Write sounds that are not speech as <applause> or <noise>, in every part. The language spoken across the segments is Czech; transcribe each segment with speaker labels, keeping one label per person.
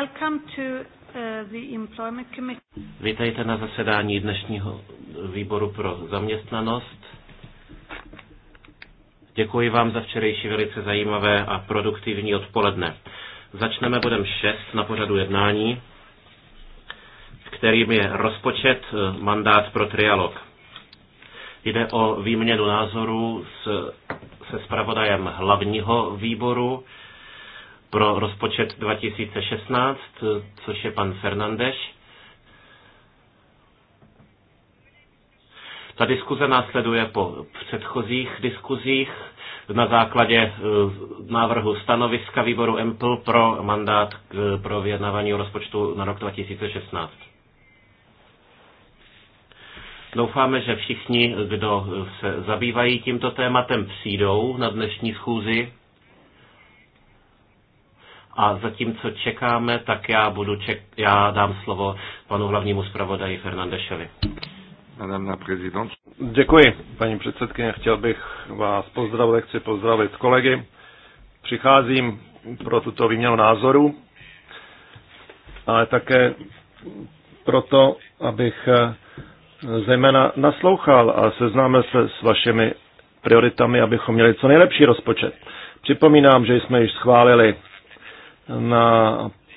Speaker 1: Welcome to uh, the Employment Committee.
Speaker 2: Vítejte na zasedání dnešního výboru pro zaměstnanost. Děkuji vám za včerejší velice zajímavé a produktivní odpoledne. Začneme bodem 6 na pořadu jednání, kterým je rozpočet eh, mandát pro trialog. Jde o výměnu názorů se spravodajem hlavního výboru, pro rozpočet 2016, což je pan Fernandeš. Ta diskuze následuje po předchozích diskuzích na základě eh, návrhu stanoviska výboru EMPL pro mandát eh, pro vyjednávání o rozpočtu na rok 2016. Doufáme, že všichni, kdo se zabývají tímto tématem, přijdou na dnešní schůzi. A zatímco čekáme, tak já, budu ček- já dám slovo panu hlavnímu zpravodaji Fernandešovi.
Speaker 3: Děkuji, paní předsedkyně. Chtěl bych vás pozdravit, chci pozdravit kolegy. Přicházím pro tuto výměnu názorů, ale také proto, abych eh, zejména naslouchal a seznámil se s vašimi prioritami, abychom měli co nejlepší rozpočet. Připomínám, že jsme již schválili na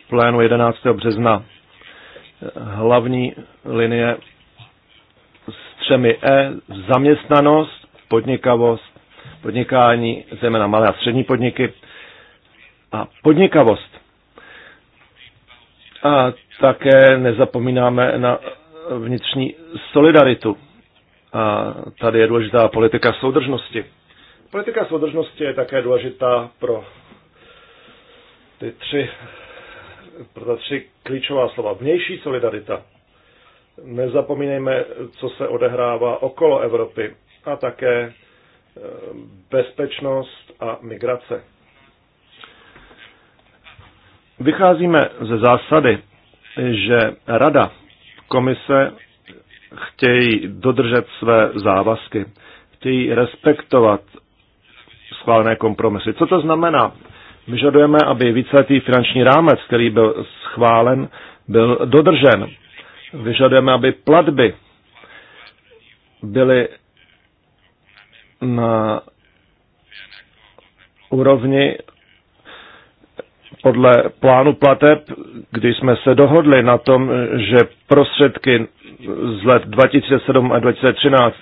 Speaker 3: plénu 11. března hlavní linie s třemi E, zaměstnanost, podnikavost, podnikání, zejména malé a střední podniky a podnikavost. A také nezapomínáme na vnitřní solidaritu. A tady je důležitá politika soudržnosti. Politika soudržnosti je také důležitá pro ty tři, pro ta tři klíčová slova. Vnější solidarita. Nezapomínejme, co se odehrává okolo Evropy a také eh, bezpečnost a migrace. Vycházíme ze zásady, že Rada, Komise chtějí dodržet své závazky, chtějí respektovat schválené kompromisy. Co to znamená Vyžadujeme, aby víceletý finanční rámec, který byl schválen, byl dodržen. Vyžadujeme, aby platby byly na úrovni podle plánu plateb, kdy jsme se dohodli na tom, že prostředky z let 2007 a 2013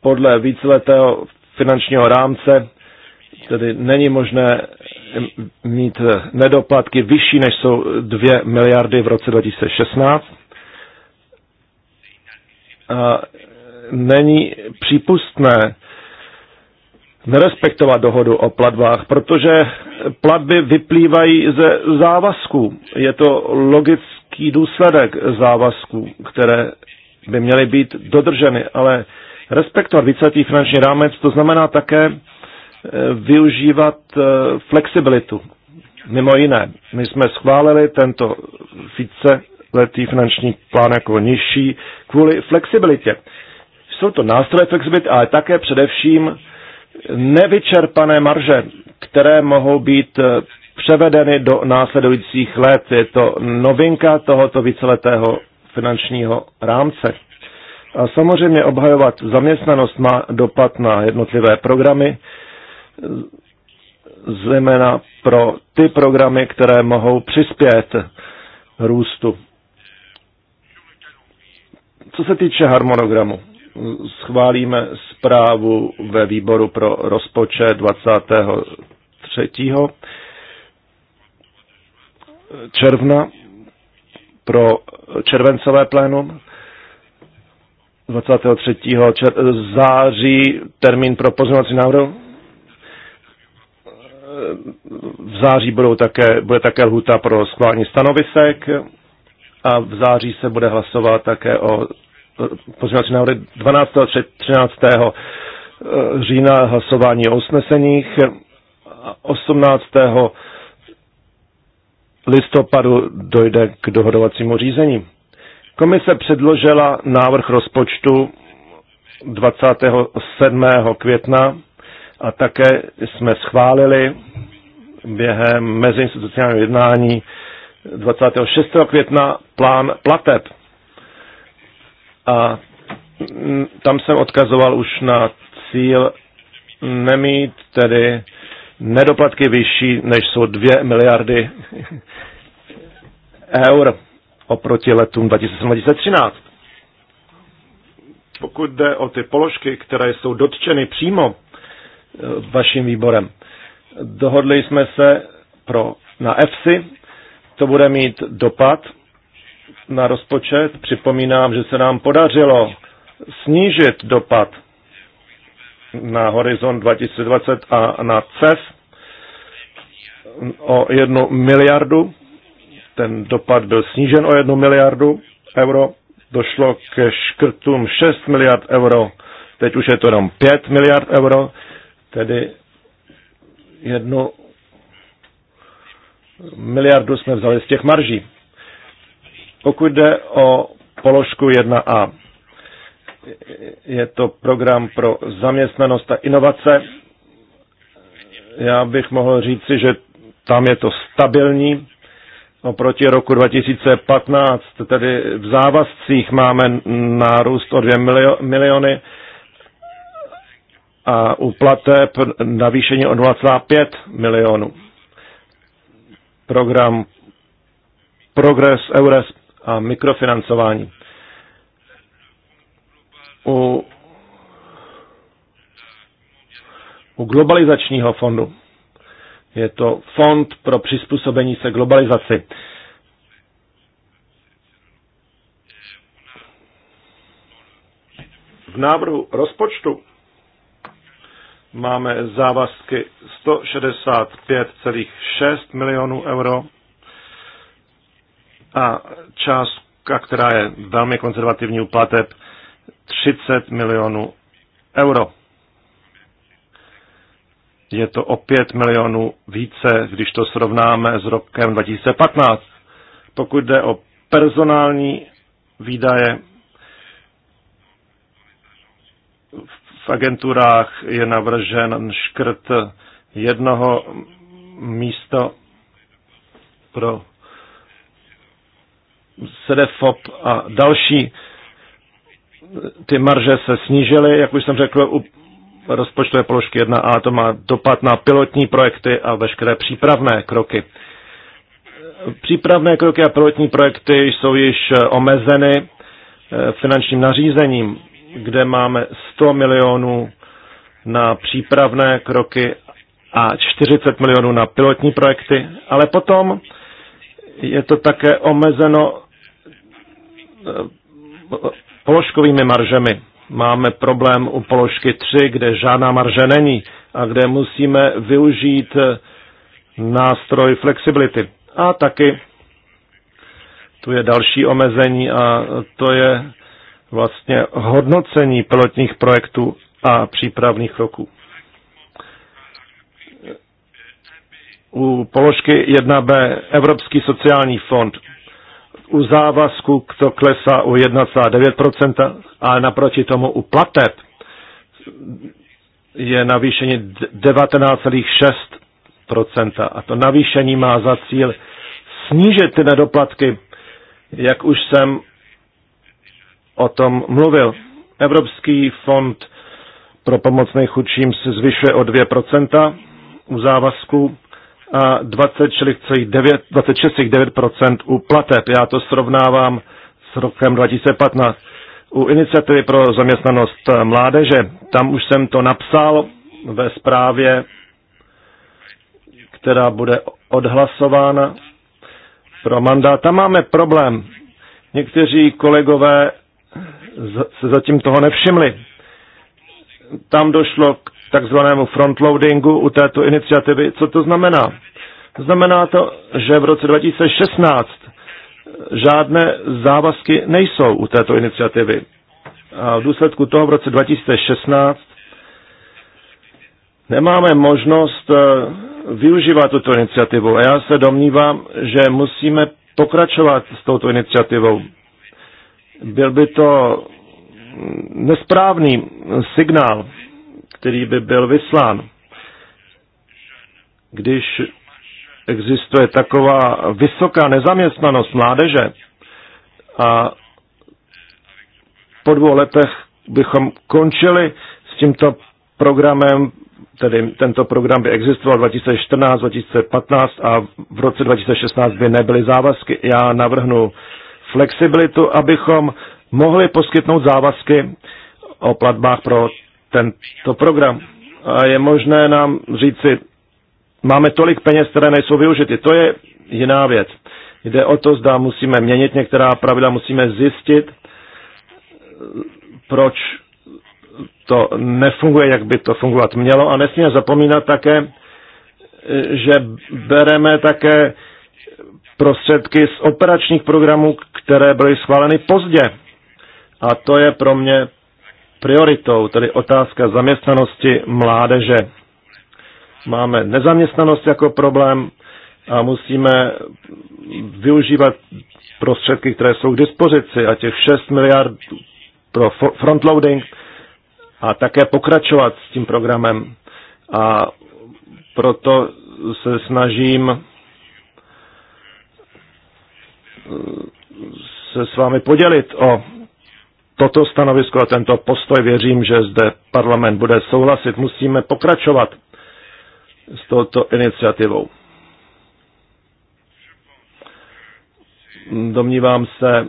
Speaker 3: podle víceletého finančního rámce, tedy není možné mít eh, nedoplatky vyšší, než jsou 2 miliardy v roce 2016. A není přípustné nerespektovat dohodu o platbách, protože platby vyplývají ze závazků. Je to logický důsledek závazků, které by měly být dodrženy, ale respektovat víceletý finanční rámec, to znamená také Eh, využívat eh, flexibilitu. Mimo jiné, my jsme schválili tento víceletý finanční plán jako nižší kvůli flexibilitě. Jsou to nástroje flexibility, ale také především nevyčerpané marže, které mohou být eh, převedeny do následujících let. Je to novinka tohoto víceletého finančního rámce. A samozřejmě obhajovat zaměstnanost má dopad na jednotlivé programy, zejména pro ty programy, které mohou přispět růstu. Co se týče harmonogramu, schválíme zprávu ve výboru pro rozpočet 23. června pro červencové plénum 23. Čer- září termín pro pozornací návrh v září budou také, bude také lhuta pro schválení stanovisek a v září se bude hlasovat také o pozměňovací návrhy 12. a 13. Eh, října hlasování o usneseních. 18. listopadu dojde k dohodovacímu řízení. Komise předložila návrh rozpočtu 27. května a také jsme schválili během meziinstitucionálního jednání 26. května plán plateb. A tam jsem odkazoval už na cíl nemít tedy nedoplatky vyšší, než jsou 2 miliardy eur oproti letům 2013. Pokud jde o ty položky, které jsou dotčeny přímo Eh, vaším výborem. Dohodli jsme se pro, na EFSI, to bude mít dopad na rozpočet. Připomínám, že se nám podařilo snížit dopad na Horizon 2020 a na CEF o jednu miliardu. Ten dopad byl snížen o jednu miliardu euro. Došlo ke škrtům 6 miliard euro, teď už je to jenom 5 miliard euro. Tedy jednu miliardu jsme vzali z těch marží. Pokud jde o položku 1a, je to program pro zaměstnanost a inovace. Já bych mohl říci, že tam je to stabilní. Oproti roku 2015, tedy v závazcích máme nárůst o 2 miliony a u plateb navýšení o 0,5 milionů. Program Progress, EURES a mikrofinancování. U, u globalizačního fondu je to fond pro přizpůsobení se globalizaci. V návrhu rozpočtu máme závazky 165,6 milionů euro a částka, která je velmi konzervativní u plateb, 30 milionů euro. Je to o 5 milionů více, když to srovnáme s rokem 2015. Pokud jde o personální výdaje, v agenturách je navržen škrt jednoho místa pro SEDEFOP a další. Ty marže se snížily, jak už jsem řekl, u rozpočtové položky 1a to má dopad na pilotní projekty a veškeré přípravné kroky. Přípravné kroky a pilotní projekty jsou již omezeny eh, finančním nařízením kde máme 100 milionů na přípravné kroky a 40 milionů na pilotní projekty, ale potom je to také omezeno eh, položkovými maržemi. Máme problém u položky 3, kde žádná marže není a kde musíme využít eh, nástroj flexibility. A taky tu je další omezení a to je vlastně hodnocení pilotních projektů a přípravných kroků. U položky 1b Evropský sociální fond u závazku to klesá o 1,9%, ale naproti tomu u plateb je navýšení 19,6%. A to navýšení má za cíl snížit ty nedoplatky, jak už jsem o tom mluvil. Evropský fond pro pomoc nejchudším se zvyšuje o 2% u závazku a 26,9% u plateb. Já to srovnávám s rokem 2015. U iniciativy pro zaměstnanost mládeže, tam už jsem to napsal ve zprávě, která bude odhlasována pro mandát. Tam máme problém. Někteří kolegové se zatím toho nevšimli. Tam došlo k takzvanému frontloadingu u této iniciativy. Co to znamená? Znamená to, že v roce 2016 žádné závazky nejsou u této iniciativy. A v důsledku toho v roce 2016 nemáme možnost eh, využívat tuto iniciativu. A já se domnívám, že musíme pokračovat s touto iniciativou. Byl by to nesprávný signál, který by byl vyslán, když existuje taková vysoká nezaměstnanost mládeže a po dvou letech bychom končili s tímto programem, tedy tento program by existoval 2014, 2015 a v roce 2016 by nebyly závazky. Já navrhnu flexibilitu, abychom mohli poskytnout závazky o platbách pro tento program. A je možné nám říci, máme tolik peněz, které nejsou využity. To je jiná věc. Jde o to, zda musíme měnit některá pravidla, musíme zjistit, proč to nefunguje, jak by to fungovat mělo. A nesmíme zapomínat také, že bereme také prostředky z operačních programů, které byly schváleny pozdě. A to je pro mě prioritou, tedy otázka zaměstnanosti mládeže. Máme nezaměstnanost jako problém a musíme využívat prostředky, které jsou k dispozici a těch 6 miliard pro frontloading a také pokračovat s tím programem. A proto se snažím se s vámi podělit o toto stanovisko a tento postoj. Věřím, že zde parlament bude souhlasit. Musíme pokračovat s touto iniciativou. Domnívám se,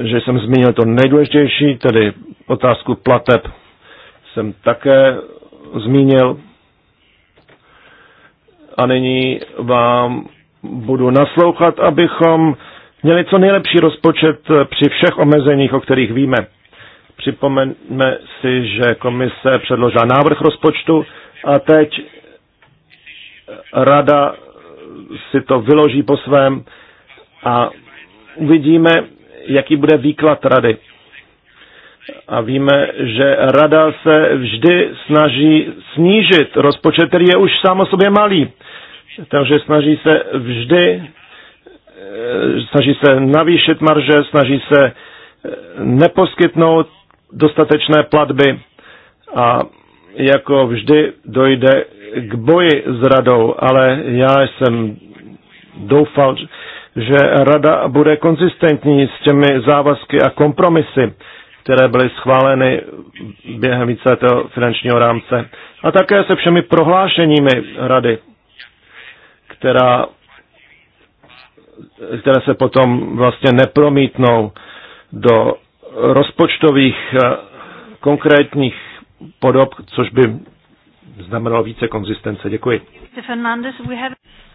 Speaker 3: že jsem zmínil to nejdůležitější, tedy otázku plateb jsem také zmínil. A nyní vám budu naslouchat, abychom měli co nejlepší rozpočet při všech omezeních, o kterých víme. Připomeňme si, že komise předložila návrh rozpočtu a teď rada si to vyloží po svém a uvidíme, jaký bude výklad rady a víme, že rada se vždy snaží snížit rozpočet, který je už sám o sobě malý. Takže snaží se vždy, eh, snaží se navýšit marže, snaží se eh, neposkytnout dostatečné platby a jako vždy dojde k boji s radou, ale já jsem doufal, že rada bude konzistentní s těmi závazky a kompromisy které byly schváleny během víceletého finančního rámce. A také se všemi prohlášeními rady, která, které se potom vlastně nepromítnou do rozpočtových eh, konkrétních podob, což by znamenalo více konzistence.
Speaker 2: Děkuji.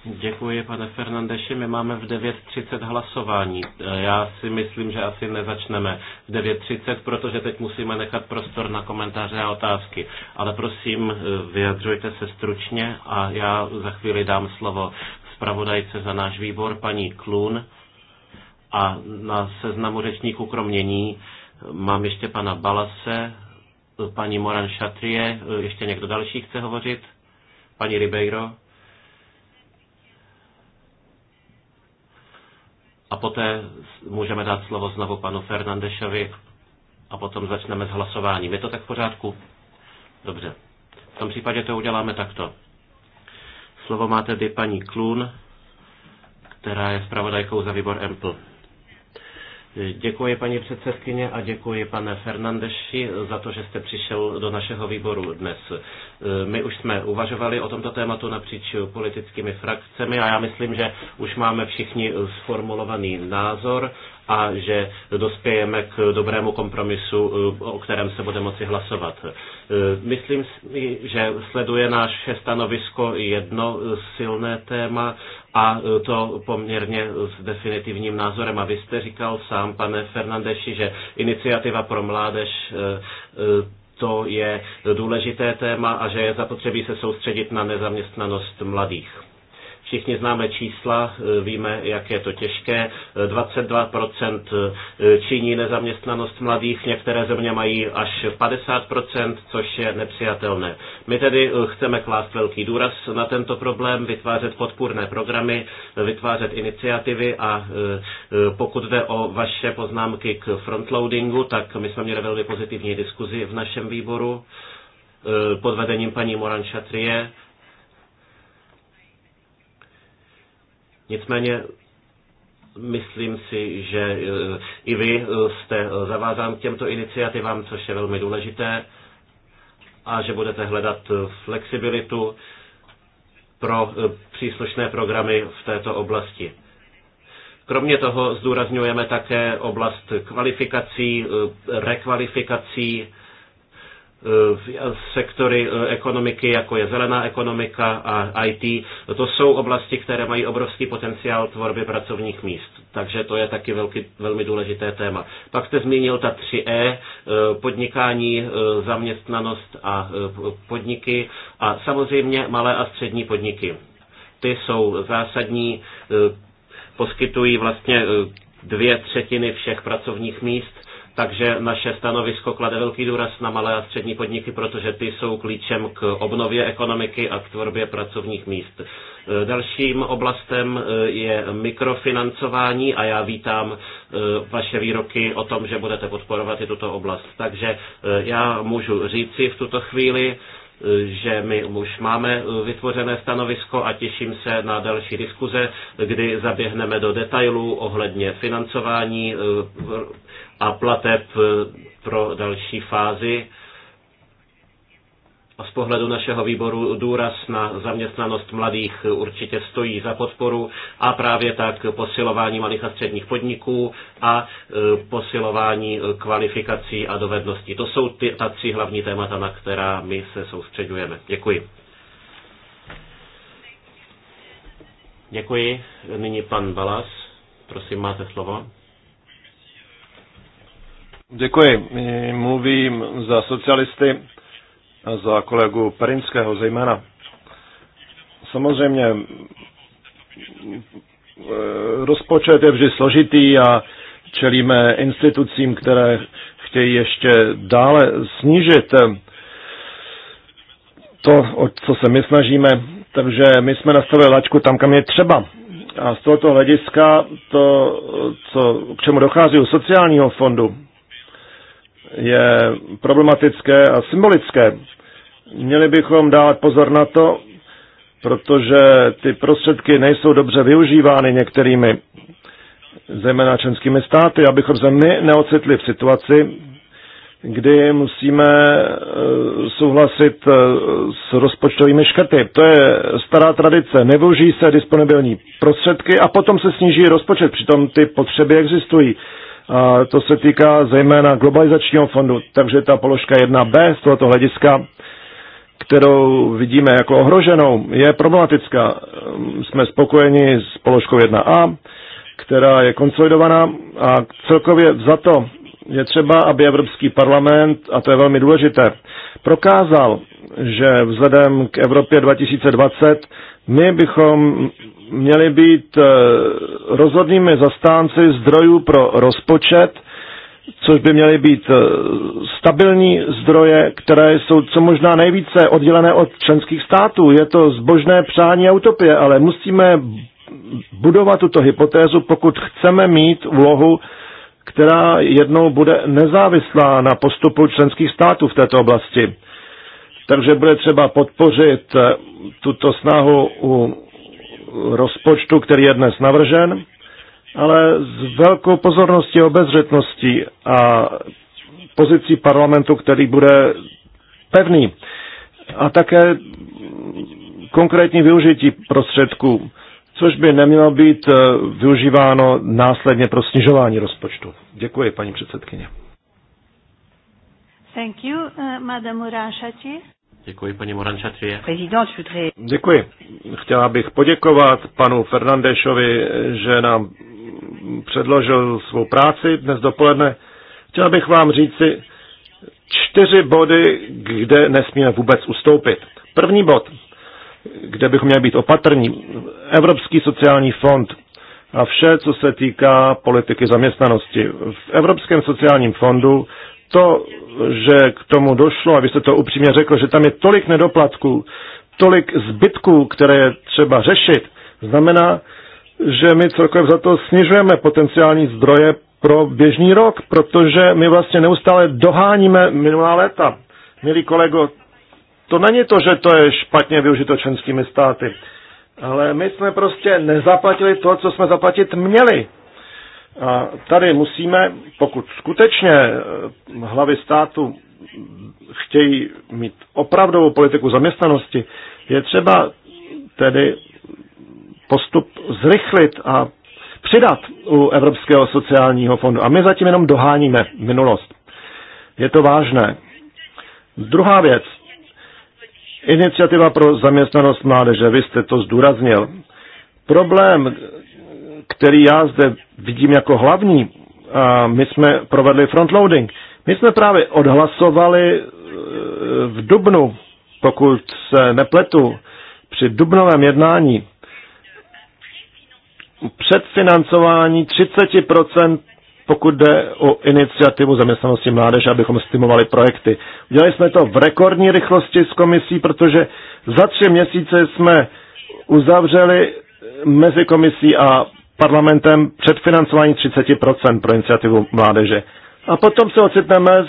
Speaker 2: Děkuji, pane Fernandeši. My máme v 9.30 hlasování. Já si myslím, že asi nezačneme v 9.30, protože teď musíme nechat prostor na komentáře a otázky. Ale prosím, eh, vyjadřujte se stručně a já za chvíli dám slovo zpravodajce za náš výbor, paní Klun. A na seznamu řečníků kromění eh, mám ještě pana Balase, paní Moran Šatrie. Eh, ještě někdo další chce hovořit? Paní Ribeiro? A poté můžeme dát slovo znovu panu Fernandešovi a potom začneme s hlasováním. Je to tak v pořádku? Dobře. V tom případě to uděláme takto. Slovo má tedy paní Klun, která je zpravodajkou za výbor EMPL. Děkuji paní předsedkyně a děkuji pane Fernandeši za to, že jste přišel do našeho výboru dnes. My už jsme uvažovali o tomto tématu napříč politickými frakcemi a já myslím, že už máme všichni sformulovaný názor a že dospějeme k dobrému kompromisu, o kterém se bude moci hlasovat. E, myslím, že sleduje naše stanovisko jedno silné téma a to poměrně s definitivním názorem. A vy jste říkal sám, pane Fernandeši, že iniciativa pro mládež e, e, to je důležité téma a že je zapotřebí se soustředit na nezaměstnanost mladých. Všichni známe čísla, e, víme, jak je to těžké. 22% e, e, činí nezaměstnanost mladých, některé země mají až 50%, což je nepřijatelné. My tedy chceme klást velký důraz na tento problém, vytvářet podpůrné programy, vytvářet iniciativy a pokud jde o vaše poznámky k frontloadingu, tak my jsme měli velmi pozitivní diskuzi v našem výboru pod vedením paní Moran Šatrie Nicméně myslím si, že eh, i vy eh, jste eh, zavázán k těmto iniciativám, což je velmi důležité, a že budete hledat flexibilitu pro příslušné programy v této oblasti. Kromě toho zdůrazňujeme také oblast kvalifikací, rekvalifikací Eh, sektory eh, ekonomiky, jako je zelená ekonomika a IT. To jsou oblasti, které mají obrovský potenciál tvorby pracovních míst. Takže to je taky velký, velmi důležité téma. Pak jste zmínil ta 3E, eh, podnikání, zaměstnanost a podniky a samozřejmě malé a střední podniky. Ty jsou zásadní, poskytují vlastně dvě třetiny všech pracovních míst takže naše stanovisko klade velký důraz na malé a střední podniky, protože ty jsou klíčem k obnově ekonomiky a k tvorbě pracovních míst. E, dalším oblastem e, je mikrofinancování a já vítám e, vaše výroky o tom, že budete podporovat i tuto oblast. Takže já můžu říci v tuto chvíli, že my už máme vytvořené stanovisko a těším se na další diskuze, kdy zaběhneme do detailů ohledně financování eh, a plateb eh, pro další fázi z pohledu našeho výboru důraz na zaměstnanost mladých určitě stojí za podporu a právě tak posilování malých a středních podniků a e, posilování kvalifikací a dovedností. To jsou ty, ta tři hlavní témata, na která my se soustředujeme. Děkuji. Děkuji. Nyní pan Balas. Prosím, máte slovo.
Speaker 3: Děkuji. Mluvím za socialisty a za kolegu Perinského zejména. Samozřejmě eh, rozpočet je vždy složitý a čelíme institucím, které chtějí ještě dále snížit eh, to, o co se my snažíme. Takže my jsme nastavili lačku tam, kam je třeba. A z tohoto hlediska to, co, k čemu dochází u sociálního fondu, je problematické a symbolické. Měli bychom dát pozor na to, protože ty prostředky nejsou dobře využívány některými, zejména členskými státy, abychom se my neocitli v situaci, kdy musíme eh, souhlasit eh, s rozpočtovými škrty. To je stará tradice. Nevyužijí se disponibilní prostředky a potom se sníží rozpočet. Přitom ty potřeby existují. A to se týká zejména globalizačního fondu, takže ta položka 1b z tohoto hlediska, kterou vidíme jako ohroženou, je problematická. Jsme spokojeni s položkou 1a, která je konsolidovaná a celkově za to je třeba, aby Evropský parlament, a to je velmi důležité, prokázal, že vzhledem k Evropě 2020 my bychom měli být eh, rozhodnými zastánci zdrojů pro rozpočet, což by měly být eh, stabilní zdroje, které jsou co možná nejvíce oddělené od členských států. Je to zbožné přání a utopie, ale musíme budovat tuto hypotézu, pokud chceme mít úlohu, která jednou bude nezávislá na postupu členských států v této oblasti. Takže bude třeba podpořit eh, tuto snahu u rozpočtu, který je dnes navržen, ale s velkou pozorností, obezřetností a pozicí parlamentu, který bude pevný. A také konkrétní využití prostředků, což by nemělo být eh, využíváno následně pro snižování rozpočtu. Děkuji, paní předsedkyně.
Speaker 1: Thank you, uh, eh, Madam Urashati.
Speaker 3: Děkuji,
Speaker 2: paní Morančatřije.
Speaker 3: Děkuji. Chtěla bych poděkovat panu Fernandešovi, že nám předložil svou práci dnes dopoledne. Chtěla bych vám říci čtyři body, kde nesmíme vůbec ustoupit. První bod, kde bychom měli být opatrní, Evropský sociální fond a vše, co se týká politiky zaměstnanosti. V Evropském sociálním fondu to, že k tomu došlo, a to upřímně řekl, že tam je tolik nedoplatků, tolik zbytků, které je třeba řešit, znamená, že my celkově za to snižujeme potenciální zdroje pro běžný rok, protože my vlastně neustále doháníme minulá léta. Milí kolego, to není to, že to je špatně využito členskými státy, ale my jsme prostě nezaplatili to, co jsme zaplatit měli. A tady musíme, pokud skutečně eh, hlavy státu chtějí mít opravdovou politiku zaměstnanosti, je třeba tedy postup zrychlit a přidat u Evropského sociálního fondu. A my zatím jenom doháníme minulost. Je to vážné. Druhá věc. Iniciativa pro zaměstnanost mládeže. Vy jste to zdůraznil. Problém, který já zde vidím jako hlavní, a my jsme provedli frontloading. My jsme právě odhlasovali e, v Dubnu, pokud se nepletu, při dubnovém jednání předfinancování 30%, pokud jde o iniciativu zaměstnanosti mládeže, abychom stimulovali projekty. Udělali jsme to v rekordní rychlosti s komisí, protože za tři měsíce jsme uzavřeli mezi komisí a parlamentem předfinancování 30% pro iniciativu mládeže. A potom se ocitneme s,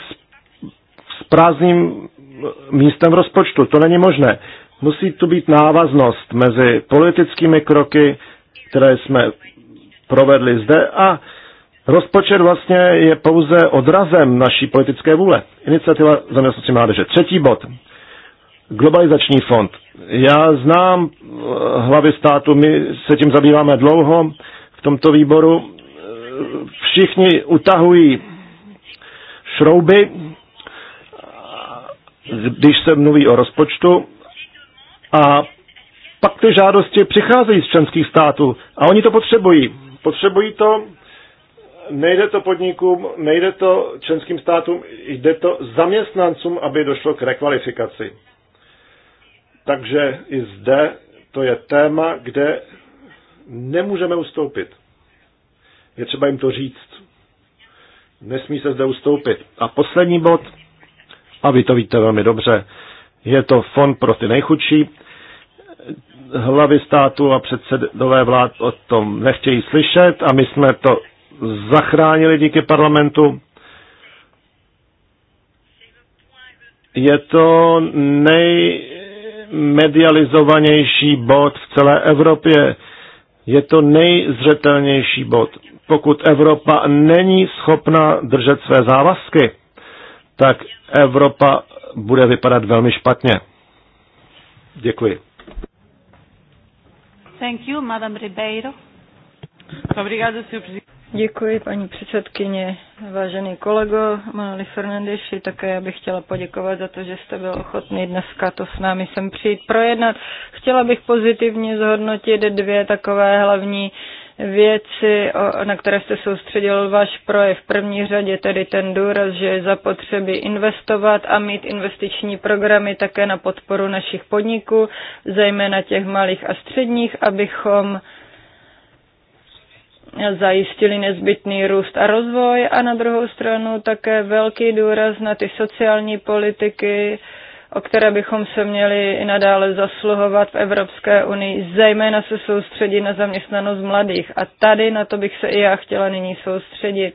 Speaker 3: s prázdným místem v rozpočtu. To není možné. Musí tu být návaznost mezi politickými kroky, které jsme provedli zde a rozpočet vlastně je pouze odrazem naší politické vůle. Iniciativa zaměstnanosti mládeže. Třetí bod. Globalizační fond. Já znám hlavy státu, my se tím zabýváme dlouho, tomto výboru. Eh, všichni utahují šrouby, když se mluví o rozpočtu a pak ty žádosti přicházejí z členských států a oni to potřebují. Potřebují to, nejde to podnikům, nejde to členským státům, jde to zaměstnancům, aby došlo k rekvalifikaci. Takže i zde to je téma, kde Nemůžeme ustoupit. Je třeba jim to říct. Nesmí se zde ustoupit. A poslední bod, a vy to víte velmi dobře, je to fond pro ty nejchudší. Hlavy státu a předsedové vlád o tom nechtějí slyšet a my jsme to zachránili díky parlamentu. Je to nejmedializovanější bod v celé Evropě je to nejzřetelnější bod. Pokud Evropa není schopna držet své závazky, tak Evropa bude vypadat velmi špatně. Děkuji.
Speaker 1: Thank you, Madame Ribeiro. Obrigado, Presidente. Děkuji, paní předsedkyně, vážený kolego Manoli Fernandeši. Také bych chtěla poděkovat za to, že jste byl ochotný dneska to s námi sem přijít projednat. Chtěla bych pozitivně zhodnotit dvě takové hlavní věci, na které jste soustředil váš projev. V první řadě tedy ten důraz, že je zapotřebí investovat a mít investiční programy také na podporu našich podniků, zejména těch malých a středních, abychom zajistili nezbytný růst a rozvoj a na druhou stranu také velký důraz na ty sociální politiky, o které bychom se měli i nadále zasluhovat v Evropské unii, zejména se soustředit na zaměstnanost mladých. A tady na to bych se i já chtěla nyní soustředit.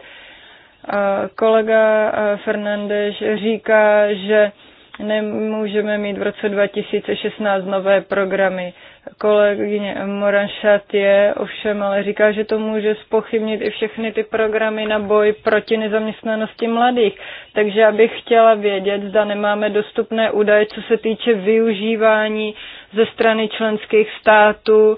Speaker 1: Kolega eh, Fernandez říká, že nemůžeme mít v roce 2016 nové programy. Kolegyně Moran je ovšem ale říká, že to může spochybnit i všechny ty programy na boj proti nezaměstnanosti mladých. Takže já bych chtěla vědět, zda nemáme dostupné údaje, co se týče využívání ze strany členských států,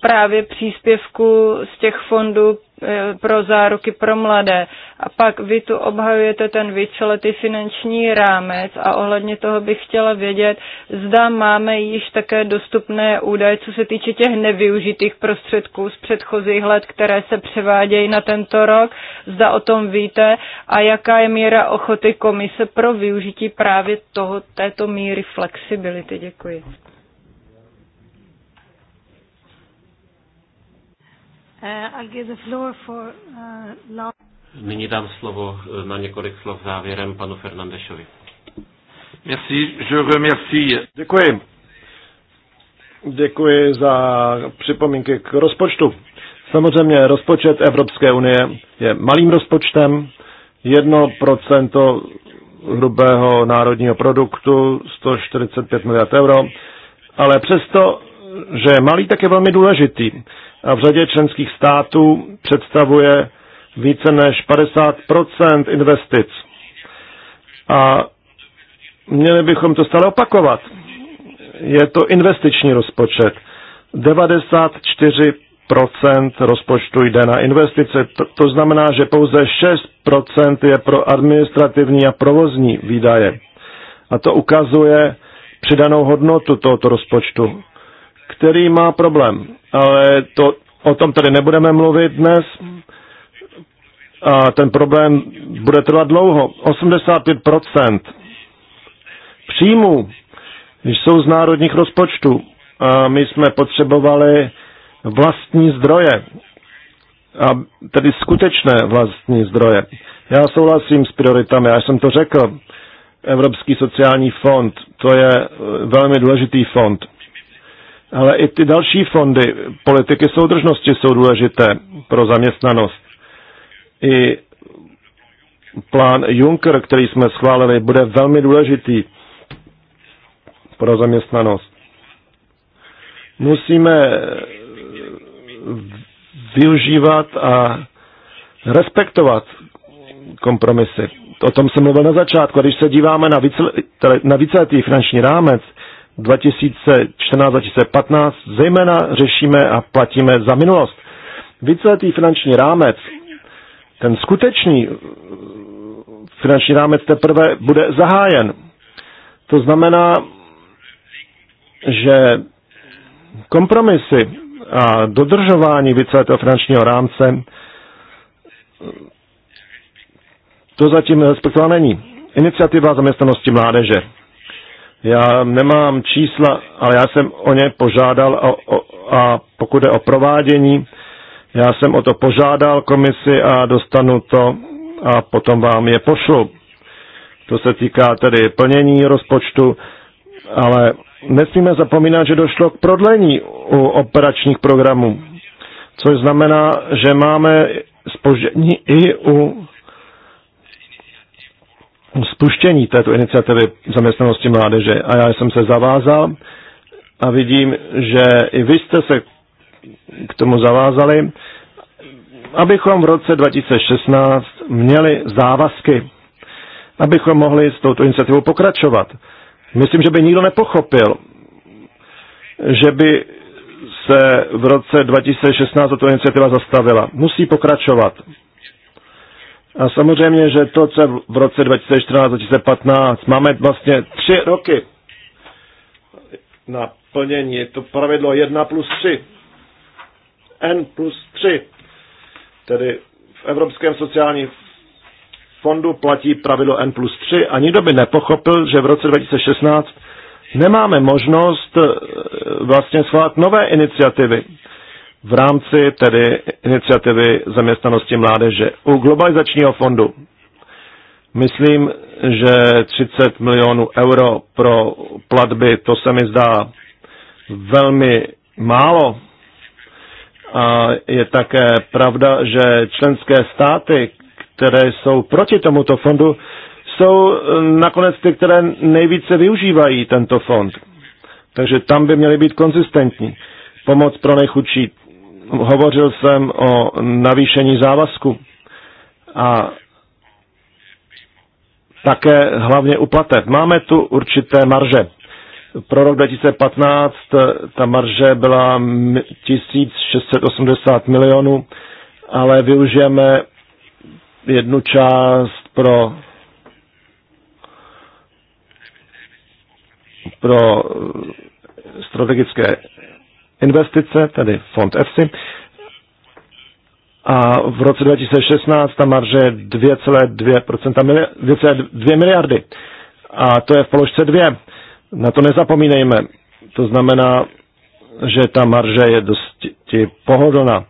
Speaker 1: právě příspěvku z těch fondů eh, pro záruky pro mladé. A pak vy tu obhajujete ten víceletý finanční rámec a ohledně toho bych chtěla vědět, zda máme již také dostupné údaje, co se týče těch nevyužitých prostředků z předchozích let, které se převádějí na tento rok, zda o tom víte a jaká je míra ochoty komise pro využití právě toho, této míry flexibility. Děkuji. Uh, uh,
Speaker 2: Nyní dám slovo eh, na několik slov závěrem panu Fernandešovi. Merci, je
Speaker 3: remercie. Děkuji. Děkuji za připomínky k rozpočtu. Samozřejmě rozpočet Evropské unie je malým rozpočtem, 1% hrubého národního produktu, 145 miliard euro, ale přesto, že je malý, tak je velmi důležitý a v řadě členských států představuje více než 50 investic. A měli bychom to stále opakovat. Je to investiční rozpočet. 94 rozpočtu jde na investice. To znamená, že pouze 6 je pro administrativní a provozní výdaje. A to ukazuje přidanou hodnotu tohoto rozpočtu který má problém. Ale to, o tom tady nebudeme mluvit dnes. A ten problém bude trvat dlouho. 85% příjmů jsou z národních rozpočtů. A my jsme potřebovali vlastní zdroje. A tedy skutečné vlastní zdroje. Já souhlasím s prioritami, já jsem to řekl. Evropský sociální fond, to je eh, velmi důležitý fond ale i ty další fondy politiky soudržnosti jsou důležité pro zaměstnanost. I plán Juncker, který jsme schválili, bude velmi důležitý pro zaměstnanost. Musíme využívat a respektovat kompromisy. O tom jsem mluvil na začátku. Když se díváme na, více, na víceletý finanční rámec, 2014-2015 zejména řešíme a platíme za minulost. Víceletý finanční rámec, ten skutečný finanční rámec teprve bude zahájen. To znamená, že kompromisy a dodržování víceletého finančního rámce to zatím respektováno není. Iniciativa zaměstnanosti mládeže. Já nemám čísla, ale já jsem o ně požádal a, o, a pokud je o provádění, já jsem o to požádal komisi a dostanu to a potom vám je pošlu. To se týká tedy plnění rozpočtu, ale nesmíme zapomínat, že došlo k prodlení u operačních programů, což znamená, že máme spoždění i u spuštění této iniciativy zaměstnanosti mládeže a já jsem se zavázal a vidím, že i vy jste se k tomu zavázali, abychom v roce 2016 měli závazky, abychom mohli s touto iniciativou pokračovat. Myslím, že by nikdo nepochopil, že by se v roce 2016 tato iniciativa zastavila. Musí pokračovat. A samozřejmě, že to, co v roce 2014-2015, máme vlastně tři roky na plnění. Je to pravidlo 1 plus 3. N plus 3. Tedy v Evropském sociálním fondu platí pravidlo N plus 3 a nikdo by nepochopil, že v roce 2016 nemáme možnost eh, vlastně schválit nové iniciativy v rámci tedy iniciativy zaměstnanosti mládeže. U globalizačního fondu myslím, že 30 milionů euro pro platby, to se mi zdá velmi málo. A je také pravda, že členské státy, které jsou proti tomuto fondu, jsou eh, nakonec ty, které nejvíce využívají tento fond. Takže tam by měly být konzistentní. Pomoc pro nejchudší Hovořil jsem o navýšení závazku a také hlavně uplateb. Máme tu určité marže. Pro rok 2015 ta marže byla 1680 milionů, ale využijeme jednu část pro pro strategické investice, tedy fond EFSI. A v roce 2016 ta marže 2,2 miliardy. A to je v položce 2. Na to nezapomínejme. To znamená, že ta marže je dosti pohodlná.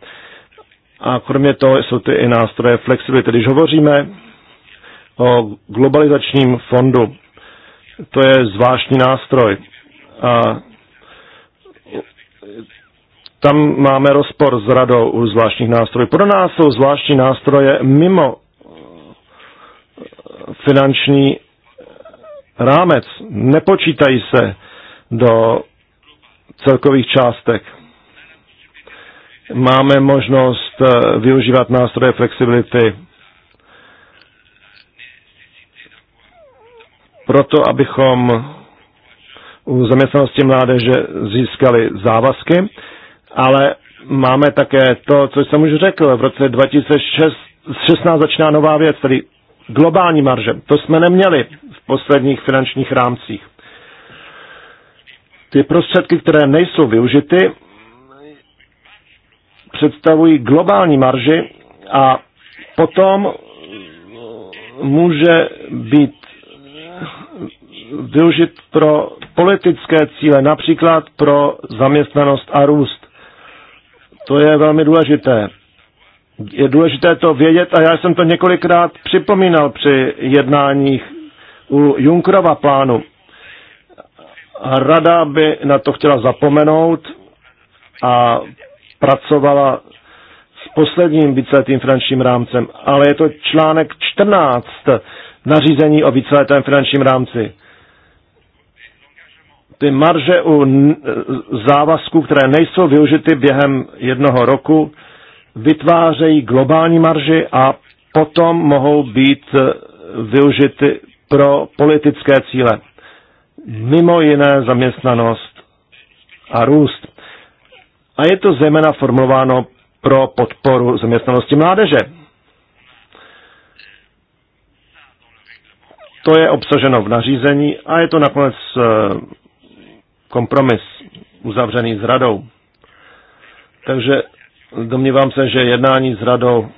Speaker 3: A kromě toho jsou ty i nástroje flexibility. Když hovoříme o globalizačním fondu, to je zvláštní nástroj. A tam máme rozpor s radou u zvláštních nástrojů. Pro nás jsou zvláštní nástroje mimo eh, finanční rámec. Nepočítají se do celkových částek. Máme možnost eh, využívat nástroje flexibility proto, abychom u zaměstnanosti mládeže získali závazky, ale máme také to, co jsem už řekl, v roce 2016 začíná nová věc, tedy globální marže. To jsme neměli v posledních finančních rámcích. Ty prostředky, které nejsou využity, představují globální marži a potom může být využit pro politické cíle, například pro zaměstnanost a růst. To je velmi důležité. Je důležité to vědět a já jsem to několikrát připomínal při jednáních u Junkrova plánu. Rada by na to chtěla zapomenout a pracovala s posledním víceletým finančním rámcem, ale je to článek 14 nařízení o víceletém finančním rámci ty marže u e, závazků, které nejsou využity během jednoho roku, vytvářejí globální marži a potom mohou být e, využity pro politické cíle. Mimo jiné zaměstnanost a růst. A je to zejména formulováno pro podporu zaměstnanosti mládeže. To je obsaženo v nařízení a je to nakonec e, kompromis uzavřený s radou. Takže domnívám se, že jednání s radou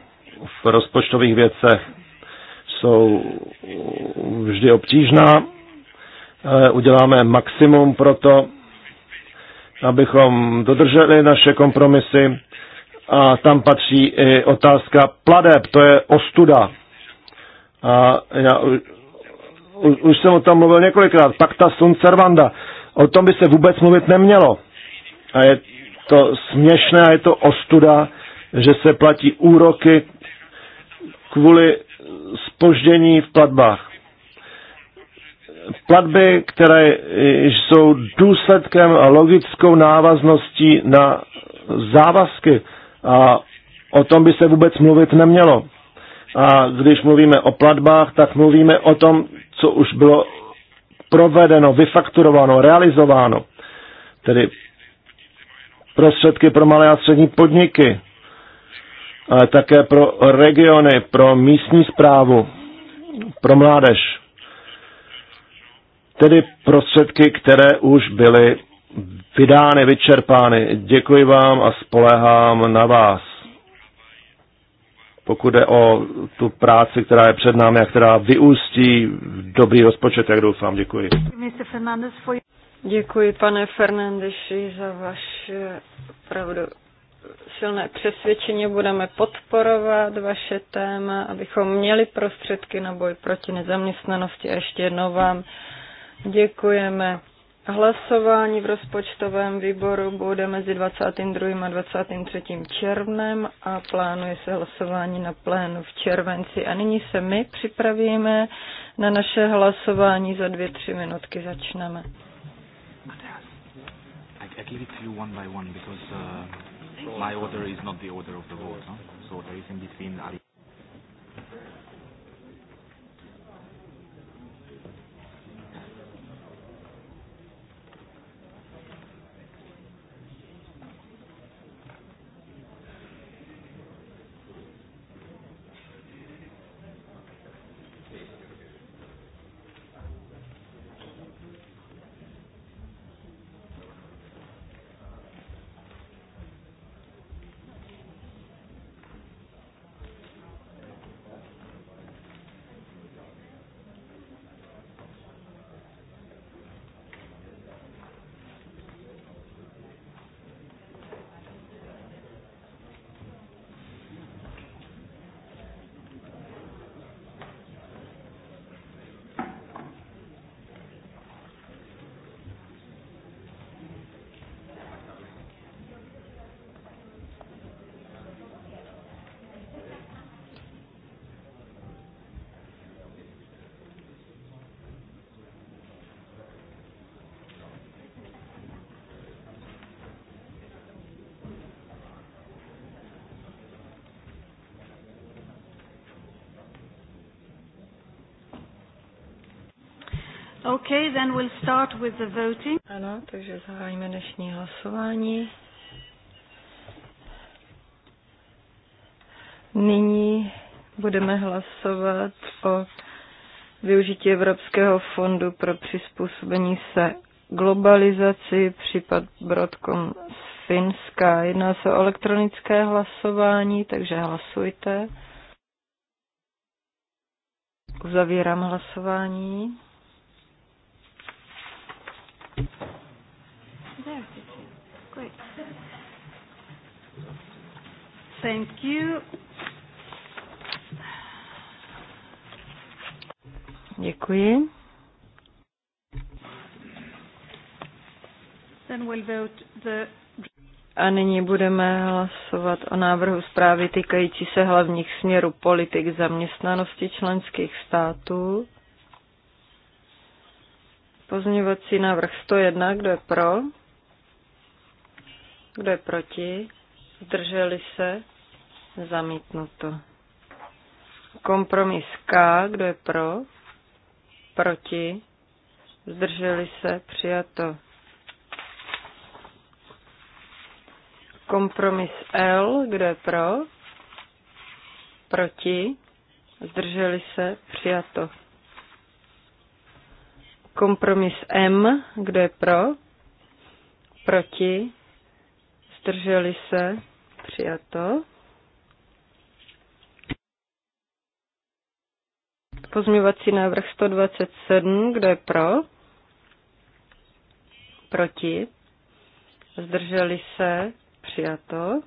Speaker 3: v rozpočtových věcech jsou vždy obtížná. Uděláme maximum pro to, abychom dodrželi naše kompromisy a tam patří i otázka pladeb, to je ostuda. A já už, už jsem o tom mluvil několikrát, pacta sunt servanda. O tom by se vůbec mluvit nemělo. A je to směšné a je to ostuda, že se platí úroky kvůli spoždění v platbách. Platby, které jsou důsledkem a logickou návazností na závazky a o tom by se vůbec mluvit nemělo. A když mluvíme o platbách, tak mluvíme o tom, co už bylo provedeno, vyfakturováno, realizováno. Tedy prostředky pro malé a střední podniky, ale také pro regiony, pro místní zprávu, pro mládež. Tedy prostředky, které už byly vydány, vyčerpány. Děkuji vám a spolehám na vás pokud jde o tu práci, která je před námi a která vyústí v dobrý rozpočet, jak doufám. Děkuji.
Speaker 1: Děkuji, pane Fernandeši, za vaše opravdu silné přesvědčení. Budeme podporovat vaše téma, abychom měli prostředky na boj proti nezaměstnanosti. A ještě jednou vám děkujeme. Hlasování v rozpočtovém výboru bude mezi 22. a 23. červnem a plánuje se hlasování na plénu v červenci. A nyní se my připravíme na naše hlasování. Za dvě, tři minutky začneme. Okay, then we'll start with the voting. Ano, takže zahájíme dnešní hlasování. Nyní budeme hlasovat o využití Evropského fondu pro přizpůsobení se globalizaci, případ Broadcom z Finska. Jedná se o elektronické hlasování, takže hlasujte. Uzavírám hlasování. Thank you. Děkuji. Then we'll vote the... A nyní budeme hlasovat o návrhu zprávy týkající se hlavních směrů politik zaměstnanosti členských států. Pozměňovací návrh 101, kdo je pro? Kdo je proti? Zdrželi se? Zamítnuto. Kompromis K, kdo je pro? Proti? Zdrželi se? Přijato. Kompromis L, kdo je pro? Proti? Zdrželi se? Přijato. Kompromis M, kdo je pro? Proti? Zdrželi se? Přijato. Pozměvací návrh 127, kdo je pro? Proti? Zdrželi se? Přijato.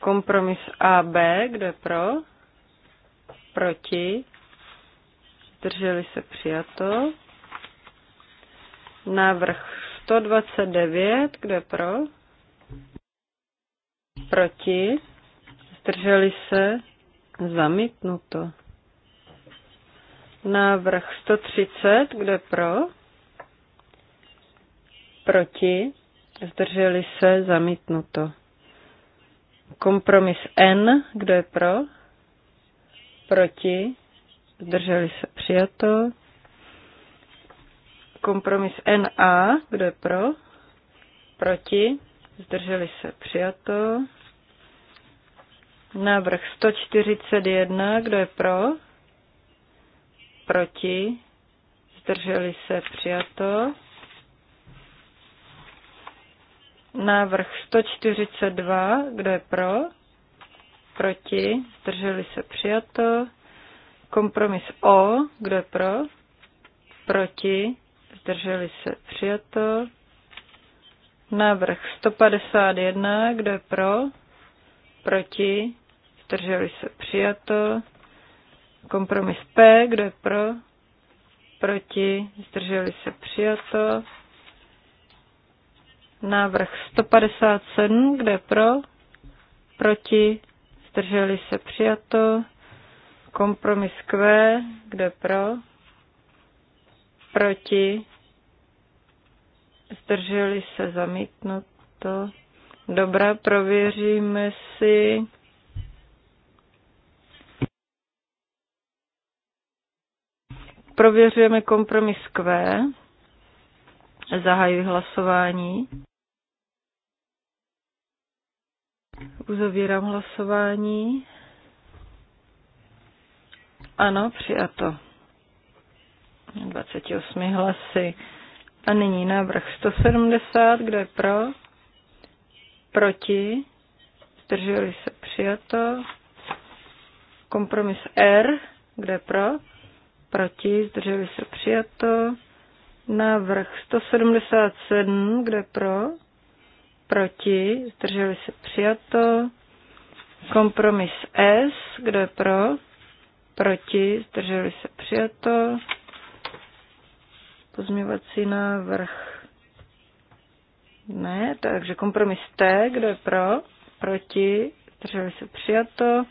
Speaker 1: Kompromis AB, kdo je pro? Proti? Zdrželi se? Přijato. Návrh 129, kdo je pro? Proti? Zdrželi se? Zamítnuto. Návrh 130, kde pro? Proti? Zdrželi se? Zamítnuto. Kompromis N, kdo je pro? Proti? Zdrželi se? Přijato. Kompromis NA, kdo je pro? Proti? Zdrželi se? Přijato. Návrh 141, kdo je pro? Proti? Zdrželi se přijato. Návrh 142, kdo je pro? Proti? Zdrželi se přijato. Kompromis O, kdo je pro? Proti? Zdrželi se přijato. Návrh 151, kdo je pro? Proti? zdrželi se přijato. Kompromis P, kdo je pro, proti, zdrželi se přijato. Návrh 157, kde pro, proti, zdrželi se přijato. Kompromis Q, kde pro, proti, zdrželi se zamítnuto. Dobrá, prověříme si Prověřujeme kompromis Q. Zahajuji hlasování. Uzavírám hlasování. Ano, přijato. 28 hlasy. A nyní návrh 170, kdo je pro? Proti? Zdrželi se přijato. Kompromis R, kdo je pro? proti, zdrželi se přijato. Návrh 177, kde pro, proti, zdrželi se přijato. Kompromis S, kde pro, proti, zdrželi se přijato. Pozměvací návrh ne, takže kompromis T, kdo je pro, proti, zdrželi se přijato.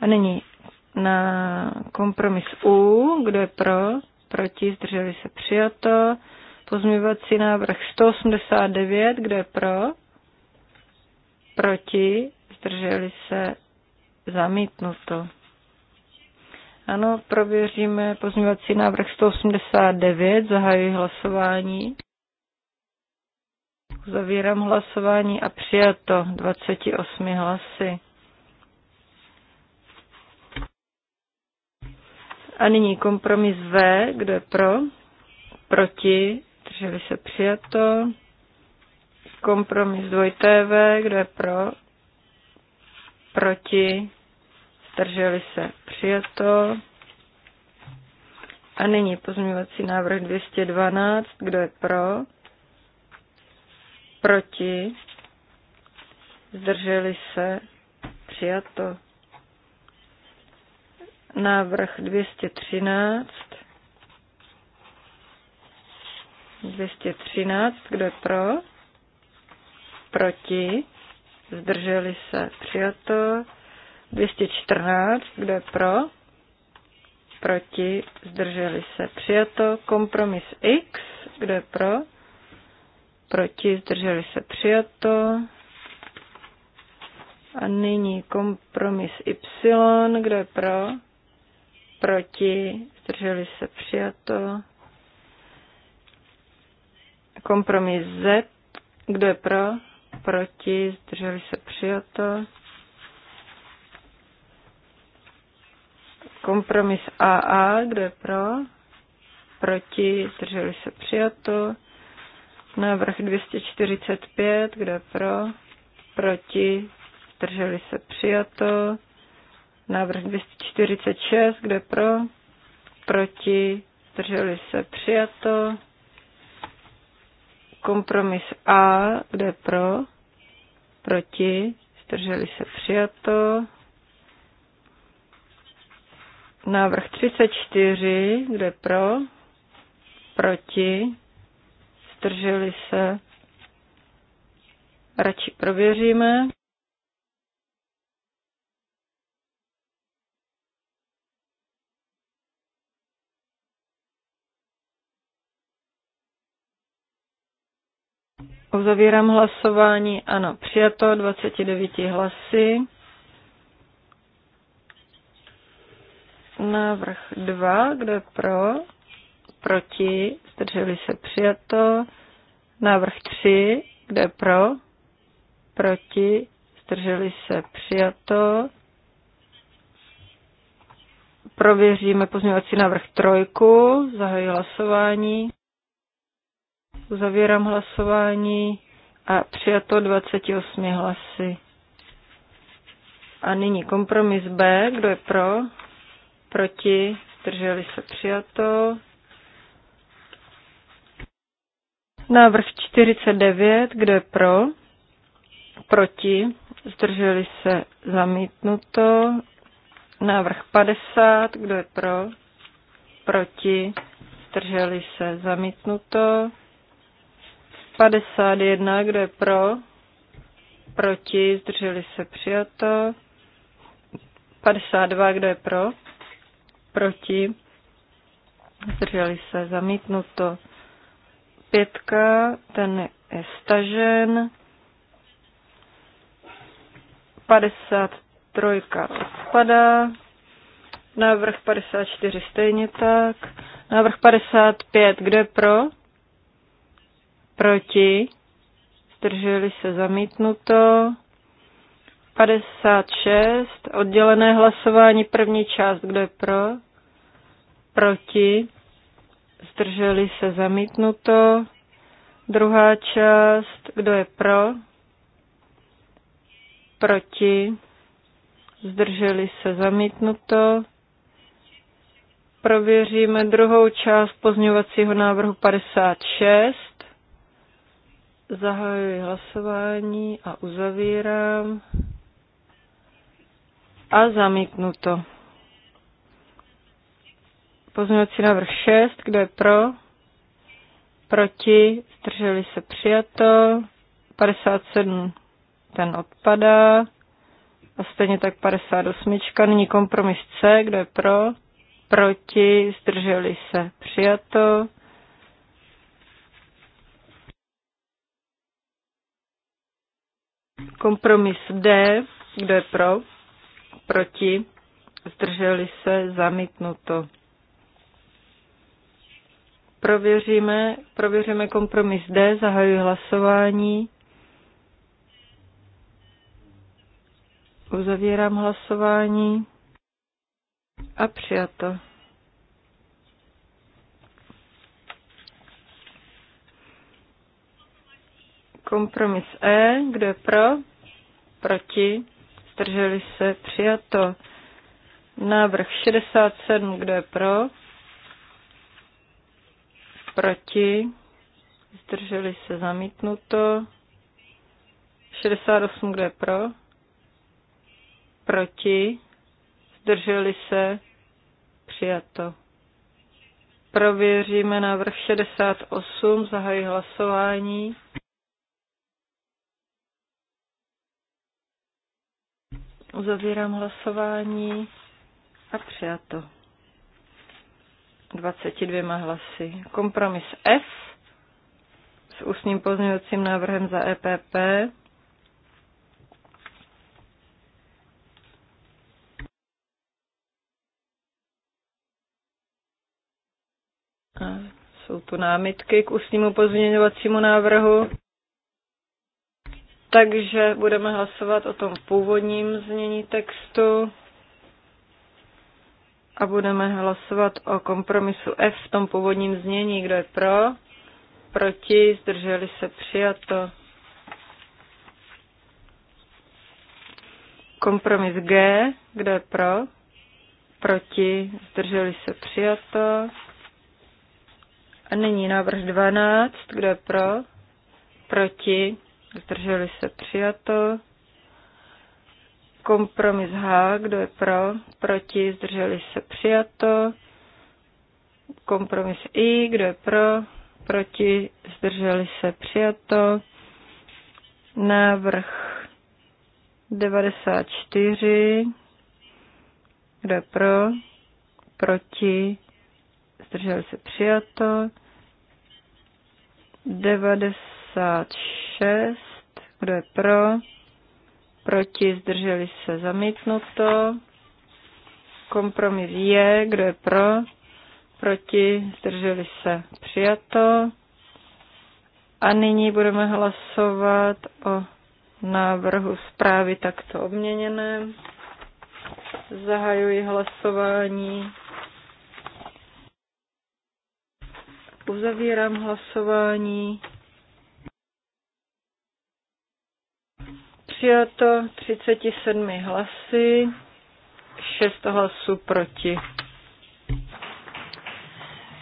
Speaker 1: A nyní na kompromis U, kdo je pro, proti, zdrželi se přijato. Pozměňovací návrh 189, kdo je pro, proti, zdrželi se zamítnuto. Ano, prověříme pozměňovací návrh 189, zahajuji hlasování. Zavírám hlasování a přijato 28 hlasy. A nyní kompromis V, kdo je pro, proti, drželi se přijato. Kompromis dvojité V, kdo je pro, proti, zdrželi se přijato. A nyní pozměňovací návrh 212, kdo je pro, proti, zdrželi se přijato. Návrh 213. 213, kdo je pro? Proti? Zdrželi se? Přijato. 214, kdo je pro? Proti? Zdrželi se? Přijato. Kompromis X, kdo je pro? Proti? Zdrželi se? Přijato. A nyní kompromis Y, kdo je pro? proti, zdrželi se přijato. Kompromis Z, kdo je pro, proti, zdrželi se přijato. Kompromis AA, kdo je pro, proti, zdrželi se přijato. Návrh 245, kdo je pro, proti, zdrželi se přijato. Návrh 246, kde pro, proti, zdrželi se přijato. Kompromis A, kde pro, proti, zdrželi se přijato. Návrh 34, kde pro, proti, zdrželi se. Radši prověříme. Uzavírám hlasování. Ano, přijato 29 hlasy. Návrh 2, kdo je pro? Proti, zdrželi se přijato. Návrh 3, kdo je pro? Proti, zdrželi se přijato. Prověříme pozměňovací návrh trojku, zahajuji hlasování. Uzavírám hlasování a přijato 28 hlasy. A nyní kompromis B. Kdo je pro? Proti? Zdrželi se přijato. Návrh 49. Kdo je pro? Proti? Zdrželi se zamítnuto. Návrh 50. Kdo je pro? Proti? Zdrželi se zamítnuto. 51, kdo je pro? Proti, zdrželi se přijato. 52, kdo je pro? Proti, zdrželi se zamítnuto. Pětka, ten je stažen. 53 odpadá. Návrh 54 stejně tak. Návrh 55, kdo je pro? proti, zdrželi se zamítnuto. 56, oddělené hlasování, první část, kdo je pro, proti, zdrželi se zamítnuto. Druhá část, kdo je pro, proti, zdrželi se zamítnuto. Prověříme druhou část pozňovacího návrhu 56. Zahajuji hlasování a uzavírám. A zamítnuto. Pozměňovací návrh 6, kdo je pro? Proti, zdrželi se přijato. 57, ten odpadá. A stejně tak 58. Nyní kompromis C, kdo je pro? Proti, zdrželi se přijato. Kompromis D, kdo je pro, proti, zdrželi se, zamítnuto. Prověříme, prověříme kompromis D, zahajuji hlasování. Uzavírám hlasování a přijato. Kompromis E, kdo je pro? Proti? Zdrželi se? Přijato. Návrh 67, kdo je pro? Proti? Zdrželi se? Zamítnuto. 68, kdo je pro? Proti? Zdrželi se? Přijato. Prověříme návrh 68, zahají hlasování. Uzavírám hlasování a přijato. 22 hlasy. Kompromis F s ústním pozměňovacím návrhem za EPP. A jsou tu námitky k ústnímu pozměňovacímu návrhu. Takže budeme hlasovat o tom původním znění textu a budeme hlasovat o kompromisu F v tom původním znění. Kdo je pro? Proti? Zdrželi se přijato. Kompromis G. Kdo je pro? Proti? Zdrželi se přijato. A nyní návrh 12. Kdo je pro? Proti? zdrželi se přijato. Kompromis H, kdo je pro, proti, zdrželi se přijato. Kompromis I, kdo je pro, proti, zdrželi se přijato. Návrh 94, kdo je pro, proti, zdrželi se přijato. 90 56. Kdo je pro? Proti zdrželi se zamítnuto. Kompromis je. Kdo je pro? Proti zdrželi se přijato. A nyní budeme hlasovat o návrhu zprávy takto obměněném. Zahajuji hlasování. Uzavírám hlasování. Přijato 37 hlasy, 6 hlasů proti.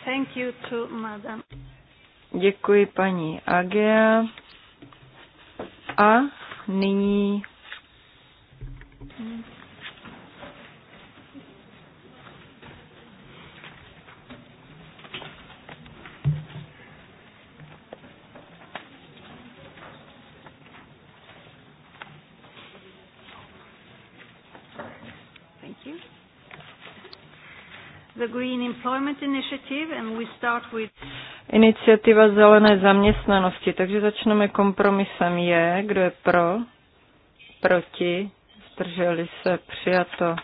Speaker 1: Thank you to madam. Děkuji paní Agea. A nyní. the Green Employment Initiative and we start with Iniciativa zelené zaměstnanosti. Takže začneme kompromisem je, kdo je pro, proti, zdrželi se, přijato.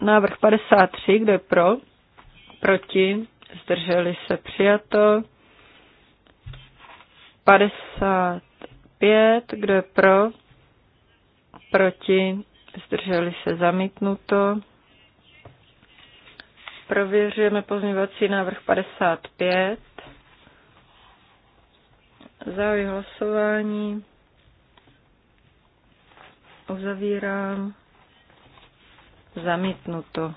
Speaker 1: Návrh 53, kdo je pro, proti, zdrželi se, přijato. 50 5, kdo je pro, proti, zdrželi se zamítnuto. Prověřujeme pozměňovací návrh 55. Zahajuji hlasování. Uzavírám. Zamítnuto.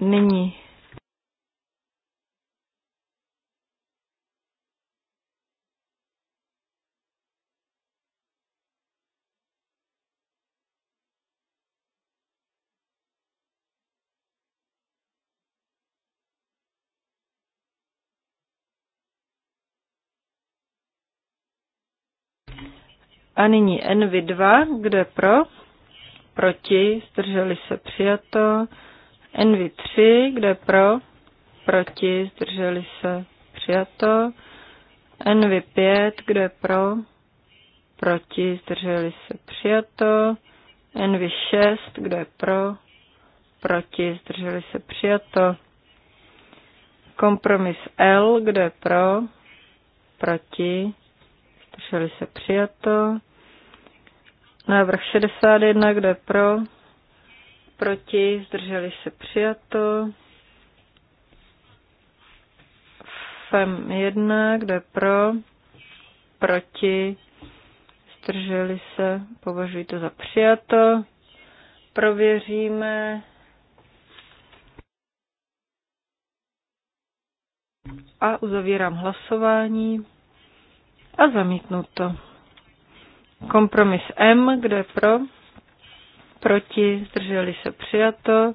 Speaker 1: Nyní A nyní NV2, kde pro, proti, zdrželi se přijato. NV3, kde pro, proti, zdrželi se přijato. NV5, kde pro, proti, zdrželi se přijato. NV6, kde pro, proti, zdrželi se přijato. Kompromis L, kde pro, proti, Drželi se přijato. Návrh 61, kde pro? Proti, zdrželi se přijato. FEM 1, kde pro? Proti, zdrželi se, považuji to za přijato. Prověříme. A uzavírám hlasování a zamítnuto. Kompromis M, kdo je pro? Proti, zdrželi se přijato.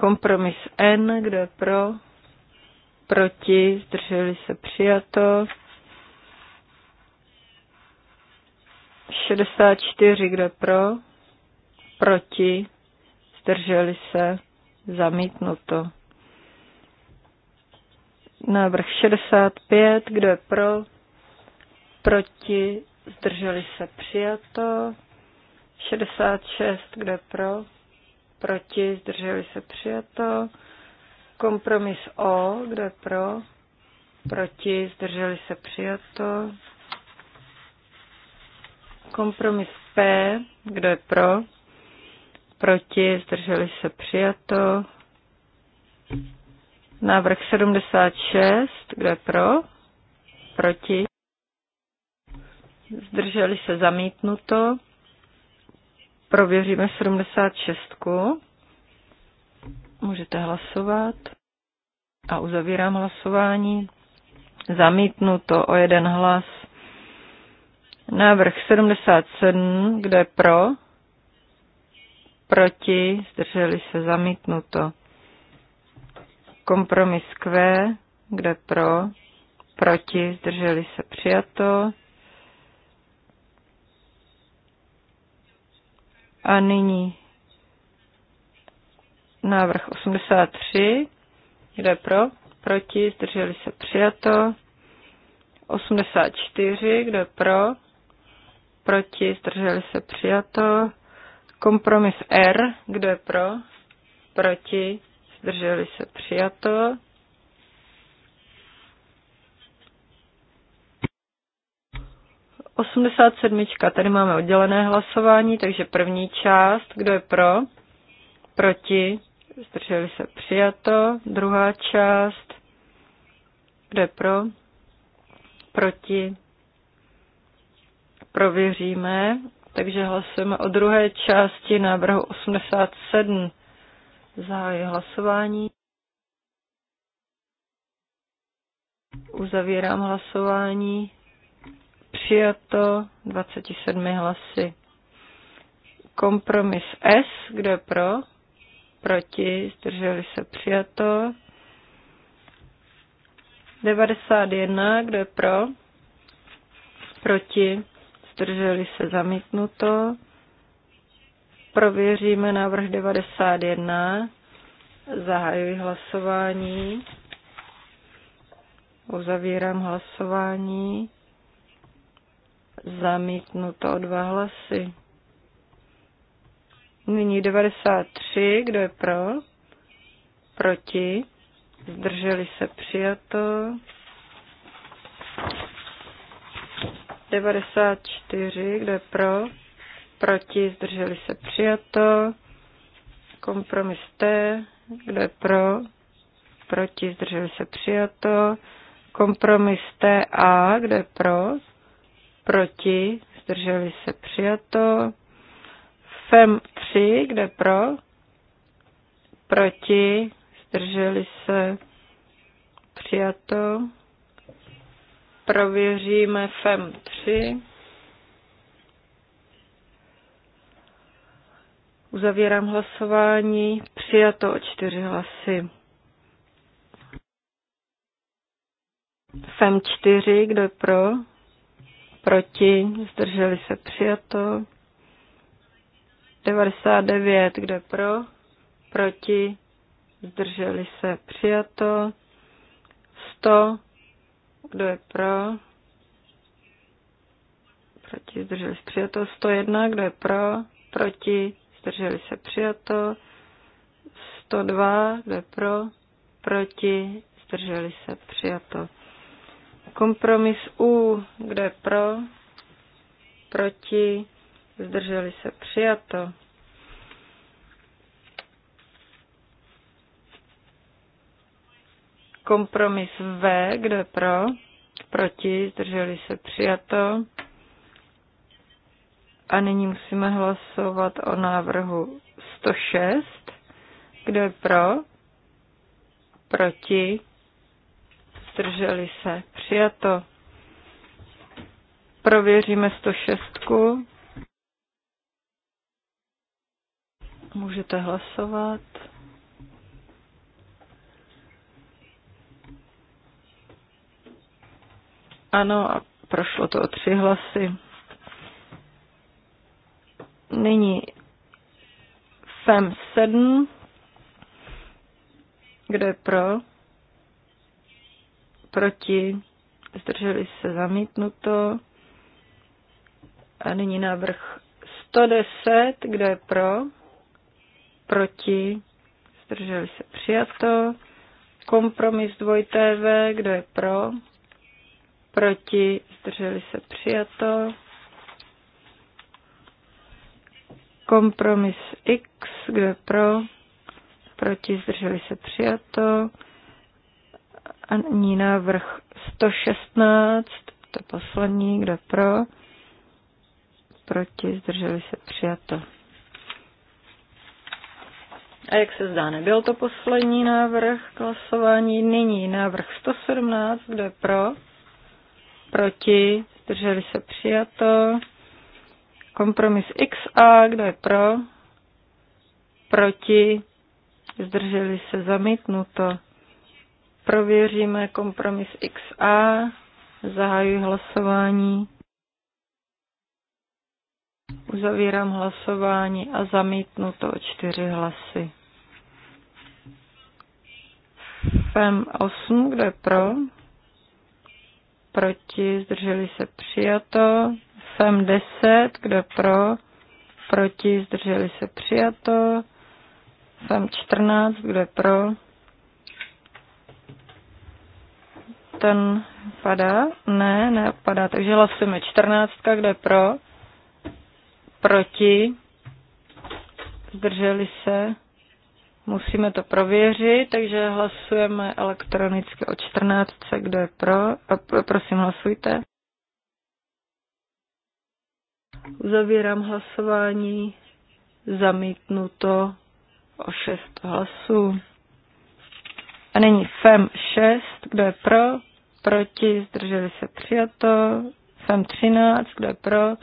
Speaker 1: Kompromis N, kdo je pro? Proti, zdrželi se přijato. 64, kdo je pro? Proti, zdrželi se zamítnuto. Návrh 65, kdo je pro? Proti? Zdrželi se přijato. 66, kdo je pro? Proti? Zdrželi se přijato. Kompromis O, kdo je pro? Proti? Zdrželi se přijato. Kompromis P, kdo je pro? Proti? Zdrželi se přijato. Návrh 76, kde pro? Proti? Zdrželi se zamítnuto. Prověříme 76. Můžete hlasovat. A uzavírám hlasování. Zamítnuto o jeden hlas. Návrh 77, kde pro? Proti? Zdrželi se zamítnuto. Kompromis Q, kde pro, proti, zdrželi se přijato. A nyní návrh 83, kde pro, proti, zdrželi se přijato. 84, kde pro, proti, zdrželi se přijato. Kompromis R, kde pro, proti, zdrželi se přijato. Osmdesát sedmička, tady máme oddělené hlasování, takže první část, kdo je pro, proti, zdrželi se přijato, druhá část, kdo je pro, proti, prověříme, takže hlasujeme o druhé části návrhu 87. Zahajuji hlasování. Uzavírám hlasování. Přijato 27 hlasy. Kompromis S, kdo je pro? Proti, zdrželi se přijato. 91, kdo je pro? Proti, zdrželi se zamítnuto. Prověříme návrh 91. Zahajuji hlasování. Uzavírám hlasování. Zamítnuto o dva hlasy. Nyní 93. Kdo je pro? Proti? Zdrželi se přijato. 94. Kdo je pro? proti, zdrželi se přijato. Kompromis T, kdo je pro, proti, zdrželi se přijato. Kompromis A, kdo je pro, proti, zdrželi se přijato. FEM 3, kde pro, proti, zdrželi se přijato. Prověříme FEM 3. Uzavírám hlasování. Přijato o čtyři hlasy. FEM 4, kdo je pro? Proti, zdrželi se přijato. 99, kdo je pro? Proti, zdrželi se přijato. 100, kdo je pro? Proti, zdrželi se přijato. 101, kdo je pro? Proti, zdrželi se přijato, 102, kdo je pro, proti, zdrželi se přijato. Kompromis U, kdo je pro, proti, zdrželi se přijato. Kompromis V, kdo je pro, proti, zdrželi se přijato. A nyní musíme hlasovat o návrhu 106. Kdo je pro? Proti? Zdrželi se. Přijato. Prověříme 106. Můžete hlasovat. Ano, a prošlo to o tři hlasy. Nyní FEM 7. Kdo je pro? Proti? Zdrželi se zamítnuto. A nyní návrh 110. Kdo je pro? Proti? Zdrželi se přijato. Kompromis 2TV. Kdo je pro? Proti? Zdrželi se přijato. Kompromis X, kdo je pro, proti, zdrželi se přijato. A ní návrh 116, to je poslední, kdo je pro, proti, zdrželi se přijato. A jak se zdá, nebyl to poslední návrh k hlasování. Nyní návrh 117, kdo je pro, proti, zdrželi se přijato. Kompromis XA, kdo je pro? Proti? Zdrželi se zamítnuto. Prověříme kompromis XA. Zahajuji hlasování. Uzavírám hlasování a zamítnu to o čtyři hlasy. FEM 8, kdo je pro? Proti, zdrželi se přijato. FEM 10, kdo pro, proti, zdrželi se přijato. FEM 14, kdo pro, ten padá? Ne, ne, padá. Takže hlasujeme 14, kde pro, proti, zdrželi se, musíme to prověřit, takže hlasujeme elektronicky o 14, kde pro, a prosím hlasujte. Uzavírám hlasování. Zamítnuto o 6 hlasů. A nyní FEM 6, kdo je pro, proti, zdrželi se přijato. FEM 13, kdo je pro,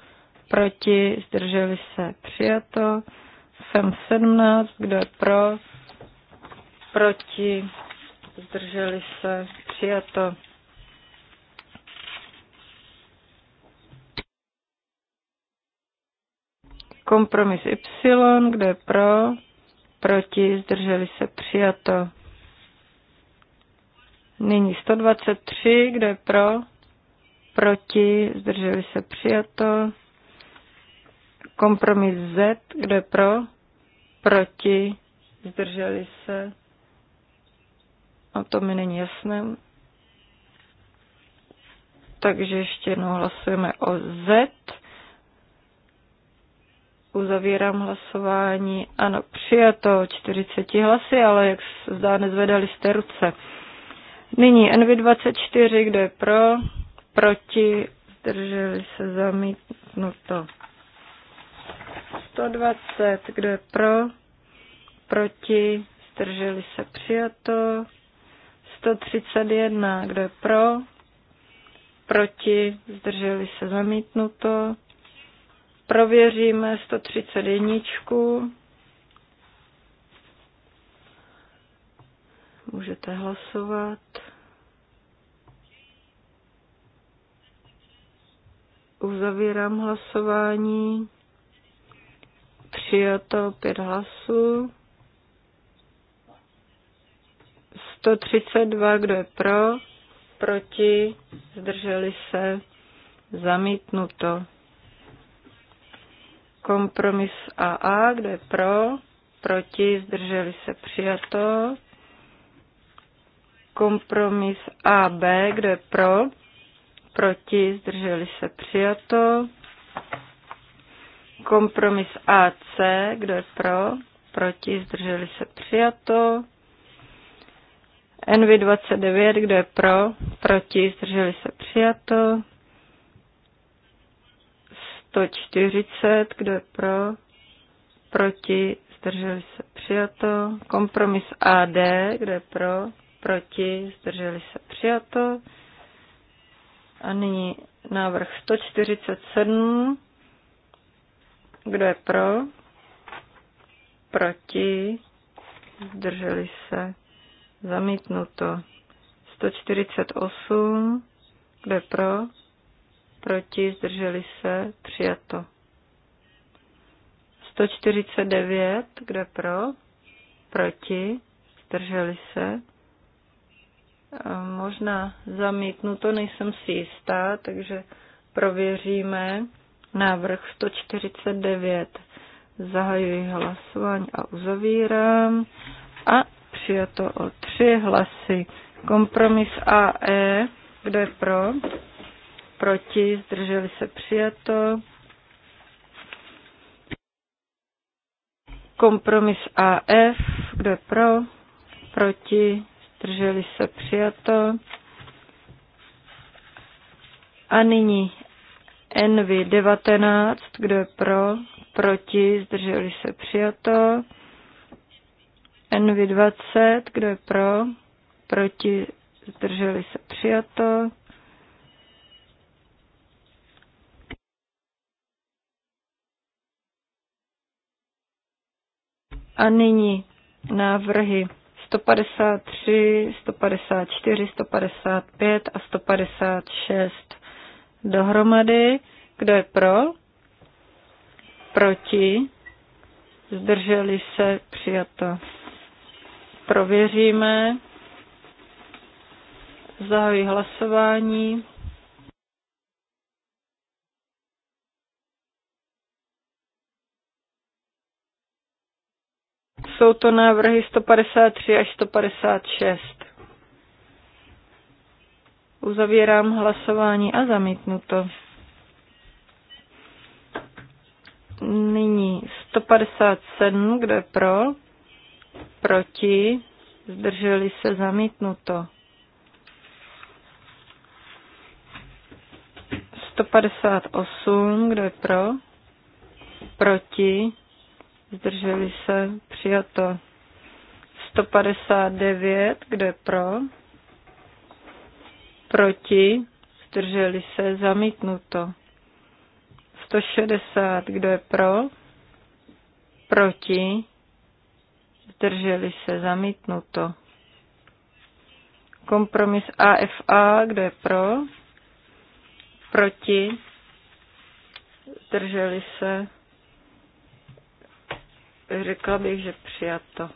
Speaker 1: proti, zdrželi se přijato. FEM 17, kdo je pro, proti, zdrželi se přijato. Kompromis Y, kde je pro, proti, zdrželi se přijato. Nyní 123, kde je pro, proti, zdrželi se přijato. Kompromis Z, kde je pro, proti, zdrželi se. A to mi není jasné. Takže ještě jednou hlasujeme o Z. Uzavírám hlasování. Ano, přijato 40 hlasy, ale jak se zdá, nezvedali jste ruce. Nyní NV24, kdo je pro, proti, zdrželi se zamítnuto. 120, kdo je pro, proti, zdrželi se přijato. 131, kdo je pro, proti, zdrželi se zamítnuto. Prověříme 130 jedničku. Můžete hlasovat. Uzavírám hlasování. Přijato pět hlasů. 132, kdo je pro, proti, zdrželi se, zamítnuto. Kompromis AA, kdo je pro? Proti, zdrželi se přijato. Kompromis AB, kdo je pro? Proti, zdrželi se přijato. Kompromis AC, kdo je pro? Proti, zdrželi se přijato. NV29, kdo je pro? Proti, zdrželi se přijato. 140, kdo je pro, proti, zdrželi se přijato. Kompromis AD, kdo je pro, proti, zdrželi se přijato. A nyní návrh 147, kdo je pro, proti, zdrželi se zamítnuto. 148, kdo je pro, proti, zdrželi se, přijato. 149, kde pro, proti, zdrželi se. Možná zamítnuto, nejsem si jistá, takže prověříme návrh 149. Zahajuji hlasování a uzavírám. A přijato o tři hlasy. Kompromis AE, kde pro? proti, zdrželi se přijato. Kompromis AF, kdo je pro, proti, zdrželi se přijato. A nyní nv 19, kdo je pro, proti, zdrželi se přijato. nv 20, kdo je pro, proti, zdrželi se přijato. A nyní návrhy 153, 154, 155 a 156 dohromady. Kdo je pro? Proti? Zdrželi se? Přijato. Prověříme. Zahajuji hlasování. jsou to návrhy 153 až 156. Uzavírám hlasování a zamítnu to. Nyní 157, kde pro, proti, zdrželi se zamítnuto. 158, kdo je pro? Proti? zdrželi se, přijato. 159, kde pro, proti, zdrželi se, zamítnuto. 160, kdo je pro, proti, zdrželi se, zamítnuto. Kompromis AFA, kdo je pro, proti, zdrželi se, Řekla bych, že přijato.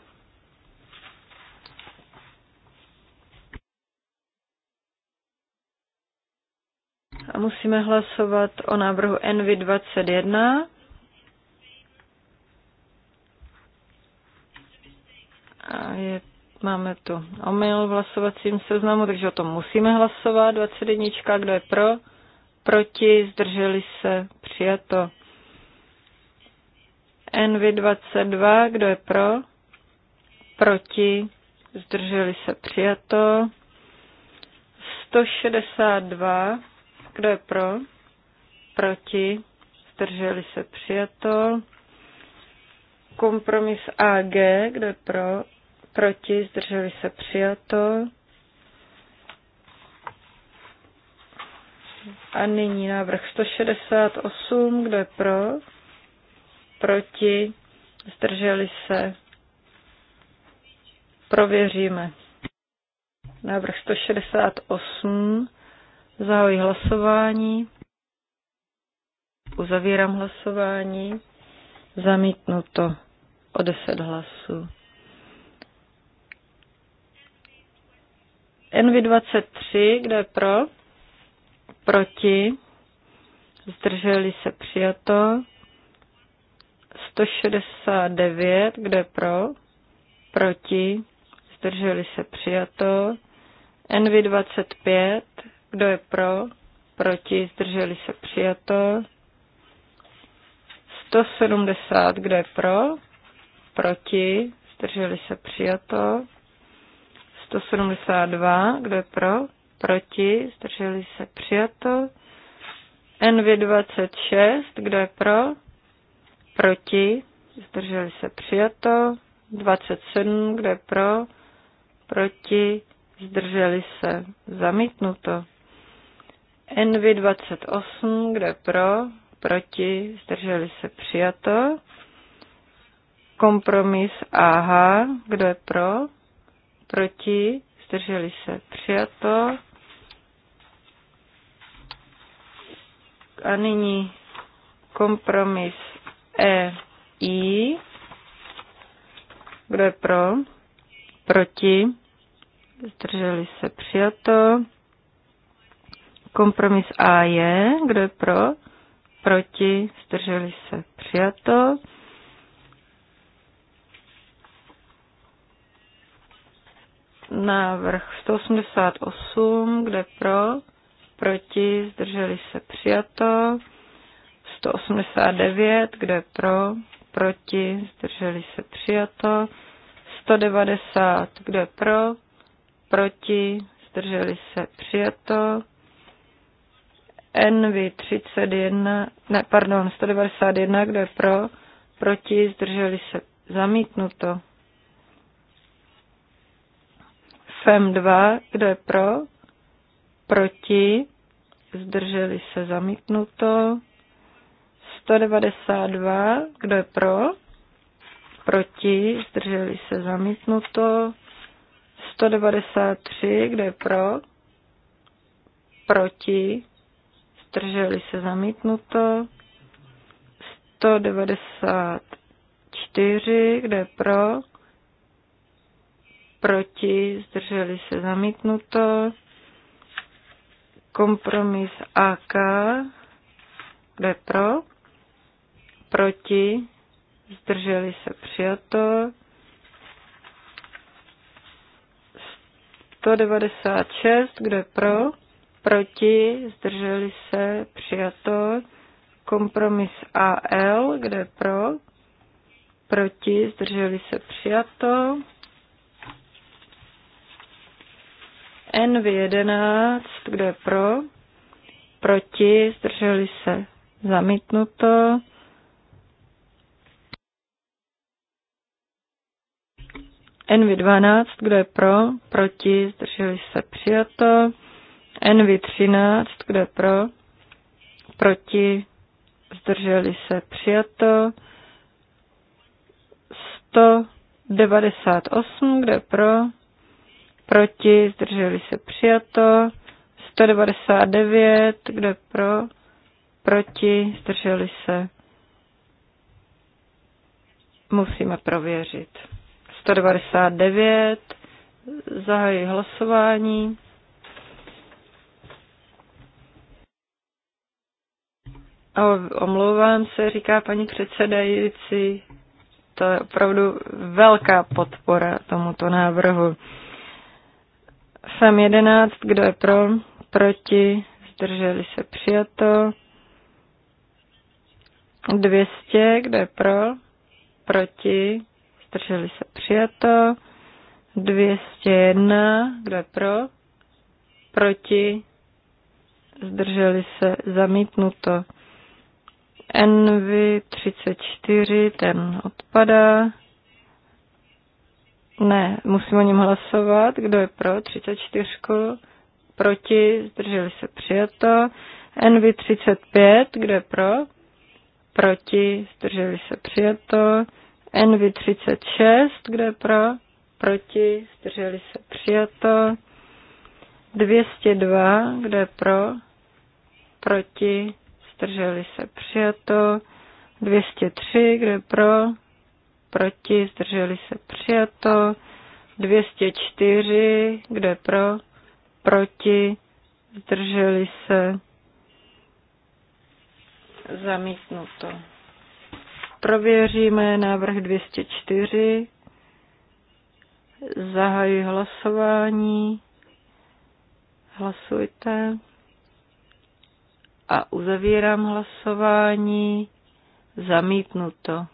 Speaker 1: A musíme hlasovat o návrhu NV21. A je, máme tu omyl v hlasovacím seznamu, takže o tom musíme hlasovat. 21. Kdo je pro? Proti? Zdrželi se? Přijato. Envy 22, kdo je pro? Proti? Zdrželi se přijato. 162, kdo je pro? Proti? Zdrželi se přijato. Kompromis AG, kdo je pro? Proti? Zdrželi se přijato. A nyní návrh 168, kdo je pro? proti, zdrželi se, prověříme. Návrh 168, zahoji hlasování, uzavírám hlasování, zamítnuto o 10 hlasů. NV23, kde je pro? Proti. Zdrželi se přijato. 169, kde pro, proti, zdrželi se přijato. NV25, kdo je pro, proti, zdrželi se přijato. 170, kdo je pro, proti, zdrželi se přijato. 172, kdo je pro, proti, zdrželi se přijato. NV26, kdo je pro, proti, zdrželi se přijato, 27, kde pro, proti, zdrželi se zamítnuto. Envy 28, kde pro, proti, zdrželi se přijato. Kompromis AH, kdo je pro, proti, zdrželi se přijato. A nyní kompromis E, I. Kdo je pro? Proti? Zdrželi se přijato. Kompromis A je. Kdo je pro? Proti? Zdrželi se přijato. Návrh 188, kde pro, proti, zdrželi se přijato. 189, kdo je pro, proti, zdrželi se přijato. 190, kdo je pro, proti, zdrželi se přijato. NV 31, ne, pardon, 191, kdo je pro, proti, zdrželi se zamítnuto. FEM 2, kdo je pro, proti, zdrželi se zamítnuto. 192, kdo je pro? Proti, zdrželi se zamítnuto. 193, kdo je pro? Proti, zdrželi se zamítnuto. 194, kdo je pro? Proti, zdrželi se zamítnuto. Kompromis AK, kdo je pro? proti, zdrželi se přijato. 196, kdo je pro, proti, zdrželi se přijato. Kompromis AL, kde je pro, proti, zdrželi se přijato. NV11, kde je pro, proti, zdrželi se zamítnuto. NV12, kdo je pro, proti, zdrželi se přijato. NV13, kdo je pro, proti, zdrželi se přijato. 198, kdo je pro, proti, zdrželi se přijato. 199, kdo je pro, proti, zdrželi se. Musíme prověřit. 199. zahají hlasování. Omlouvám se, říká paní předsedající. To je opravdu velká podpora tomuto návrhu. Sam 11, kdo je pro? Proti? Zdrželi se přijato. 200, kdo je pro? Proti? zdrželi se přijato. 201, kdo je pro, proti, zdrželi se zamítnuto. NV 34, ten odpadá. Ne, musím o něm hlasovat. Kdo je pro 34? Proti, zdrželi se přijato. NV 35, kdo je pro? Proti, zdrželi se přijato. NV36, kde pro, proti, zdrželi se přijato. 202, kde pro, proti, zdrželi se přijato. 203, kde pro, proti, zdrželi se přijato. 204, kde pro, proti, zdrželi se zamítnuto. Prověříme návrh 204. Zahajuji hlasování. Hlasujte. A uzavírám hlasování. Zamítnuto.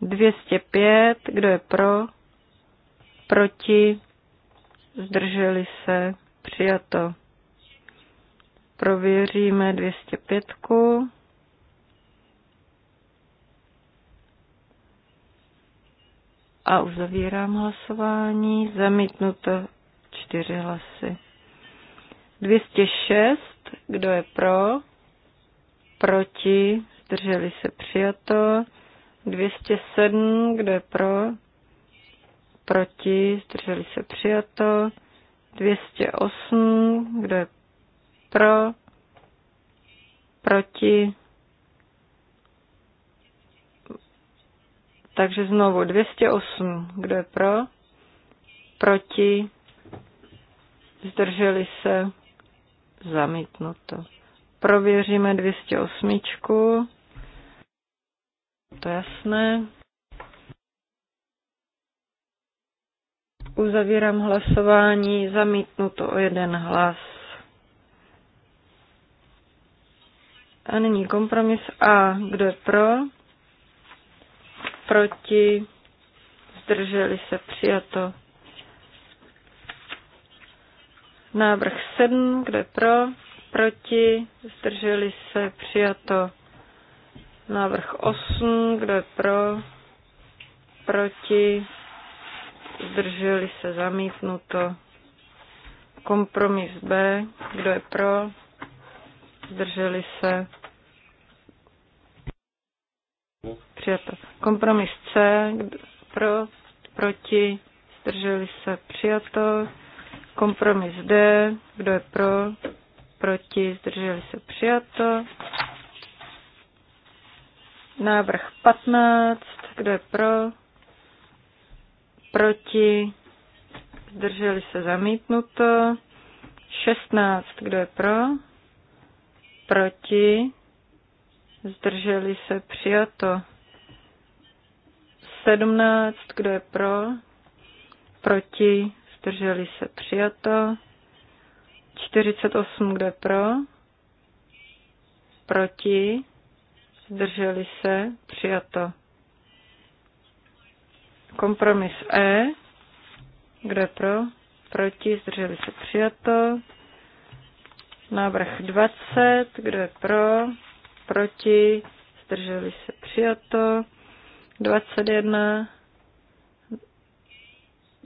Speaker 1: 205. Kdo je pro? Proti? Zdrželi se? Přijato. Prověříme 205. A uzavírám hlasování. Zamítnuto čtyři hlasy. 206. Kdo je pro? Proti? Zdrželi se přijato. 207. Kdo je pro? Proti? Zdrželi se přijato. 208. Kdo je pro? Proti? Takže znovu 208. Kdo je pro? Proti? Zdrželi se? Zamítnuto. Prověříme 208. To jasné. Uzavírám hlasování. Zamítnuto o jeden hlas. A nyní kompromis A. Kdo je pro? proti, zdrželi se přijato. Návrh 7, kde pro, proti, zdrželi se přijato. Návrh 8, kde pro, proti, zdrželi se zamítnuto. Kompromis B, kdo je pro, zdrželi se Přijato. Kompromis C. Pro, proti, zdrželi se. Přijato. Kompromis D. Kdo je pro, proti, zdrželi se. Přijato. Návrh 15. Kdo je pro, proti, zdrželi se. Zamítnuto. 16. Kdo je pro, proti, zdrželi se. Přijato. 17, kdo je pro, proti, zdrželi se přijato. 48, kdo je pro, proti, zdrželi se přijato. Kompromis E, kdo je pro, proti, zdrželi se přijato. Návrh 20, kdo je pro, proti, zdrželi se přijato. 21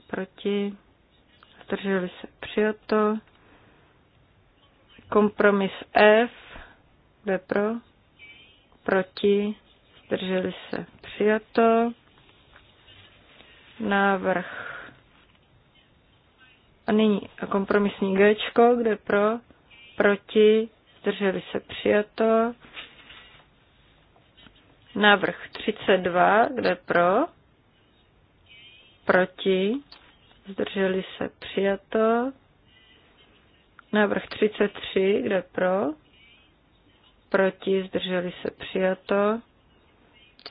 Speaker 1: proti, zdrželi se přijato. Kompromis F, B pro, proti, zdrželi se přijato. Návrh a nyní kompromisní G, kde pro, proti, zdrželi se přijato. Návrh 32, kde pro, proti, zdrželi se přijato. Návrh 33, kde pro, proti, zdrželi se přijato.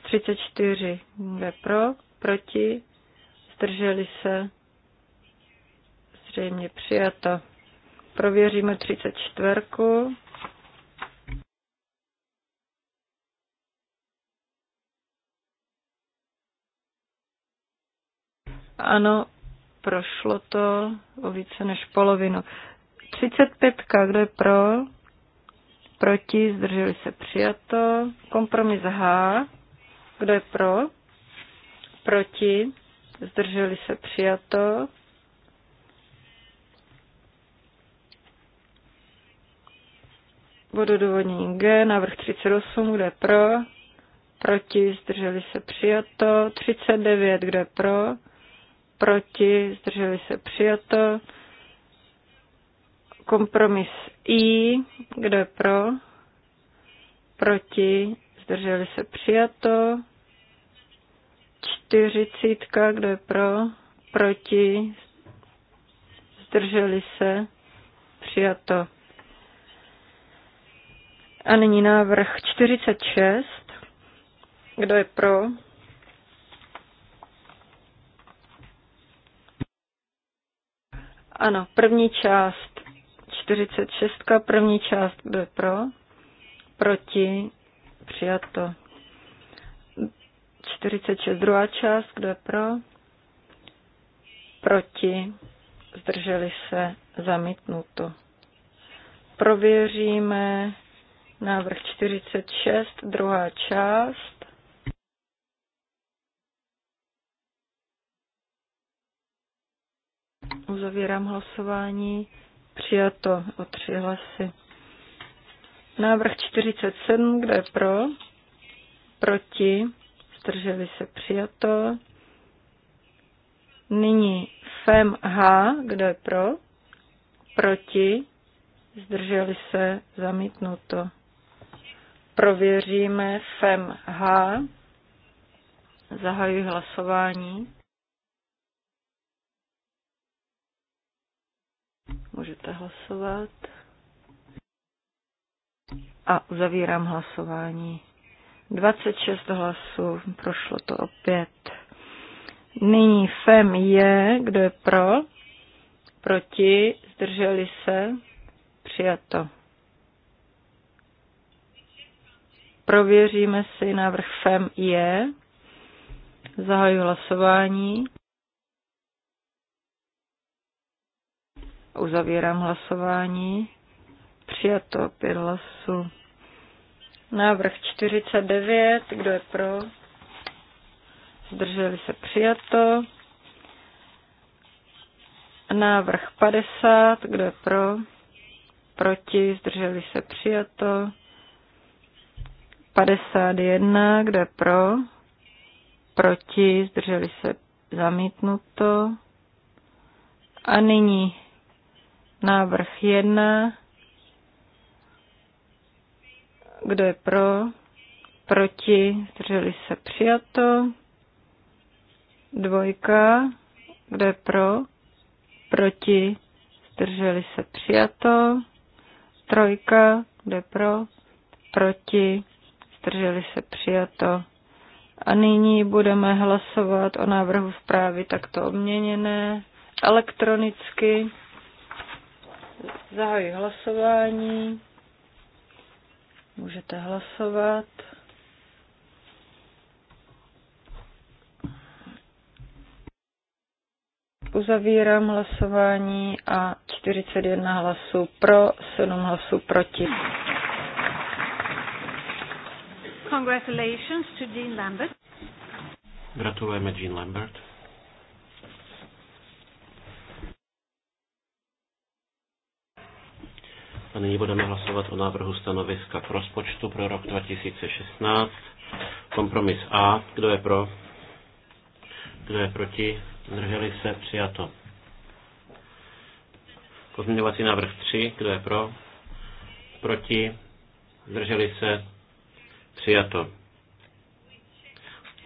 Speaker 1: 34, kde pro, proti, zdrželi se zřejmě přijato. Prověříme 34. Ano, prošlo to o více než polovinu. 35. Kdo je pro? Proti? Zdrželi se přijato. Kompromis H. Kdo je pro? Proti? Zdrželi se přijato. Bod odůvodnění G, návrh 38, kde pro, proti, zdrželi se přijato, 39, kde pro, proti, zdrželi se přijato. Kompromis I, kdo je pro, proti, zdrželi se přijato. Čtyřicítka, kdo je pro, proti, zdrželi se přijato. A nyní návrh 46. Kdo je pro? Ano, první část 46, první část byl pro, proti, přijato. 46, druhá část, kdo je pro, proti, zdrželi se, zamítnuto. Prověříme návrh 46, druhá část. Uzavírám hlasování. Přijato o tři hlasy. Návrh 47, kdo je pro? Proti? Zdrželi se přijato. Nyní FEM H, kdo je pro? Proti? Zdrželi se zamítnuto. Prověříme FEM H. Zahajuji hlasování. Můžete hlasovat. A uzavírám hlasování. 26 hlasů, prošlo to opět. Nyní FEM je, kdo je pro, proti, zdrželi se, přijato. Prověříme si návrh FEM je. Zahajuji hlasování. Uzavírám hlasování. Přijato pět hlasů. Návrh 49, kdo je pro? Zdrželi se přijato. Návrh 50, kdo je pro? Proti, zdrželi se přijato. 51, kdo je pro? Proti, zdrželi se zamítnuto. A nyní Návrh 1. Kdo je pro? Proti? Zdrželi se přijato. Dvojka. Kdo je pro? Proti? Zdrželi se přijato. Trojka. Kdo je pro? Proti? Zdrželi se přijato. A nyní budeme hlasovat o návrhu zprávy takto obměněné elektronicky. Zahajuji hlasování. Můžete hlasovat. Uzavírám hlasování a 41 hlasů pro, 7 hlasů proti. Congratulations to Jean Lambert.
Speaker 2: Gratulujeme Jean Lambert. A nyní budeme hlasovat o návrhu stanoviska k rozpočtu pro rok 2016. Kompromis A. Kdo je pro? Kdo je proti? Zdrželi se? Přijato. Pozměňovací návrh 3. Kdo je pro? Proti? Zdrželi se? Přijato.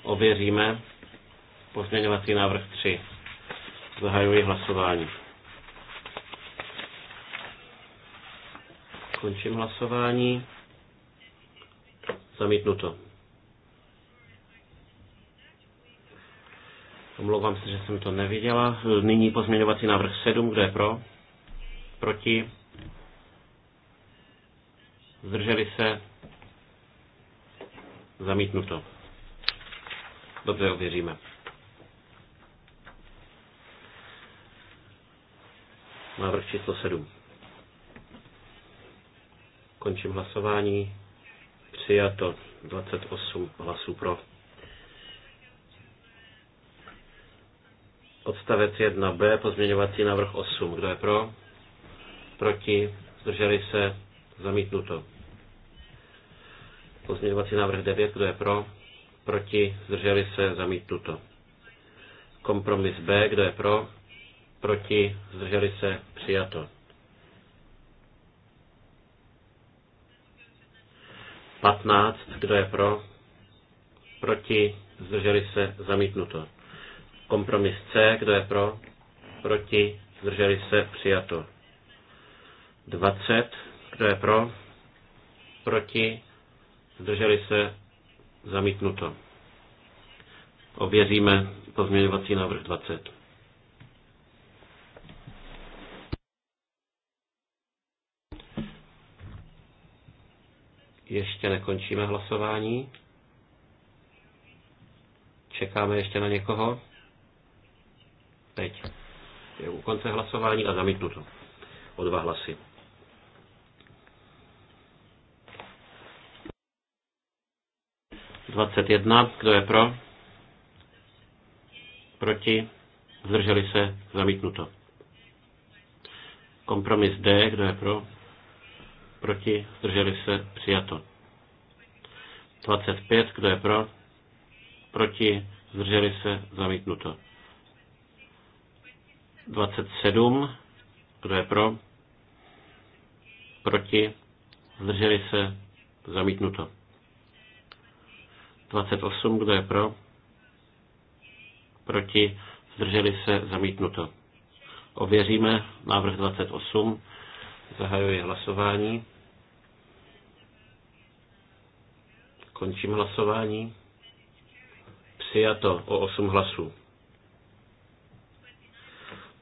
Speaker 2: Ověříme pozměňovací návrh 3. Zahajuji hlasování. Končím hlasování. Zamítnuto. Omlouvám se, že jsem to neviděla. Nyní pozměňovací návrh 7. Kdo je pro? Proti? Zdrželi se? Zamítnuto. Dobře, ověříme. Návrh číslo 7. Končím hlasování. Přijato 28 hlasů pro. Odstavec 1b, pozměňovací návrh 8. Kdo je pro? Proti? Zdrželi se? Zamítnuto. Pozměňovací návrh 9. Kdo je pro? Proti? Zdrželi se? Zamítnuto. Kompromis B. Kdo je pro? Proti? Zdrželi se? Přijato. 15, kdo je pro, proti, zdrželi se, zamítnuto. Kompromis C, kdo je pro, proti, zdrželi se, přijato. 20, kdo je pro, proti, zdrželi se, zamítnuto. Ověříme pozměňovací návrh 20. Ještě nekončíme hlasování. Čekáme ještě na někoho. Teď je u konce hlasování a zamítnuto. O dva hlasy. Dvacet jedna. Kdo je pro? Proti? Zdrželi se? Zamítnuto. Kompromis D. Kdo je pro? proti, zdrželi se, přijato. 25, kdo je pro, proti, zdrželi se, zamítnuto. 27, kdo je pro, proti, zdrželi se, zamítnuto. 28, kdo je pro, proti, zdrželi se, zamítnuto. Ověříme návrh 28, Zahajuji hlasování. Končím hlasování. Přijato o 8 hlasů.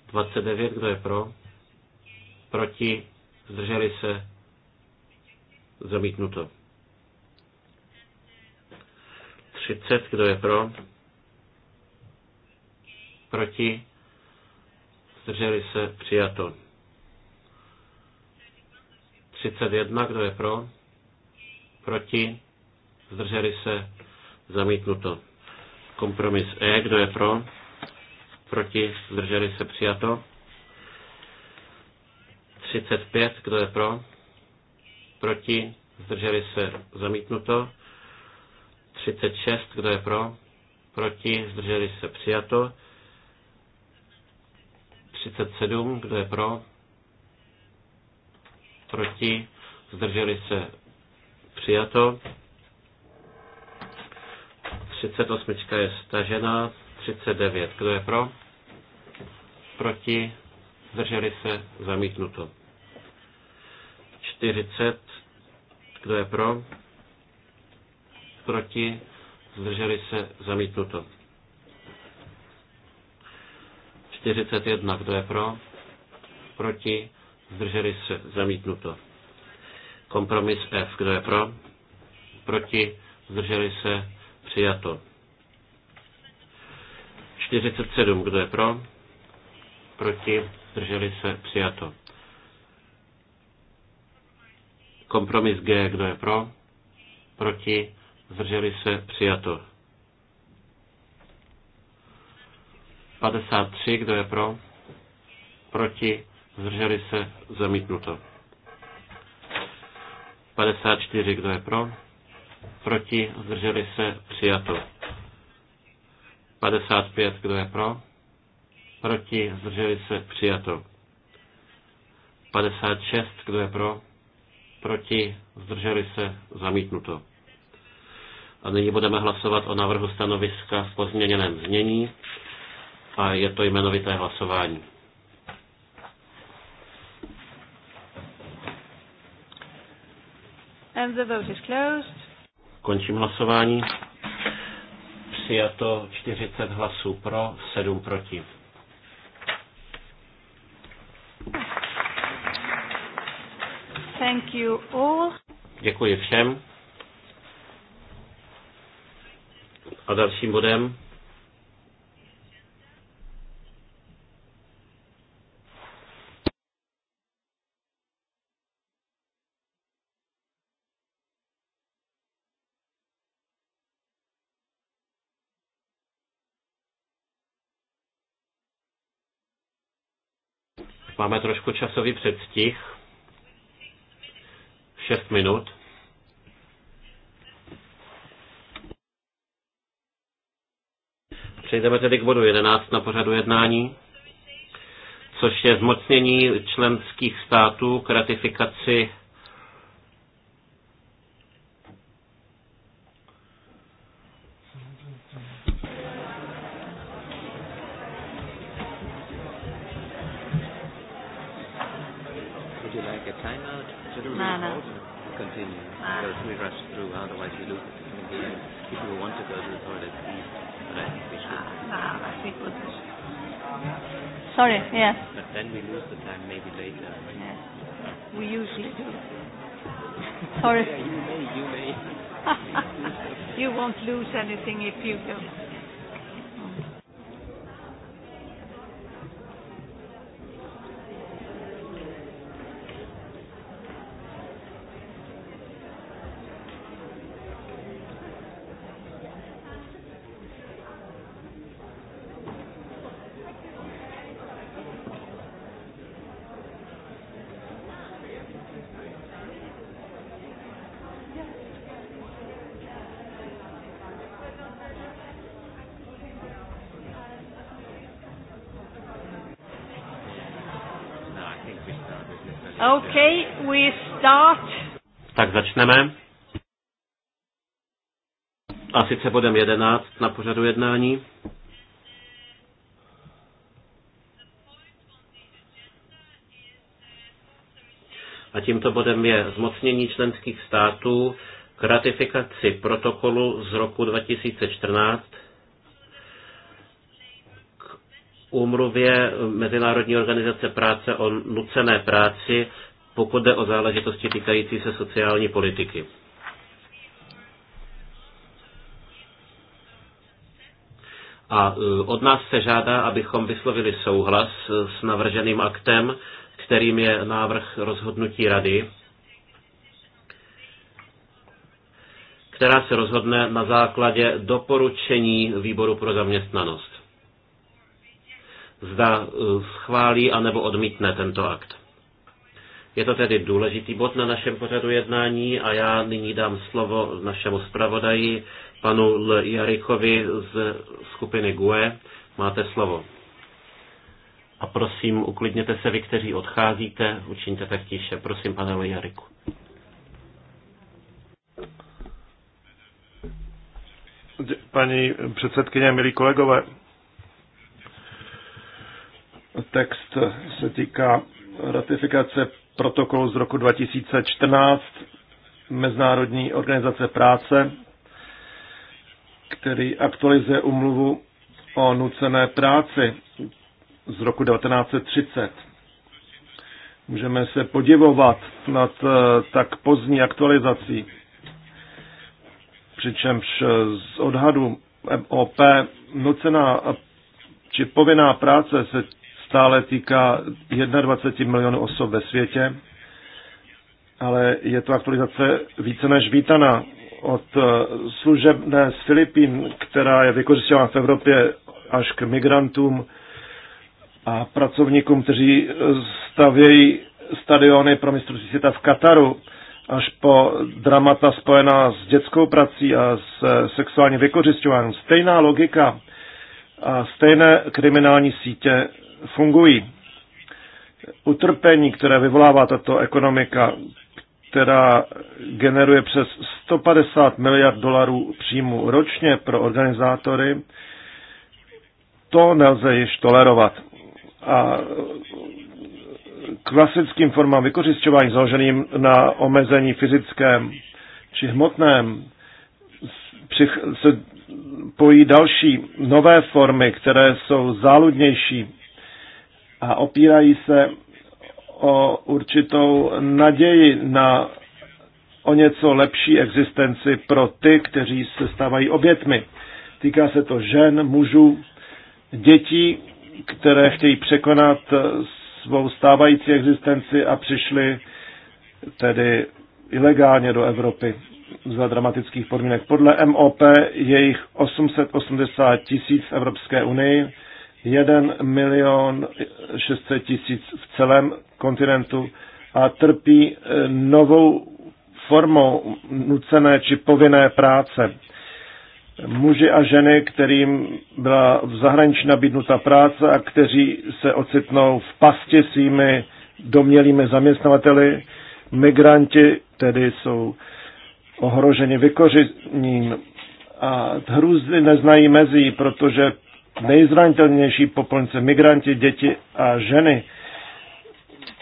Speaker 2: 29, kdo je pro? Proti? Zdrželi se? Zamítnuto. 30, kdo je pro? Proti? Zdrželi se? Přijato. 31, kdo je pro? Proti? Zdrželi se? Zamítnuto. Kompromis E, kdo je pro? Proti? Zdrželi se? Přijato. 35, kdo je pro? Proti? Zdrželi se? Zamítnuto. 36, kdo je pro? Proti? Zdrželi se? Přijato. 37, kdo je pro? proti, zdrželi se přijato. 38 je stažena, 39. Kdo je pro? Proti, zdrželi se, zamítnuto. 40. Kdo je pro? Proti, zdrželi se, zamítnuto. 41. Kdo je pro? Proti, zdrželi se, zamítnuto. Kompromis F, kdo je pro, proti, zdrželi se, přijato. 47, kdo je pro, proti, zdrželi se, přijato. Kompromis G, kdo je pro, proti, zdrželi se, přijato. 53, kdo je pro, proti, zdrželi se, zamítnuto. 54, kdo je pro, proti, zdrželi se, přijato. 55, kdo je pro, proti, zdrželi se, přijato. 56, kdo je pro, proti, zdrželi se, zamítnuto. A nyní budeme hlasovat o návrhu stanoviska v pozměněném znění a je to jmenovité hlasování.
Speaker 1: And the vote is closed.
Speaker 2: Končím hlasování. Přijato 40 hlasů pro, 7 proti.
Speaker 1: Thank you all.
Speaker 2: Děkuji všem. A dalším bodem Máme trošku časový předstih. šest minut. Přejdeme tedy k bodu 11 na pořadu jednání, což je zmocnění členských států k ratifikaci
Speaker 1: Sorry, yes. But then we lose the time maybe later. Yes. We usually do. Sorry. Yeah, you may, you may. <laughs> you won't lose anything if you don't. Okay, we start.
Speaker 2: Tak začneme. A sice bodem 11 na pořadu jednání. A tímto bodem je zmocnění členských států k ratifikaci protokolu z roku 2014 úmluvě Mezinárodní organizace práce o nucené práci, pokud jde o záležitosti týkající se sociální politiky. A e, od nás se žádá, abychom vyslovili souhlas e, s navrženým aktem, kterým je návrh rozhodnutí rady, která se rozhodne na základě doporučení výboru pro zaměstnanost zda eh, schválí anebo odmítne tento akt. Je to tedy důležitý bod na našem pořadu jednání a já nyní dám slovo našemu zpravodaji, panu L. Jarikovi z skupiny GUE. Máte slovo. A prosím, uklidněte se vy, kteří odcházíte, učiňte tak tiše. Prosím, pane L. Jariku. Paní
Speaker 3: předsedkyně, milí kolegové, Text se týká ratifikace protokolu z roku 2014 Mezinárodní organizace práce, který aktualizuje umluvu o nucené práci z roku 1930. Můžeme se podivovat nad eh, tak pozdní aktualizací, přičemž z odhadu MOP nucená či povinná práce se stále týká 21 milionů osob ve světě, ale je to aktualizace více než vítaná od eh, služebné z Filipín, která je vykořišťována v Evropě až k migrantům a pracovníkům, kteří stavějí stadiony pro mistrovství světa v Kataru, až po dramata spojená s dětskou prací a s eh, sexuálním vykořišťováním. Stejná logika a stejné kriminální sítě fungují. Utrpení, které vyvolává tato ekonomika, která generuje přes 150 miliard dolarů příjmu ročně pro organizátory, to nelze již tolerovat. A klasickým formám vykořišťování založeným na omezení fyzickém či hmotném se pojí další nové formy, které jsou záludnější a opírají se o určitou naději na o něco lepší existenci pro ty, kteří se stávají obětmi. Týká se to žen, mužů, dětí, které chtějí překonat svou stávající existenci a přišli tedy ilegálně do Evropy za dramatických podmínek. Podle MOP je jich 880 tisíc v Evropské unii, 1 milion 600 tisíc v celém kontinentu a trpí e, novou formou nucené či povinné práce. Muži a ženy, kterým byla v zahraničí nabídnuta práce a kteří se ocitnou v pasti svými domělými zaměstnavateli, migranti tedy jsou ohroženi vykořením a hrůzy neznají mezí, protože nejzranitelnější popolnice, migranti, děti a ženy,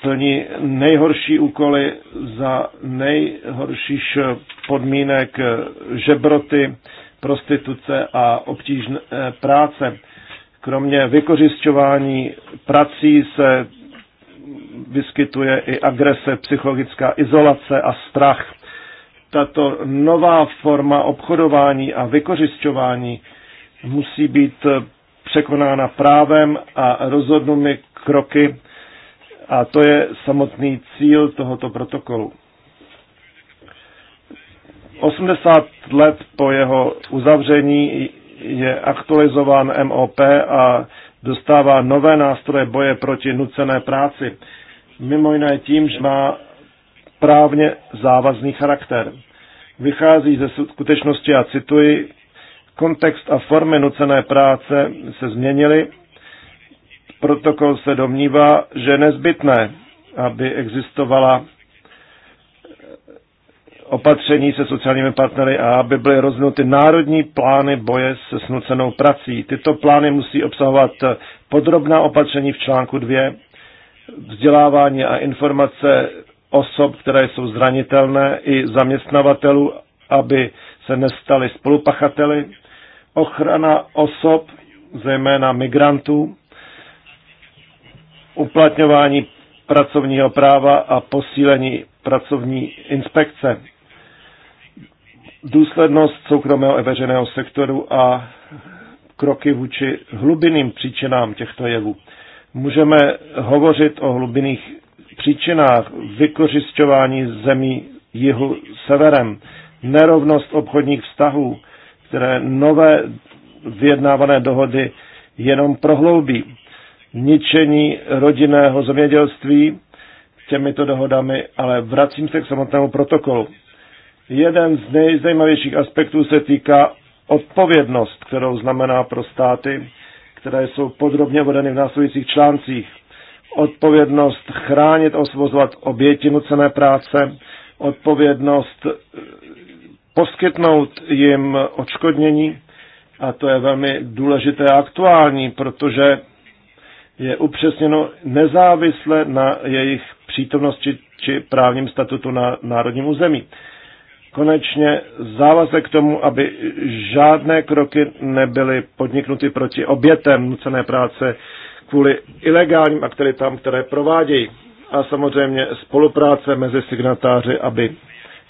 Speaker 3: plní nejhorší úkoly za nejhorší podmínek žebroty, prostituce a obtížné eh, práce. Kromě vykořišťování prací se vyskytuje i agrese, psychologická izolace a strach. Tato nová forma obchodování a vykořišťování musí být překonána právem a rozhodnými kroky a to je samotný cíl tohoto protokolu. 80 let po jeho uzavření je aktualizován MOP a dostává nové nástroje boje proti nucené práci. Mimo jiné tím, že má právně závazný charakter. Vychází ze skutečnosti, a cituji, Kontext a formy nucené práce se změnily. Protokol se domnívá, že je nezbytné, aby existovala opatření se sociálními partnery a aby byly rozvinuty národní plány boje se snucenou prací. Tyto plány musí obsahovat podrobná opatření v článku 2, vzdělávání a informace osob, které jsou zranitelné, i zaměstnavatelů, aby se nestali spolupachateli, ochrana osob, zejména migrantů, uplatňování pracovního práva a posílení pracovní inspekce, důslednost soukromého i veřejného sektoru a kroky vůči hlubinným příčinám těchto jevů. Můžeme hovořit o hlubinných příčinách vykořišťování zemí jihu severem, nerovnost obchodních vztahů, které nové vyjednávané dohody jenom prohloubí. Ničení rodinného zemědělství těmito dohodami, ale vracím se k samotnému protokolu. Jeden z nejzajímavějších aspektů se týká odpovědnost, kterou znamená pro státy, které jsou podrobně uvedeny v následujících článcích. Odpovědnost chránit, osvozovat oběti nucené práce, odpovědnost poskytnout jim odškodnění a to je velmi důležité a aktuální, protože je upřesněno nezávisle na jejich přítomnosti či právním statutu na národním území. Konečně závazek k tomu, aby žádné kroky nebyly podniknuty proti obětem nucené práce kvůli ilegálním aktivitám, které provádějí. A samozřejmě spolupráce mezi signatáři, aby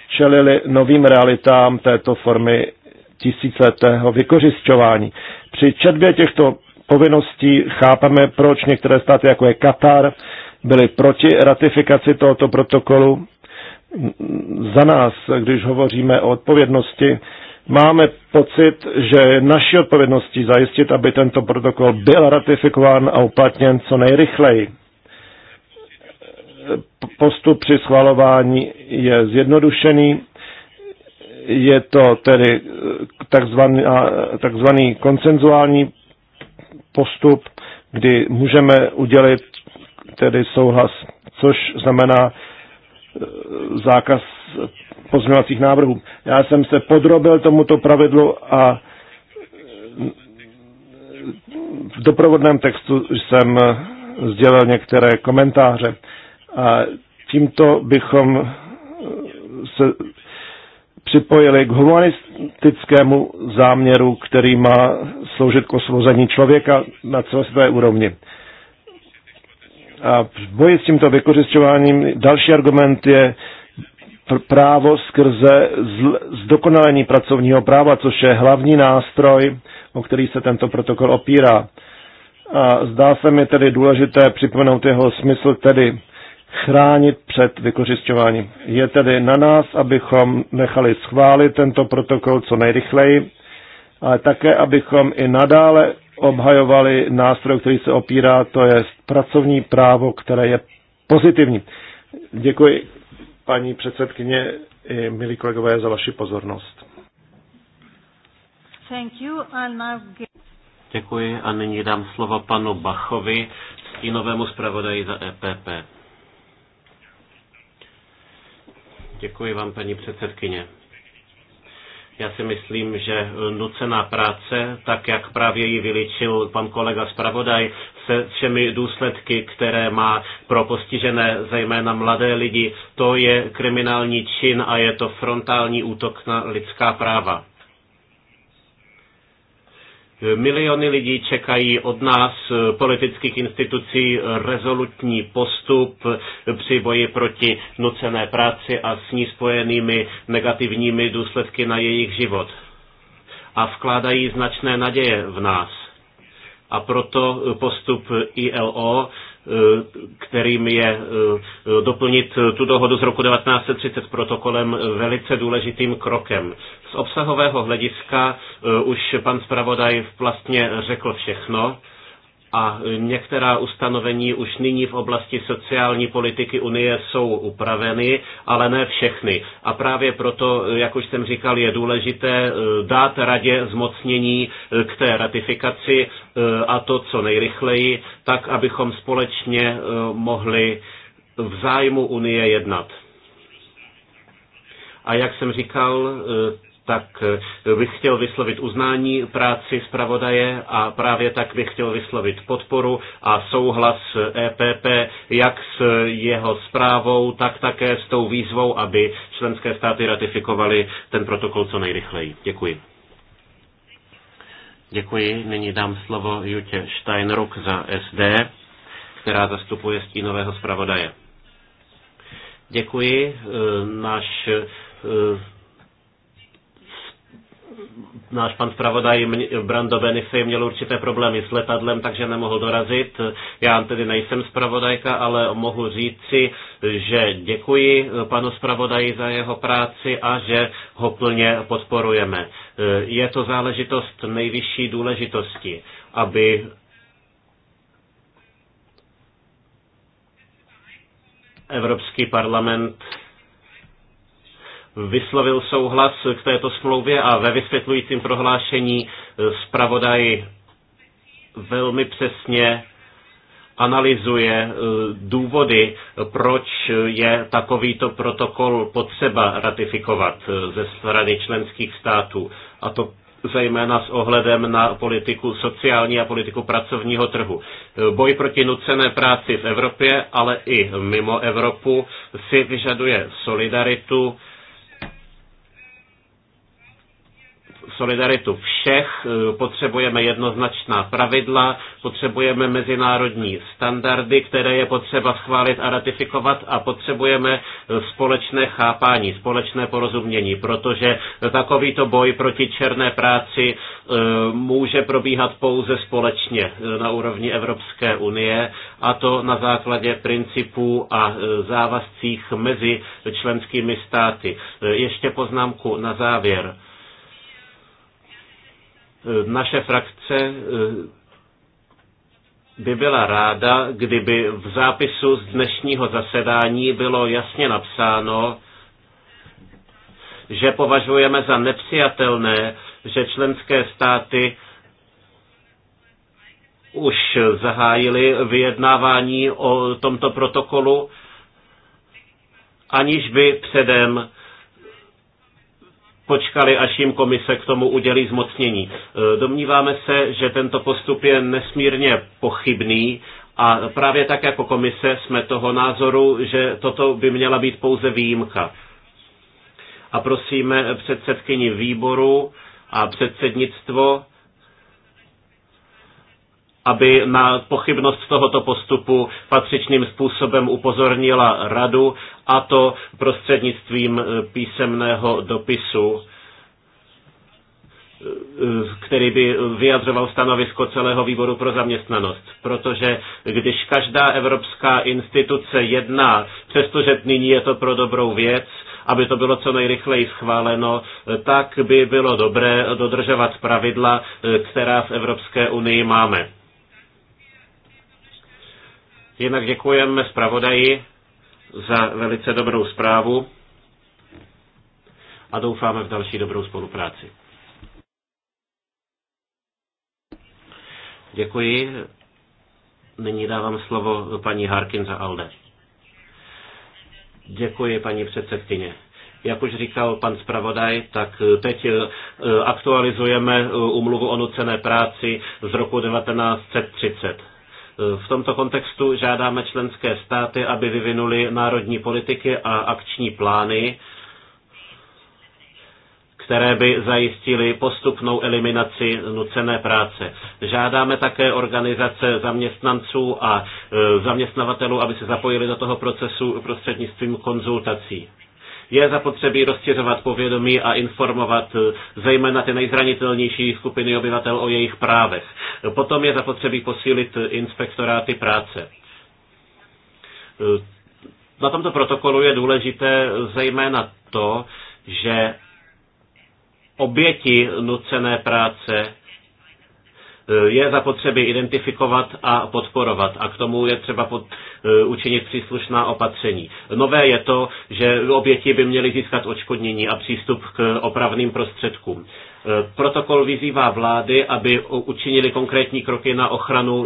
Speaker 3: čelili novým realitám této formy tisíciletého vykořišťování. Při četbě těchto povinností chápeme, proč některé státy, jako je Katar, byly proti ratifikaci tohoto protokolu. Za nás, když hovoříme o odpovědnosti, máme pocit, že naší odpovědností zajistit, aby tento protokol byl ratifikován a uplatněn co nejrychleji postup při schvalování je zjednodušený. Je to tedy eh, takzvaný, eh, takzvaný koncenzuální postup, kdy můžeme udělit tedy souhlas, což znamená eh, zákaz pozměňovacích návrhů. Já jsem se podrobil tomuto pravidlu a v doprovodném textu jsem sdělil některé komentáře. A tímto bychom eh, se připojili k humanistickému záměru, který má sloužit k osvobození člověka na celosvětové úrovni. A v boji s tímto vykořišťováním další argument je právo skrze zdokonalení pracovního práva, což je hlavní nástroj, o který se tento protokol opírá. A zdá se mi tedy důležité připomenout jeho smysl tedy chránit před vykořišťováním. Je tedy na nás, abychom nechali schválit tento protokol co nejrychleji, ale také, abychom i nadále obhajovali nástroj, který se opírá, to je pracovní právo, které je pozitivní. Děkuji, paní předsedkyně, i milí kolegové, za vaši pozornost.
Speaker 1: Thank you,
Speaker 2: Děkuji a nyní dám slovo panu Bachovi, stínovému zpravodaji za EPP. Děkuji vám, paní předsedkyně. Já si myslím, že nucená práce, tak jak právě ji vyličil pan kolega zpravodaj, se všemi důsledky, které má pro postižené zejména mladé lidi, to je kriminální čin a je to frontální útok na lidská práva. Miliony lidí čekají od nás, eh, politických institucí, rezolutní postup eh, při boji proti nucené práci a s ní spojenými negativními důsledky na jejich život. A vkládají značné naděje v nás. A proto postup ILO Eh, kterým je eh, doplnit tu dohodu z roku 1930 protokolem velice důležitým krokem. Z obsahového hlediska eh, už pan zpravodaj vlastně řekl všechno a e, některá ustanovení už nyní v oblasti sociální politiky Unie jsou upraveny, ale ne všechny. A právě proto, e, jak už jsem říkal, je důležité e, dát radě zmocnění k té ratifikaci a to co nejrychleji, tak abychom společně mohli v zájmu Unie jednat. A jak jsem říkal, tak eh, bych chtěl vyslovit uznání práci zpravodaje a právě tak bych chtěl vyslovit podporu a souhlas EPP jak s jeho zprávou, tak také s tou výzvou, aby členské státy ratifikovaly ten protokol co nejrychleji. Děkuji. Děkuji. Nyní dám slovo Jutě Steinruck za SD, která zastupuje stínového zpravodaje. Děkuji. Eh, náš eh, náš pan zpravodaj Brando Benisej měl určité problémy s letadlem, takže nemohl dorazit. Já tedy nejsem zpravodajka, ale mohu říci, že děkuji eh, panu zpravodaji za jeho práci a že ho plně podporujeme. Eh, je to záležitost nejvyšší důležitosti, aby Evropský parlament vyslovil souhlas k této smlouvě a ve vysvětlujícím prohlášení eh, zpravodaj velmi přesně analyzuje eh, důvody, proč je takovýto protokol potřeba ratifikovat eh, ze strany členských států. A to zejména s ohledem na politiku sociální a politiku pracovního trhu. Boj proti nucené práci v Evropě, ale i mimo Evropu si vyžaduje solidaritu, solidaritu všech, e, potřebujeme jednoznačná pravidla, potřebujeme mezinárodní standardy, které je potřeba schválit a ratifikovat a potřebujeme e, společné chápání, společné porozumění, protože takovýto boj proti černé práci e, může probíhat pouze společně na úrovni Evropské unie a to na základě principů a závazcích mezi členskými státy. Ještě poznámku na závěr Eh, naše frakce eh, by byla ráda, kdyby v zápisu z dnešního zasedání bylo jasně napsáno, že považujeme za nepřijatelné, že členské státy už zahájili vyjednávání o tomto protokolu, aniž by předem počkali, až jim komise k tomu udělí zmocnění. E, domníváme se, že tento postup je nesmírně pochybný a právě tak jako komise jsme toho názoru, že toto by měla být pouze výjimka. A prosíme předsedkyni výboru a předsednictvo, aby na pochybnost tohoto postupu patřičným způsobem upozornila radu a to prostřednictvím eh, písemného dopisu eh, který by vyjadřoval stanovisko celého výboru pro zaměstnanost. Protože když každá evropská instituce jedná, přestože nyní je to pro dobrou věc, aby to bylo co nejrychleji schváleno, eh, tak by bylo dobré dodržovat pravidla, která v Evropské unii máme. Jinak děkujeme zpravodaji za velice dobrou zprávu a doufáme v další dobrou spolupráci. Děkuji. Nyní dávám slovo paní Harkin za Alde. Děkuji, paní předsedkyně jak už říkal pan zpravodaj, tak teď eh, aktualizujeme eh, umluvu o nucené práci z roku 1930. V tomto kontextu žádáme členské státy, aby vyvinuli národní politiky a akční plány, které by zajistily postupnou eliminaci nucené práce. Žádáme také organizace zaměstnanců a e, zaměstnavatelů, aby se zapojili do toho procesu prostřednictvím konzultací. Je zapotřebí rozšiřovat povědomí a informovat eh, zejména ty nejzranitelnější skupiny obyvatel o jejich právech. Potom je zapotřebí posílit eh, inspektoráty práce. Eh, na tomto protokolu je důležité zejména to, že oběti nucené práce Eh, je zapotřebí identifikovat a podporovat a k tomu je třeba pod, eh, učinit příslušná opatření. Nové je to, že oběti by měly získat očkodnění a přístup k opravným prostředkům. Eh, protokol vyzývá vlády, aby učinili konkrétní kroky na ochranu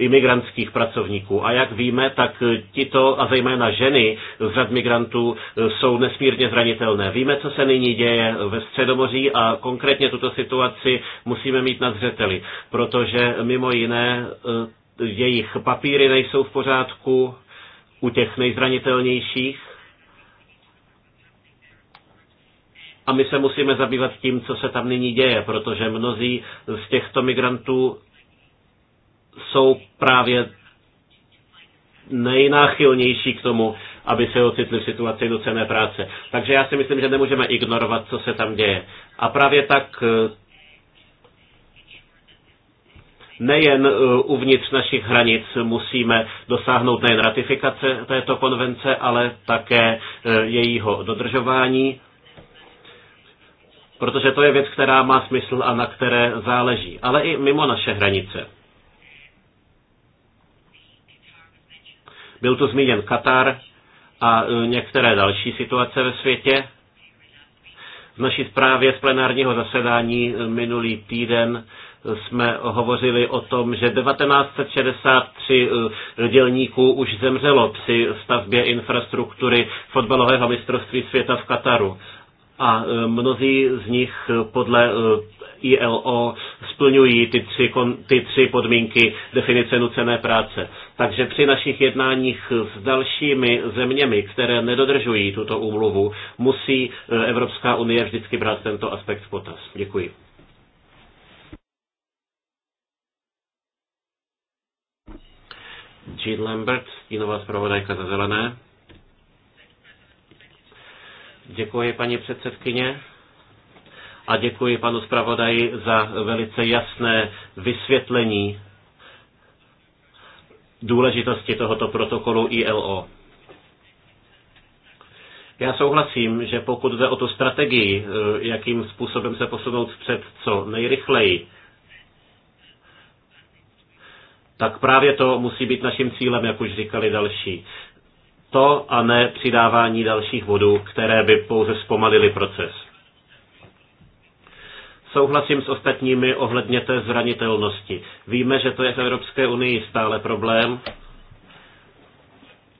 Speaker 2: imigrantských pracovníků. A jak víme, tak tito, a zejména ženy z řad migrantů, jsou nesmírně zranitelné. Víme, co se nyní děje ve Středomoří a konkrétně tuto situaci musíme mít na zřeteli, protože mimo jiné eh, jejich papíry nejsou v pořádku u těch nejzranitelnějších, a my se musíme zabývat tím, co se tam nyní děje, protože mnozí z těchto migrantů jsou právě nejnáchylnější k tomu, aby se ocitli v situaci nucené práce. Takže já si myslím, že nemůžeme ignorovat, co se tam děje. A právě tak eh, nejen eh, uvnitř našich hranic musíme dosáhnout nejen ratifikace této konvence, ale také eh, jejího dodržování, protože to je věc, která má smysl a na které záleží, ale i mimo naše hranice. Byl tu zmíněn Katar a e, některé další situace ve světě. V naší zprávě z plenárního zasedání e, minulý týden e, jsme hovořili o tom, že 1963 dělníků už zemřelo při stavbě infrastruktury fotbalového mistrovství světa v Kataru a e, mnozí z nich e, podle e, ILO splňují ty tři, ty tři podmínky definice nucené práce. Takže při našich jednáních s dalšími zeměmi, které nedodržují tuto úmluvu, musí Evropská unie vždycky brát tento aspekt v potaz. Děkuji. Jean Lambert, jinová zpravodajka za zelené. Děkuji, paní předsedkyně. A děkuji panu zpravodaji za velice jasné vysvětlení důležitosti tohoto protokolu ILO. Já souhlasím, že pokud jde o tu strategii, eh, jakým způsobem se posunout před co nejrychleji, tak právě to musí být naším cílem, jak už říkali další. To a ne přidávání dalších vodů, které by pouze zpomalily proces. Souhlasím s ostatními ohledně té zranitelnosti. Víme, že to je v Evropské unii stále problém,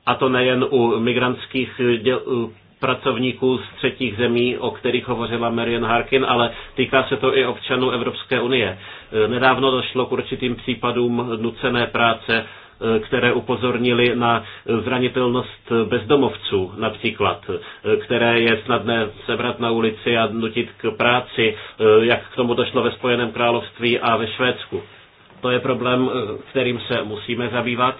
Speaker 2: a to nejen u migrantských děl, pracovníků z třetích zemí, o kterých hovořila Marian Harkin, ale týká se to i občanů Evropské unie. Nedávno došlo k určitým případům nucené práce které upozornili na zranitelnost bezdomovců například, které je snadné sebrat na ulici a nutit k práci, jak k tomu došlo ve Spojeném království a ve Švédsku. To je problém, kterým se musíme zabývat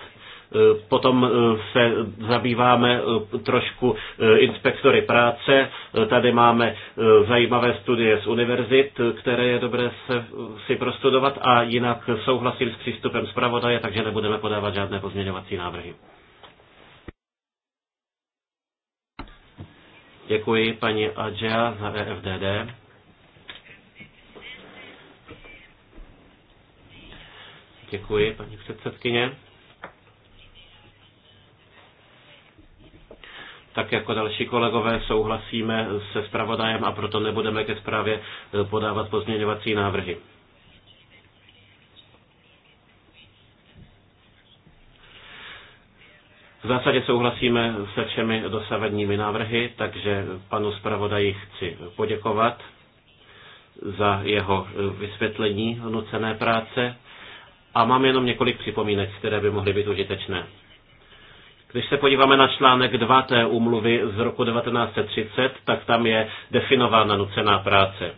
Speaker 2: Eh, potom eh, se zabýváme eh, trošku inspektory práce. Tady máme zajímavé studie z univerzit, které je dobré se, si prostudovat a jinak souhlasím s přístupem zpravodaje, takže nebudeme podávat žádné pozměňovací návrhy. Děkuji paní Adžia za EFDD. Děkuji, paní předsedkyně. tak jako další kolegové souhlasíme se zpravodajem a proto nebudeme ke zprávě eh, podávat pozměňovací návrhy. V zásadě souhlasíme se všemi dosavadními návrhy, takže panu zpravodaji chci poděkovat za jeho eh, vysvětlení nucené práce a mám jenom několik připomínek, které by mohly být užitečné. Když se podíváme na článek 2 té úmluvy z roku 1930, tak tam je definována nucená práce.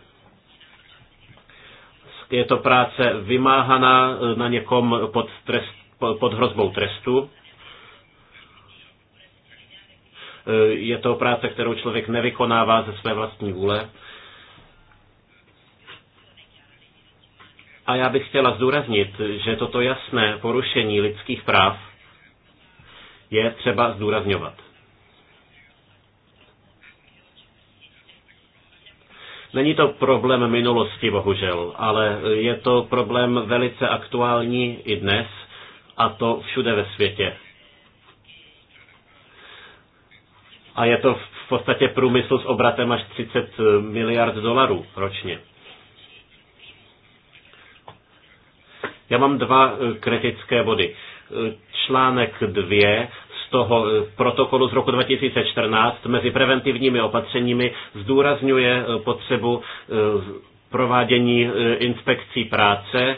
Speaker 2: Je to práce vymáhaná e, na někom pod, trest, pod hrozbou trestu. E, je to práce, kterou člověk nevykonává ze své vlastní vůle. A já bych chtěla zdůraznit, že toto jasné porušení lidských práv je třeba zdůrazňovat. Není to problém minulosti, bohužel, ale je to problém velice aktuální i dnes, a to všude ve světě. A je to v podstatě průmysl s obratem až 30 miliard dolarů ročně. Já mám dva eh, kritické body. Eh, článek 2 toho eh, protokolu z roku 2014 mezi preventivními opatřeními zdůrazňuje eh, potřebu eh, provádění inspekcí práce,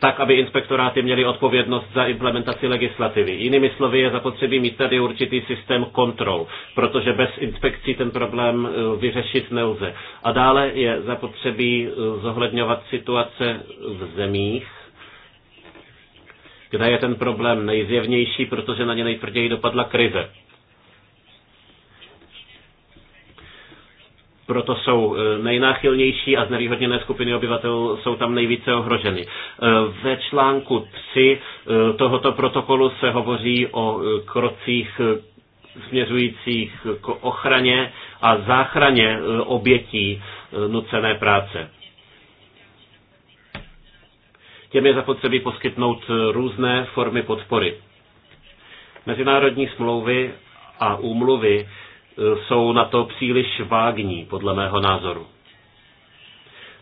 Speaker 2: tak, aby inspektoráty měly odpovědnost za implementaci legislativy. Jinými slovy je zapotřebí mít tady určitý systém kontrol, protože bez inspekcí ten problém vyřešit nelze. A dále je zapotřebí zohledňovat situace v zemích, kde je ten problém nejzjevnější, protože na ně nejtvrději dopadla krize. proto jsou e, nejnáchylnější a znevýhodněné skupiny obyvatel jsou tam nejvíce ohroženy. E, ve článku 3 e, tohoto protokolu se hovoří o krocích směřujících k ochraně a záchraně obětí nucené práce. Těm je zapotřebí poskytnout eh, různé formy podpory. Mezinárodní smlouvy a úmluvy eh, jsou na to příliš vágní, podle mého názoru.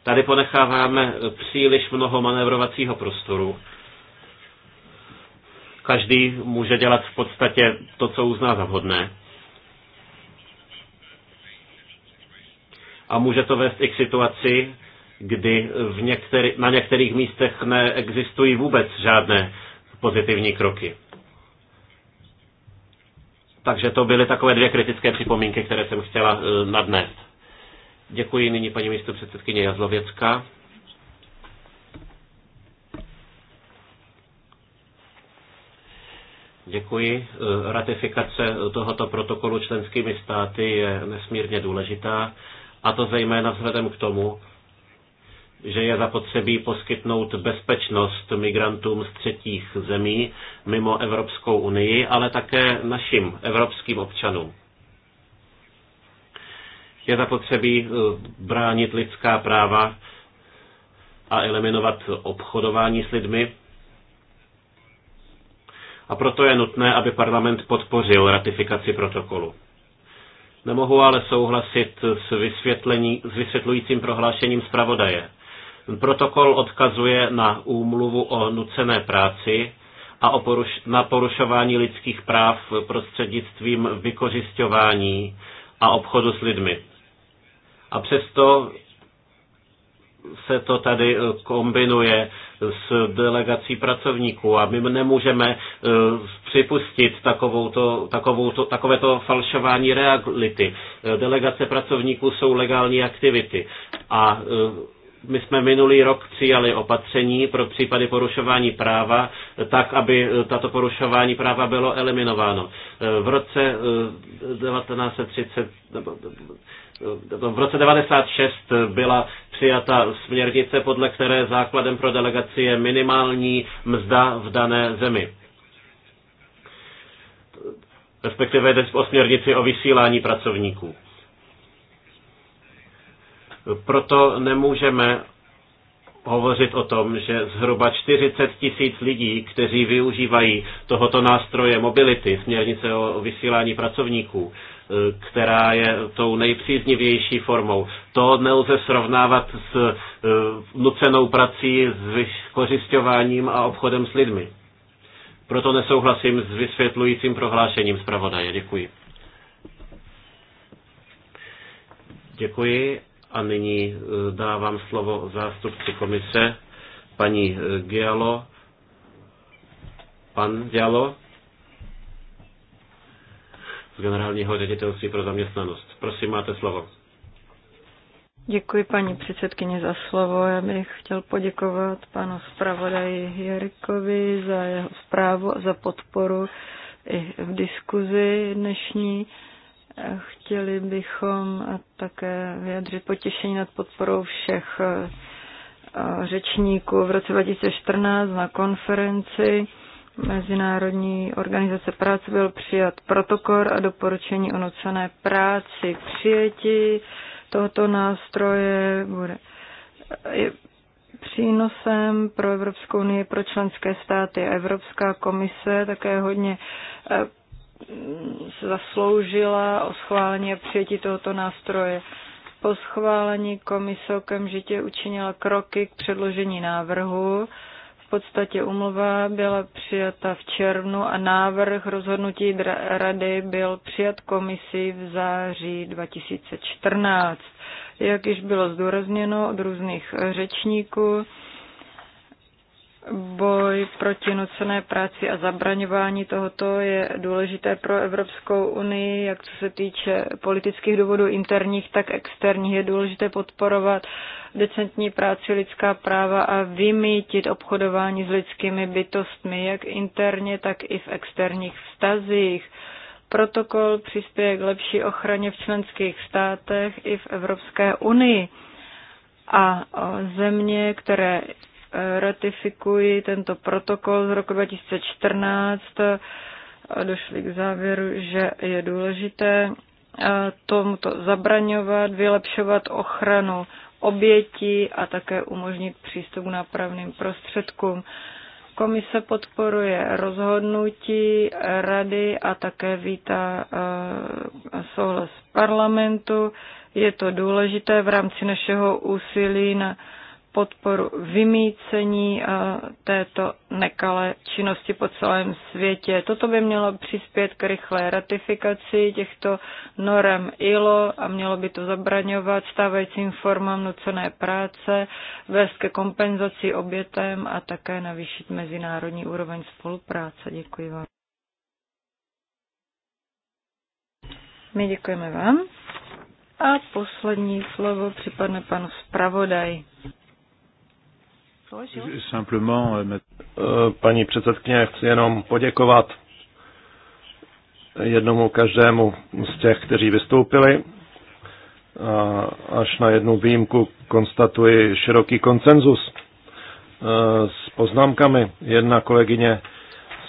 Speaker 2: Tady ponecháváme eh, příliš mnoho manévrovacího prostoru. Každý může dělat v podstatě to, co uzná za vhodné. A může to vést i k situaci, kdy v některý, na některých místech neexistují vůbec žádné pozitivní kroky. Takže to byly takové dvě kritické připomínky, které jsem chtěla eh, nadnést. Děkuji nyní paní místo předsedkyně Jazlověcka. Děkuji. Eh, ratifikace tohoto protokolu členskými státy je nesmírně důležitá, a to zejména vzhledem k tomu, že je zapotřebí poskytnout bezpečnost migrantům z třetích zemí mimo Evropskou unii, ale také našim evropským občanům. Je zapotřebí eh, bránit lidská práva a eliminovat obchodování s lidmi. A proto je nutné, aby parlament podpořil ratifikaci protokolu. Nemohu ale souhlasit s, vysvětlení, s vysvětlujícím prohlášením zpravodaje Protokol odkazuje na úmluvu o nucené práci a o poruš- na porušování lidských práv prostřednictvím vykořišťování a obchodu s lidmi. A přesto se to tady eh, kombinuje s delegací pracovníků a my nemůžeme eh, připustit takovouto, takovouto, takovéto falšování reality. Eh, delegace pracovníků jsou legální aktivity a my jsme minulý rok přijali opatření pro případy porušování práva, tak, aby tato porušování práva bylo eliminováno. V roce 1930, eh, v roce 96 byla přijata směrnice, podle které základem pro delegaci je minimální mzda v dané zemi respektive jde o směrnici o vysílání pracovníků. Proto nemůžeme hovořit o tom, že zhruba 40 tisíc lidí, kteří využívají tohoto nástroje mobility, směrnice o vysílání pracovníků, eh, která je tou nejpříznivější formou. To nelze srovnávat s eh, nucenou prací, s vykořišťováním a obchodem s lidmi. Proto nesouhlasím s vysvětlujícím prohlášením zpravodaje. Děkuji. Děkuji. A nyní e, dávám slovo zástupci komise, paní e, Gialo. Pan Gialo z Generálního ředitelství pro zaměstnanost. Prosím, máte slovo.
Speaker 1: Děkuji paní předsedkyně za slovo. Já bych chtěl poděkovat panu zpravodaji Jerikovi za jeho zprávu a za podporu i v diskuzi dnešní. Chtěli bychom také vyjadřit potěšení nad podporou všech eh, řečníků v roce 2014 na konferenci Mezinárodní organizace práce byl přijat protokol a doporučení o nocené práci. Přijetí tohoto nástroje bude eh, přínosem pro Evropskou unii, pro členské státy. Evropská komise také hodně eh, zasloužila o schválení a přijetí tohoto nástroje. Po schválení komise okamžitě učinila kroky k předložení návrhu. V podstatě umluva byla přijata v červnu a návrh rozhodnutí rady byl přijat komisí v září 2014. Jak již bylo zdůrazněno od různých řečníků, Boj proti nucené práci a zabraňování tohoto je důležité pro Evropskou unii, jak co se týče politických důvodů interních, tak externích. Je důležité podporovat decentní práci, lidská práva a vymítit obchodování s lidskými bytostmi, jak interně, tak i v externích vztazích. Protokol přispěje k lepší ochraně v členských státech i v Evropské unii. A země, které ratifikuji tento protokol z roku 2014 a došli k závěru, že je důležité eh, tomuto zabraňovat, vylepšovat ochranu obětí a také umožnit přístup k nápravným prostředkům. Komise podporuje rozhodnutí rady a také vítá eh, souhlas parlamentu. Je to důležité v rámci našeho úsilí na podporu vymícení eh, této nekalé činnosti po celém světě. Toto by mělo přispět k rychlé ratifikaci těchto norem ILO a mělo by to zabraňovat stávajícím formám nucené práce, vést ke kompenzaci obětem a také navýšit mezinárodní úroveň spolupráce. Děkuji vám. My děkujeme vám. A poslední slovo připadne panu zpravodaj.
Speaker 3: Euh, eh, paní předsedkyně, chci jenom poděkovat jednomu každému z těch, kteří vystoupili. A až na jednu výjimku konstatuji široký konsenzus eh, s poznámkami. Jedna kolegyně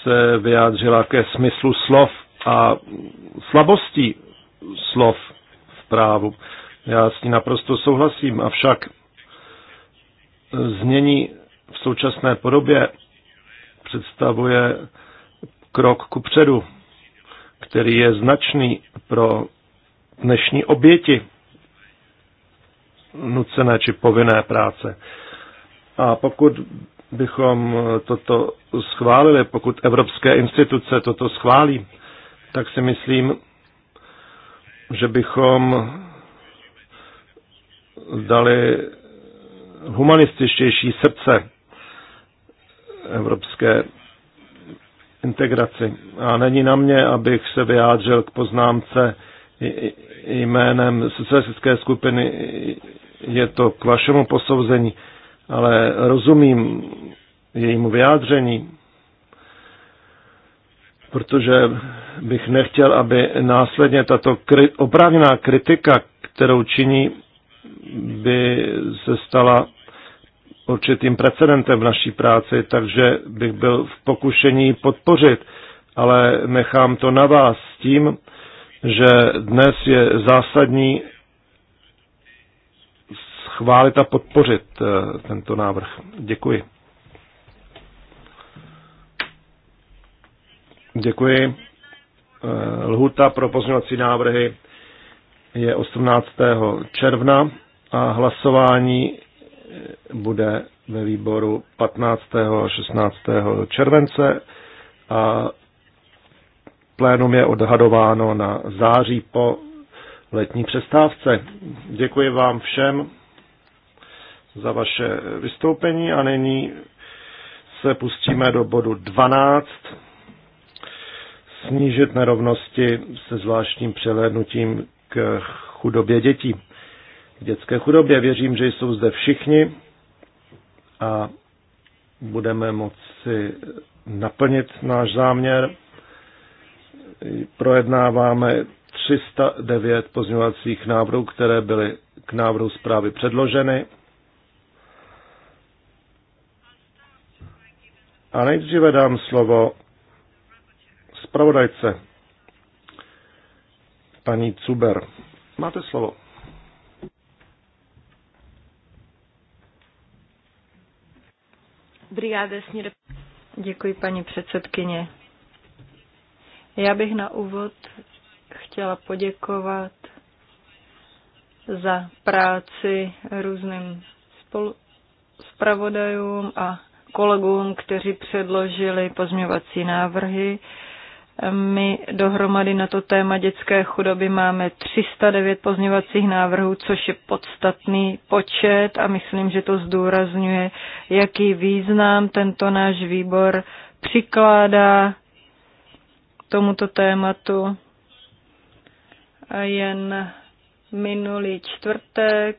Speaker 3: se vyjádřila ke smyslu slov a slabostí slov v právu. Já s ní naprosto souhlasím, avšak znění v současné podobě představuje krok ku předu, který je značný pro dnešní oběti nucené či povinné práce. A pokud bychom toto schválili, pokud evropské instituce toto schválí, tak si myslím, že bychom dali humanističtější srdce evropské integraci. A není na mě, abych se vyjádřil k poznámce jménem socialistické skupiny, je to k vašemu posouzení, ale rozumím jejímu vyjádření, protože bych nechtěl, aby následně tato kri- oprávněná kritika, kterou činí, by se stala určitým precedentem v naší práci, takže bych byl v pokušení podpořit, ale nechám to na vás s tím, že dnes je zásadní schválit a podpořit eh, tento návrh. Děkuji. Děkuji. Eh, lhuta pro pozměňovací návrhy je 18. června a hlasování bude ve výboru 15. a 16. července a plénum je odhadováno na září po letní přestávce. Děkuji vám všem za vaše vystoupení a nyní se pustíme do bodu 12. Snížit nerovnosti se zvláštním přehlédnutím k chudobě dětí k dětské chudobě. Věřím, že jsou zde všichni a budeme moci naplnit náš záměr. Projednáváme 309 pozměňovacích návrhů, které byly k návrhu zprávy předloženy. A nejdříve dám slovo zpravodajce, paní Cuber. Máte slovo.
Speaker 1: Děkuji, paní předsedkyně. Já bych na úvod chtěla poděkovat za práci různým spolu spravodajům a kolegům, kteří předložili pozměvací návrhy. My dohromady na to téma dětské chudoby máme 309 pozměvacích návrhů, což je podstatný počet a myslím, že to zdůrazňuje, jaký význam tento náš výbor přikládá tomuto tématu. A jen minulý čtvrtek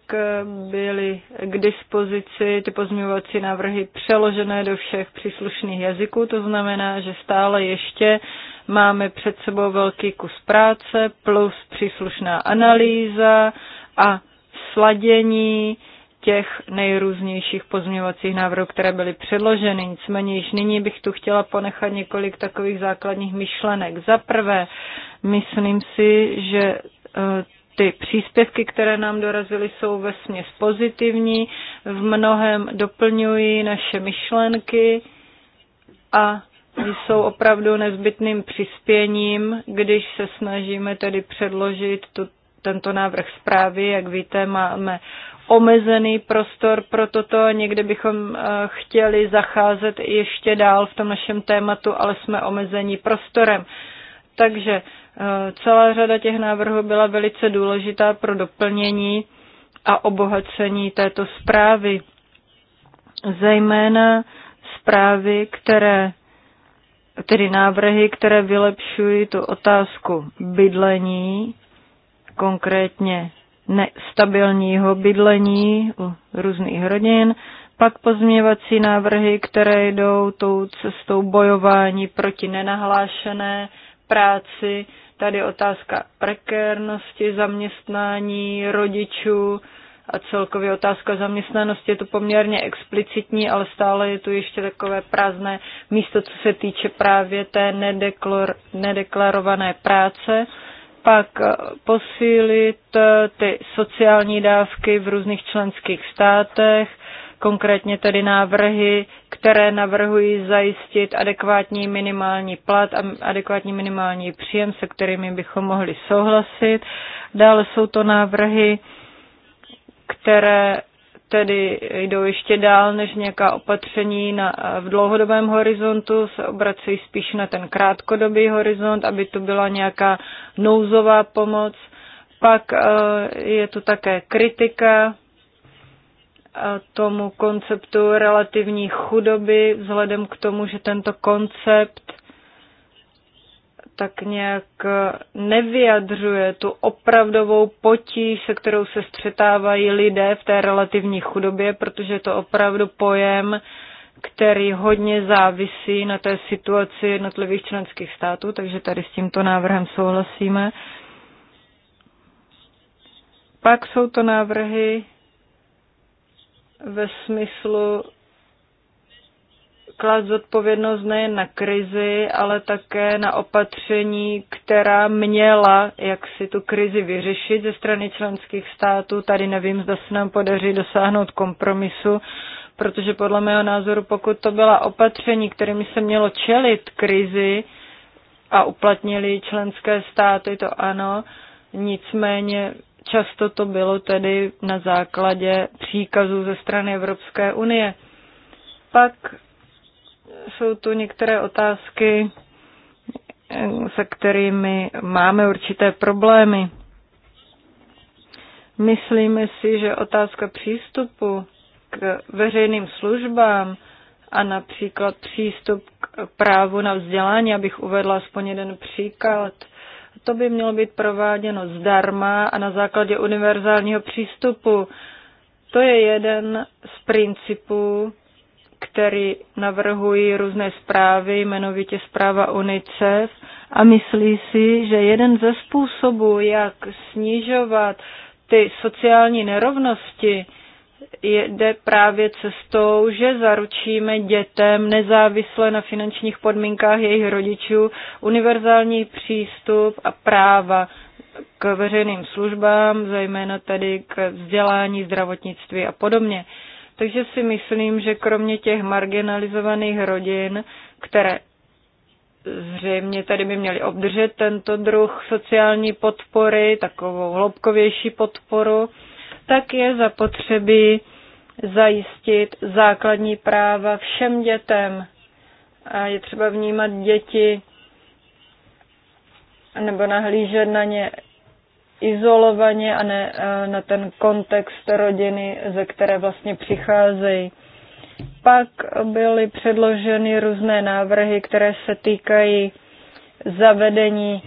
Speaker 1: byly k dispozici ty pozměňovací návrhy přeložené do všech příslušných jazyků, to znamená, že stále ještě Máme před sebou velký kus práce plus příslušná analýza a sladění těch nejrůznějších pozměňovacích návrhů, které byly předloženy. Nicméně již nyní bych tu chtěla ponechat několik takových základních myšlenek. Za prvé, myslím si, že eh, ty příspěvky, které nám dorazily, jsou vesměs pozitivní, v mnohem doplňují naše myšlenky a jsou opravdu nezbytným přispěním, když se snažíme tedy předložit tu, tento návrh zprávy. Jak víte, máme omezený prostor pro toto. Někde bychom eh, chtěli zacházet ještě dál v tom našem tématu, ale jsme omezení prostorem. Takže eh, celá řada těch návrhů byla velice důležitá pro doplnění a obohacení této zprávy. Zejména zprávy, které tedy návrhy, které vylepšují tu otázku bydlení, konkrétně nestabilního bydlení u různých rodin, pak pozměvací návrhy, které jdou tou cestou bojování proti nenahlášené práci, tady otázka prekérnosti zaměstnání rodičů, a celkově otázka zaměstnanosti je tu poměrně explicitní, ale stále je tu ještě takové prázdné místo, co se týče právě té nedeklor, nedeklarované práce. Pak eh, posílit eh, ty sociální dávky v různých členských státech, konkrétně tedy návrhy, které navrhují zajistit adekvátní minimální plat a adekvátní minimální příjem, se kterými bychom mohli souhlasit. Dále jsou to návrhy, které tedy jdou ještě dál než nějaká opatření na, v dlouhodobém horizontu, se obracejí spíš na ten krátkodobý horizont, aby to byla nějaká nouzová pomoc. Pak eh, je tu také kritika eh, tomu konceptu relativní chudoby, vzhledem k tomu, že tento koncept tak nějak nevyjadřuje tu opravdovou potíž, se kterou se střetávají lidé v té relativní chudobě, protože je to opravdu pojem, který hodně závisí na té situaci jednotlivých členských států, takže tady s tímto návrhem souhlasíme. Pak jsou to návrhy ve smyslu klas zodpovědnost nejen na krizi, ale také na opatření, která měla, jak si tu krizi vyřešit ze strany členských států. Tady nevím, zda se nám podaří dosáhnout kompromisu, protože podle mého názoru, pokud to byla opatření, kterými se mělo čelit krizi a uplatnili členské státy, to ano, nicméně často to bylo tedy na základě příkazů ze strany Evropské unie. Pak jsou tu některé otázky, se kterými máme určité problémy. Myslíme si, že otázka přístupu k veřejným službám a například přístup k právu na vzdělání, abych uvedla aspoň jeden příklad, to by mělo být prováděno zdarma a na základě univerzálního přístupu. To je jeden z principů, který navrhují různé zprávy, jmenovitě zpráva UNICEF, a myslí si, že jeden ze způsobů, jak snižovat ty sociální nerovnosti, jde právě cestou, že zaručíme dětem nezávisle na finančních podmínkách jejich rodičů univerzální přístup a práva k veřejným službám, zejména tedy k vzdělání, zdravotnictví a podobně. Takže si myslím, že kromě těch marginalizovaných rodin, které zřejmě tady by měly obdržet tento druh sociální podpory, takovou hloubkovější podporu, tak je zapotřebí zajistit základní práva všem dětem. A je třeba vnímat děti nebo nahlížet na ně izolovaně a ne eh, na ten kontext rodiny, ze které vlastně přicházejí. Pak byly předloženy různé návrhy, které se týkají zavedení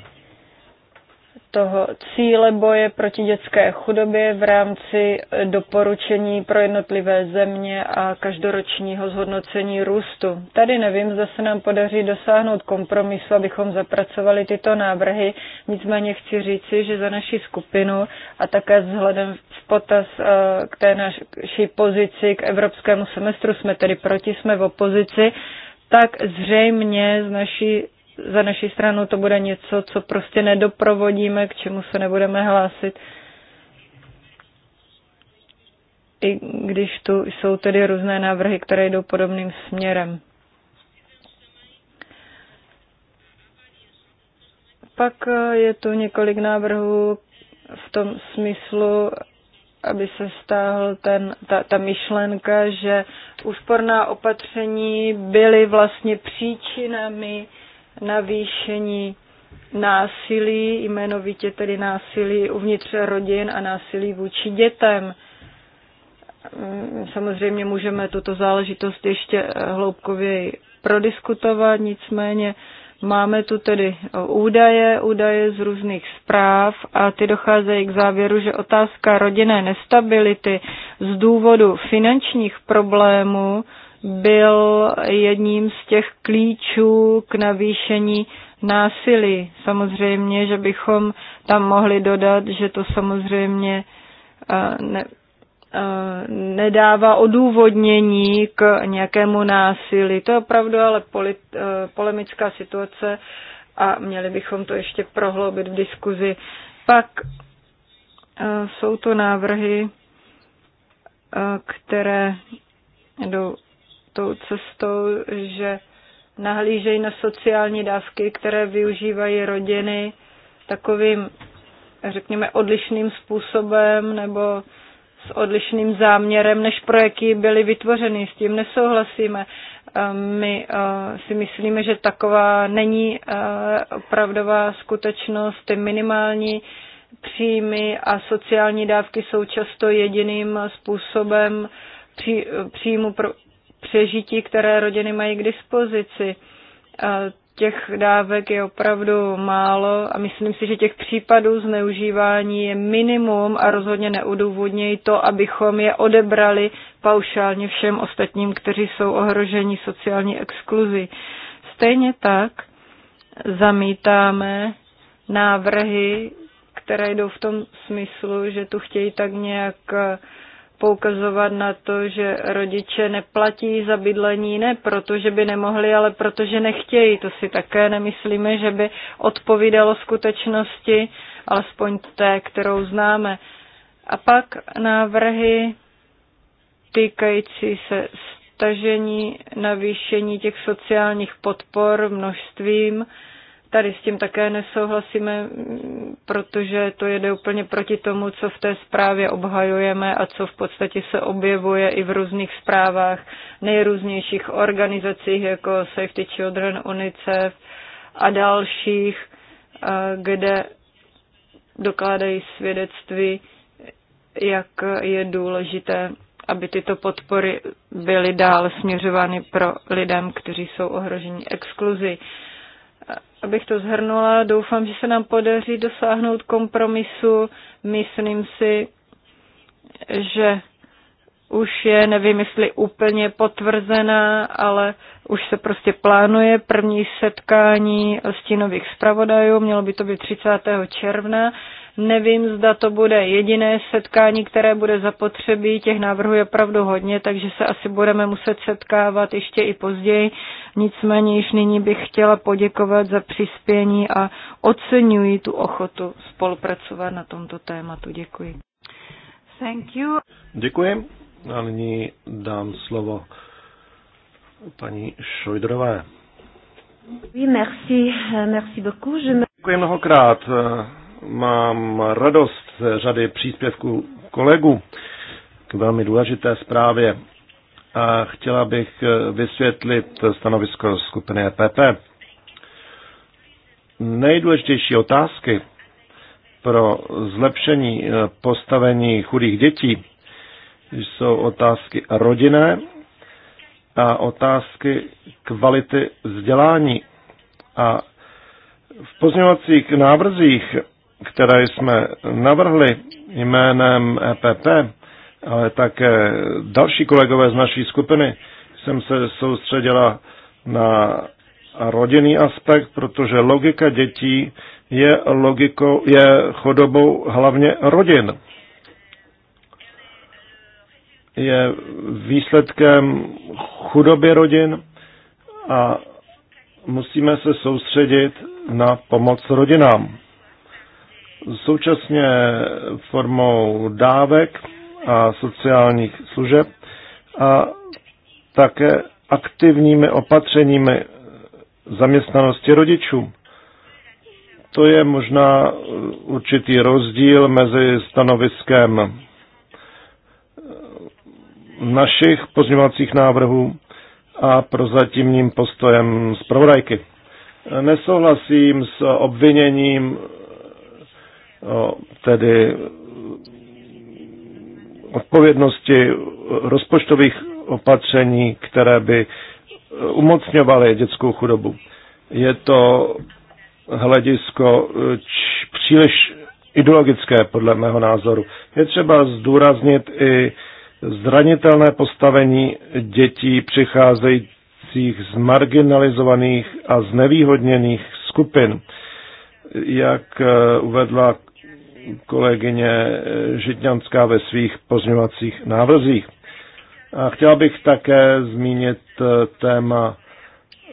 Speaker 1: toho cíle boje proti dětské chudobě v rámci eh, doporučení pro jednotlivé země a každoročního zhodnocení růstu. Tady nevím, zda se nám podaří dosáhnout kompromisu, abychom zapracovali tyto návrhy, nicméně chci říci, že za naši skupinu a také vzhledem v potaz eh, k té naší pozici k evropskému semestru jsme tedy proti, jsme v opozici, tak zřejmě z naší za naši stranu to bude něco, co prostě nedoprovodíme, k čemu se nebudeme hlásit. I když tu jsou tedy různé návrhy, které jdou podobným směrem. Pak eh, je tu několik návrhů v tom smyslu, aby se stáhl ten, ta, ta myšlenka, že úsporná opatření byly vlastně příčinami navýšení násilí, jmenovitě tedy násilí uvnitř rodin a násilí vůči dětem. Samozřejmě můžeme tuto záležitost ještě hloubkověji prodiskutovat, nicméně máme tu tedy údaje, údaje z různých zpráv a ty docházejí k závěru, že otázka rodinné nestability z důvodu finančních problémů byl jedním z těch klíčů k navýšení násilí. Samozřejmě, že bychom tam mohli dodat, že to samozřejmě eh, ne, eh, nedává odůvodnění k nějakému násilí. To je opravdu ale polit, eh, polemická situace a měli bychom to ještě prohloubit v diskuzi. Pak jsou to návrhy, které jdou tou cestou, že nahlížejí na sociální dávky, které využívají rodiny takovým, řekněme, odlišným způsobem nebo s odlišným záměrem, než pro jaký byly vytvořeny. S tím nesouhlasíme. My si myslíme, že taková není opravdová skutečnost, ty minimální příjmy a sociální dávky jsou často jediným způsobem příjmu pro přežití, které rodiny mají k dispozici. Těch dávek je opravdu málo a myslím si, že těch případů zneužívání je minimum a rozhodně neudůvodnějí to, abychom je odebrali paušálně všem ostatním, kteří jsou ohroženi sociální exkluzi. Stejně tak zamítáme návrhy, které jdou v tom smyslu, že tu chtějí tak nějak uh, poukazovat na to, že rodiče neplatí za bydlení, ne proto, že by nemohli, ale protože nechtějí. To si také nemyslíme, že by odpovídalo skutečnosti, alespoň té, kterou známe. A pak návrhy týkající se stažení, navýšení těch sociálních podpor množstvím, Tady s tím také nesouhlasíme, protože to jede úplně proti tomu, co v té zprávě obhajujeme a co v podstatě se objevuje i v různých zprávách nejrůznějších organizacích jako Safety Children, UNICEF a dalších, kde dokládají svědectví, jak je důležité, aby tyto podpory byly dále směřovány pro lidem, kteří jsou ohroženi exkluzi abych to zhrnula, doufám, že se nám podaří dosáhnout kompromisu. Myslím si, že už je, nevím, jestli úplně potvrzená, ale už se prostě plánuje první setkání stínových zpravodajů. Mělo by to být 30. června Nevím, zda to bude jediné setkání, které bude zapotřebí. Těch návrhů je opravdu hodně, takže se asi budeme muset setkávat ještě i později. Nicméně již nyní bych chtěla poděkovat za přispění a oceňuji tu ochotu spolupracovat na tomto tématu. Děkuji. Thank you.
Speaker 3: Děkuji. A nyní dám slovo paní Šojdrové.
Speaker 1: Oui, merci. Merci beaucoup. Je...
Speaker 3: Děkuji mnohokrát. Mám radost z řady příspěvků kolegů k velmi důležité zprávě a chtěla bych vysvětlit stanovisko skupiny EPP. Nejdůležitější otázky pro zlepšení postavení chudých dětí jsou otázky rodinné a otázky kvality vzdělání. A v pozměňovacích návrzích které jsme navrhli jménem EPP, ale také další kolegové z naší skupiny, jsem se soustředila na rodinný aspekt, protože logika dětí je, logikou, je chodobou hlavně rodin. Je výsledkem chudoby rodin a musíme se soustředit na pomoc rodinám současně formou dávek a sociálních služeb a také aktivními opatřeními zaměstnanosti rodičů. To je možná určitý rozdíl mezi stanoviskem našich pozměňovacích návrhů a prozatímním postojem zpravodajky. Nesouhlasím s obviněním tedy odpovědnosti rozpočtových opatření, které by umocňovaly dětskou chudobu. Je to hledisko č, příliš ideologické, podle mého názoru. Je třeba zdůraznit i zranitelné postavení dětí přicházejících z marginalizovaných a znevýhodněných skupin. Jak eh, uvedla kolegyně eh, Žitňanská ve svých pozměňovacích návrzích. A chtěl bych také zmínit eh, téma eh,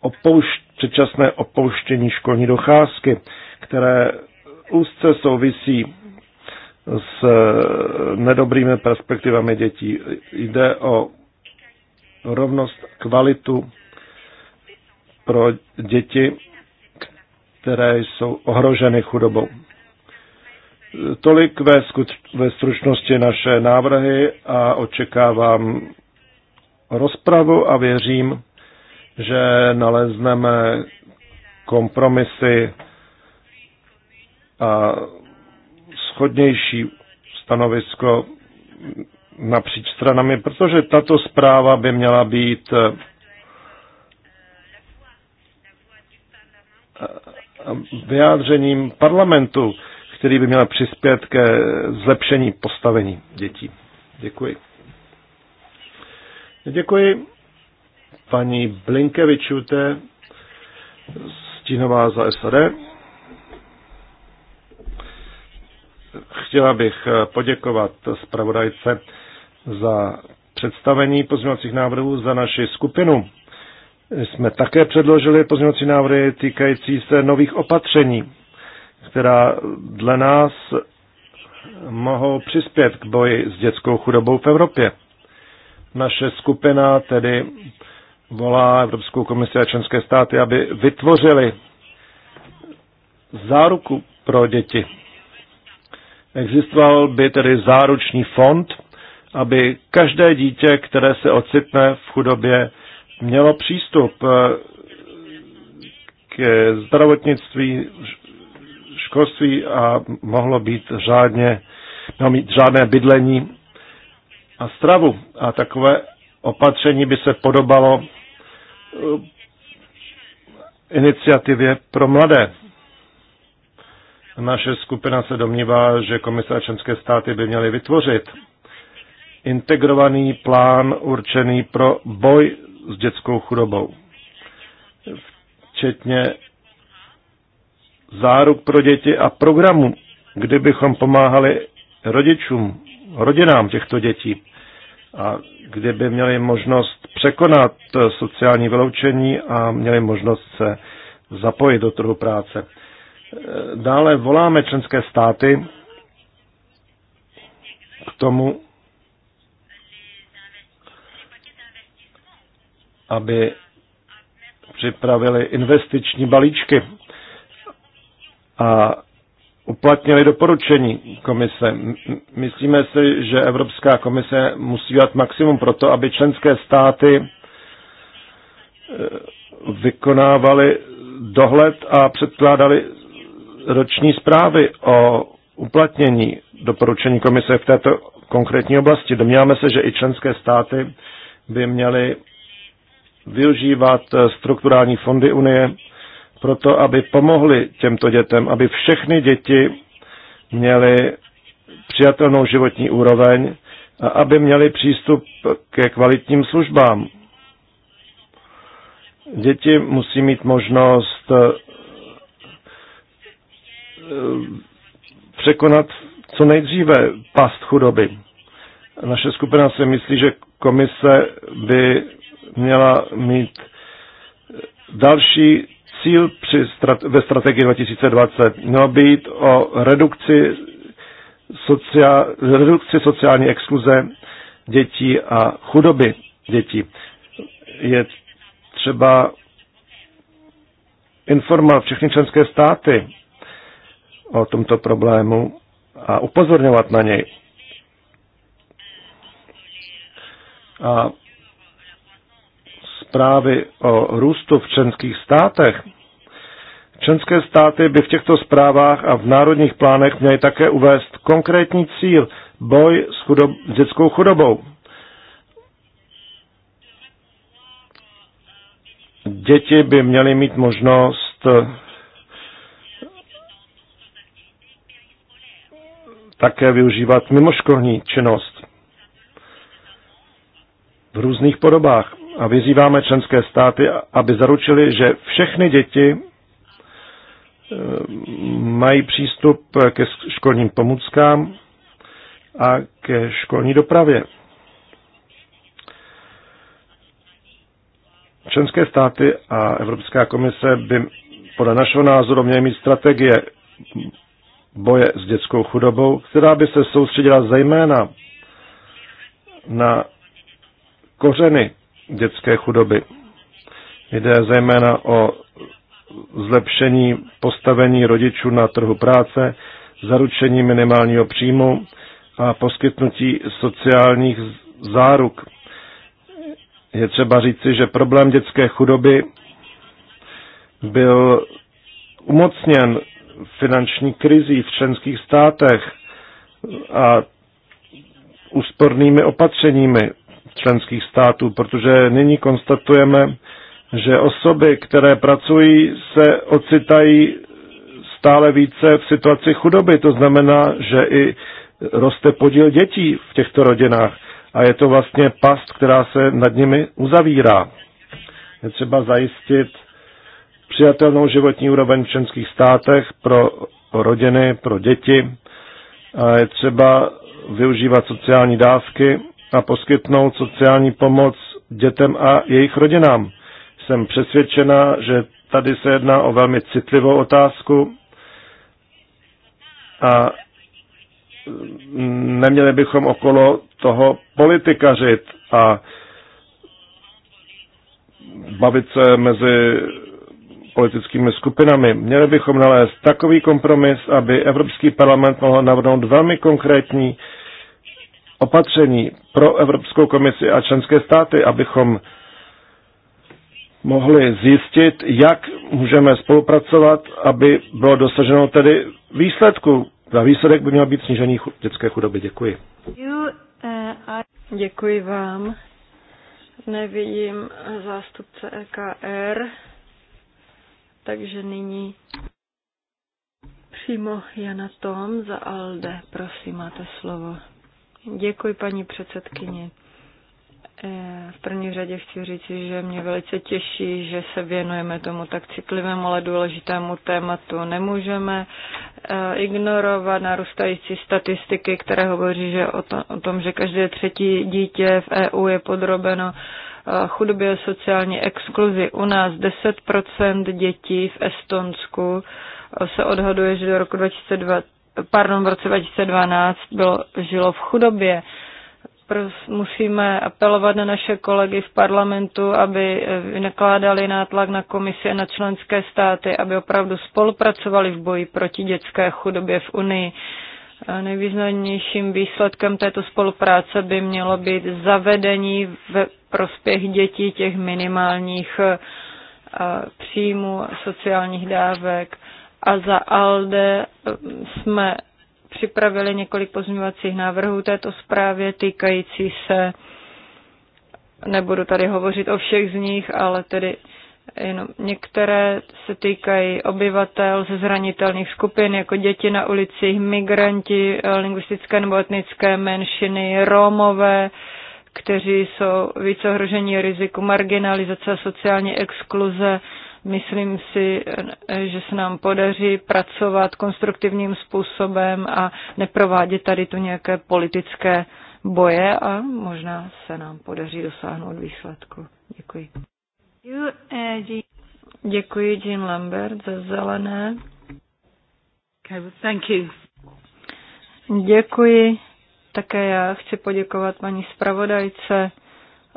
Speaker 3: opoušť, předčasné opouštění školní docházky, které úzce souvisí s nedobrými perspektivami dětí. Jde o rovnost kvalitu pro děti, které jsou ohroženy chudobou. Tolik ve, ve stručnosti naše návrhy a očekávám rozpravu a věřím, že nalezneme kompromisy a schodnější stanovisko napříč stranami, protože tato zpráva by měla být eh, vyjádřením parlamentu který by měl přispět ke zlepšení postavení dětí. Děkuji. Děkuji paní Blinkevičute, stínová za SAD. Chtěla bych poděkovat zpravodajce za představení pozměňovacích návrhů za naši skupinu. Jsme také předložili pozměňovací návrhy týkající se nových opatření která dle nás mohou přispět k boji s dětskou chudobou v Evropě. Naše skupina tedy volá Evropskou komisi a členské státy, aby vytvořili záruku pro děti. Existoval by tedy záruční fond, aby každé dítě, které se ocitne v chudobě, mělo přístup eh, k zdravotnictví, školství a mohlo být řádně, no, mít žádné bydlení a stravu. A takové opatření by se podobalo uh, iniciativě pro mladé. Naše skupina se domnívá, že komise a členské státy by měly vytvořit integrovaný plán určený pro boj s dětskou chudobou, včetně záruk pro děti a programu, kdybychom pomáhali rodičům, rodinám těchto dětí a kdyby měli možnost překonat sociální vyloučení a měli možnost se zapojit do trhu práce. Dále voláme členské státy k tomu, aby připravili investiční balíčky a uplatnili doporučení komise. Myslíme si, že Evropská komise musí dělat maximum pro to, aby členské státy e, vykonávali dohled a předkládali roční zprávy o uplatnění doporučení komise v této konkrétní oblasti. Domníváme se, že i členské státy by měly využívat e, strukturální fondy Unie proto aby pomohli těmto dětem, aby všechny děti měly přijatelnou životní úroveň a aby měli přístup ke kvalitním službám. Děti musí mít možnost eh, překonat co nejdříve past chudoby. Naše skupina si myslí, že komise by měla mít další Cíl při strat- ve strategii 2020 měl být o redukci, sociál- redukci sociální exkluze dětí a chudoby dětí. Je třeba informovat všechny členské státy o tomto problému a upozorňovat na něj. A zprávy o růstu v členských státech, členské státy by v těchto zprávách a v národních plánech měly také uvést konkrétní cíl boj s, chudob, s dětskou chudobou. Děti by měly mít možnost také využívat mimoškolní činnost v různých podobách a vyzýváme členské státy, aby zaručili, že všechny děti eh, mají přístup ke školním pomůckám a ke školní dopravě. Členské státy a Evropská komise by podle našeho názoru měly mít strategie boje s dětskou chudobou, která by se soustředila zejména na kořeny dětské chudoby. Jde zejména o zlepšení postavení rodičů na trhu práce, zaručení minimálního příjmu a poskytnutí sociálních záruk. Je třeba říci, že problém dětské chudoby byl umocněn finanční krizí v členských státech a úspornými opatřeními členských států, protože nyní konstatujeme, že osoby, které pracují, se ocitají stále více v situaci chudoby. To znamená, že i roste podíl dětí v těchto rodinách a je to vlastně past, která se nad nimi uzavírá. Je třeba zajistit přijatelnou životní úroveň v členských státech pro rodiny, pro děti. A je třeba využívat sociální dávky a poskytnout sociální pomoc dětem a jejich rodinám. Jsem přesvědčena, že tady se jedná o velmi citlivou otázku a neměli bychom okolo toho politikařit a bavit se mezi politickými skupinami. Měli bychom nalézt takový kompromis, aby Evropský parlament mohl navrhnout velmi konkrétní opatření pro Evropskou komisi a členské státy, abychom mohli zjistit, jak můžeme spolupracovat, aby bylo dosaženo tedy výsledku. Za výsledek by měl být snížení dětské chudoby. Děkuji.
Speaker 1: Uh, Děkuji vám. Nevidím zástupce EKR, takže nyní přímo Jana Tom za ALDE. Prosím, máte slovo. Děkuji, paní předsedkyně. Eh, v první řadě chci říct, že mě velice těší, že se věnujeme tomu tak citlivému, ale důležitému tématu. Nemůžeme eh, ignorovat narůstající statistiky, které hovoří že o, to, o tom, že každé třetí dítě v EU je podrobeno eh, chudobě sociální exkluzi. U nás 10 dětí v Estonsku se odhaduje, že do roku 2020 pardon, v roce 2012 bylo, žilo v chudobě. Musíme apelovat na naše kolegy v parlamentu, aby eh, nakládali nátlak na komisi a na členské státy, aby opravdu spolupracovali v boji proti dětské chudobě v Unii. Nejvýznamnějším výsledkem této spolupráce by mělo být zavedení ve prospěch dětí těch minimálních eh, příjmů sociálních dávek a za ALDE eh, jsme připravili několik pozměňovacích návrhů této zprávě týkající se, nebudu tady hovořit o všech z nich, ale tedy jenom některé se týkají obyvatel ze zranitelných skupin, jako děti na ulicích, migranti, eh, lingvistické nebo etnické menšiny, Rómové, kteří jsou více ohrožení riziku marginalizace a sociální exkluze, Myslím si, že se nám podaří pracovat konstruktivním způsobem a neprovádět tady tu nějaké politické boje a možná se nám podaří dosáhnout výsledku. Děkuji. Děkuji Jean Lambert za zelené. Thank you. Děkuji. Také já chci poděkovat paní zpravodajce.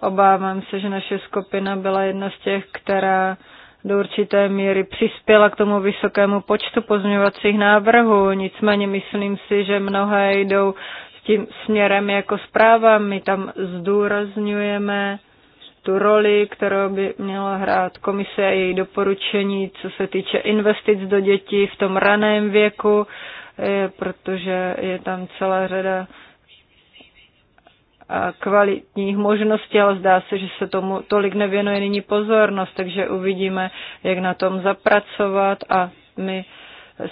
Speaker 1: Obávám se, že naše skupina byla jedna z těch, která do určité míry přispěla k tomu vysokému počtu pozměňovacích návrhů. Nicméně myslím si, že mnohé jdou s tím směrem jako zpráva. My tam zdůrazňujeme tu roli, kterou by měla hrát komise a její doporučení, co se týče investic do dětí v tom raném věku, eh, protože je tam celá řada kvalitních možností, ale zdá se, že se tomu tolik nevěnuje nyní pozornost, takže uvidíme, jak na tom zapracovat a my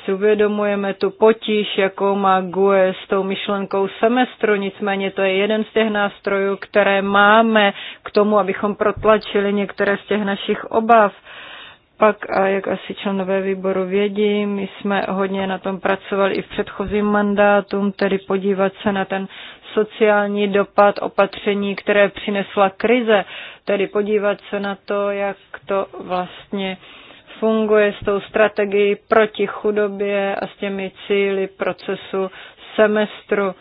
Speaker 1: si uvědomujeme tu potíž, jakou má GUE s tou myšlenkou semestru, nicméně to je jeden z těch nástrojů, které máme k tomu, abychom protlačili některé z těch našich obav. Pak, a jak asi členové výboru vědí, my jsme hodně na tom pracovali i v předchozím mandátum, tedy podívat se na ten sociální dopad opatření, které přinesla krize, tedy podívat se na to, jak to vlastně funguje s tou strategií proti chudobě a s těmi cíly procesu semestru.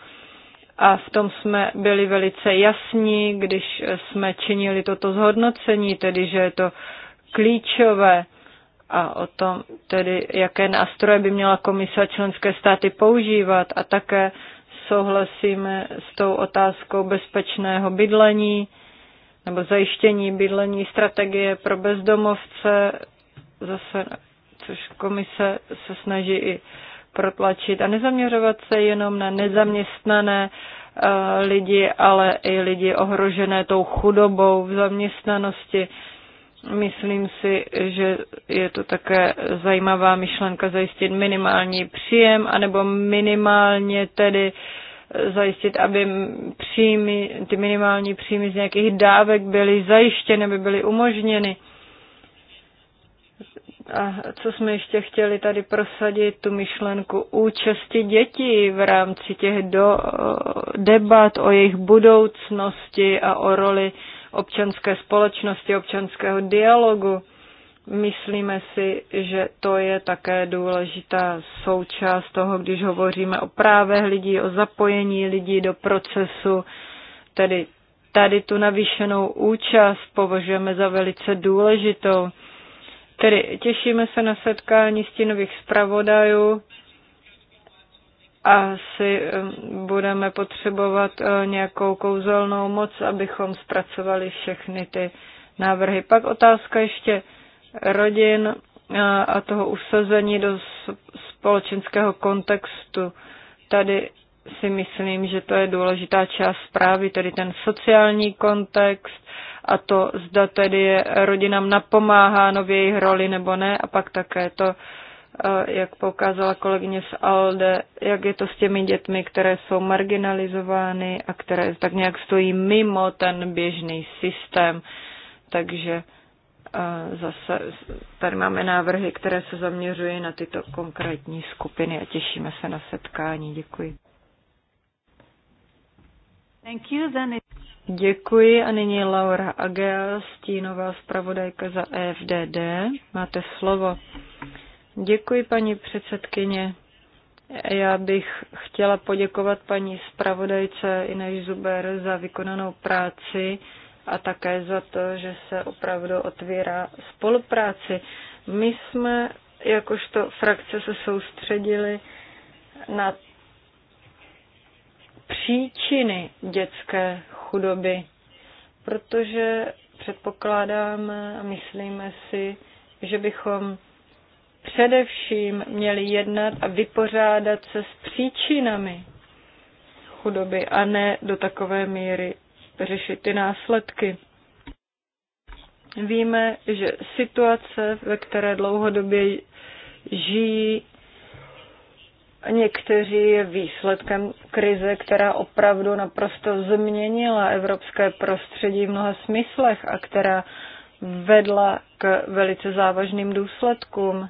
Speaker 1: A v tom jsme byli velice jasní, když jsme činili toto zhodnocení, tedy že je to klíčové a o tom tedy, jaké nástroje by měla komise a členské státy používat a také souhlasíme s tou otázkou bezpečného bydlení nebo zajištění bydlení, strategie pro bezdomovce, zase, což komise se snaží i protlačit a nezaměřovat se jenom na nezaměstnané eh, lidi, ale i lidi ohrožené tou chudobou v zaměstnanosti. Myslím si, že je to také zajímavá myšlenka zajistit minimální příjem, anebo minimálně tedy zajistit, aby příjmy, ty minimální příjmy z nějakých dávek byly zajištěny, aby byly umožněny. A co jsme ještě chtěli tady prosadit, tu myšlenku účasti dětí v rámci těch do, debat o jejich budoucnosti a o roli uh, občanské společnosti, občanského dialogu. Myslíme si, že to je také důležitá součást toho, když hovoříme o právech lidí, o zapojení lidí do procesu, tedy tady tu navýšenou účast považujeme za velice důležitou. Tedy těšíme se na setkání stínových zpravodajů asi eh, budeme potřebovat eh, nějakou kouzelnou moc, abychom zpracovali všechny ty návrhy. Pak otázka ještě rodin eh, a toho usazení do společenského kontextu. Tady si myslím, že to je důležitá část zprávy, tedy ten sociální kontext a to, zda tedy je rodinám napomáháno v jejich roli nebo ne, a pak také to jak poukázala kolegyně z ALDE, jak je to s těmi dětmi, které jsou marginalizovány a které tak nějak stojí mimo ten běžný systém. Takže zase tady máme návrhy, které se zaměřují na tyto konkrétní skupiny a těšíme se na setkání. Děkuji. Thank you, then it... Děkuji a nyní Laura Agea, stínová zpravodajka za EFDD. Máte slovo. Děkuji, paní předsedkyně. Já bych chtěla poděkovat paní zpravodajce Inej Zuber za vykonanou práci a také za to, že se opravdu otvírá spolupráci. My jsme jakožto frakce se soustředili na příčiny dětské chudoby, protože předpokládáme a myslíme si, že bychom především měli jednat a vypořádat se s příčinami chudoby a ne do takové míry řešit ty následky. Víme, že situace, ve které dlouhodobě žijí někteří, je výsledkem krize, která opravdu naprosto změnila evropské prostředí v mnoha smyslech a která vedla k velice závažným důsledkům.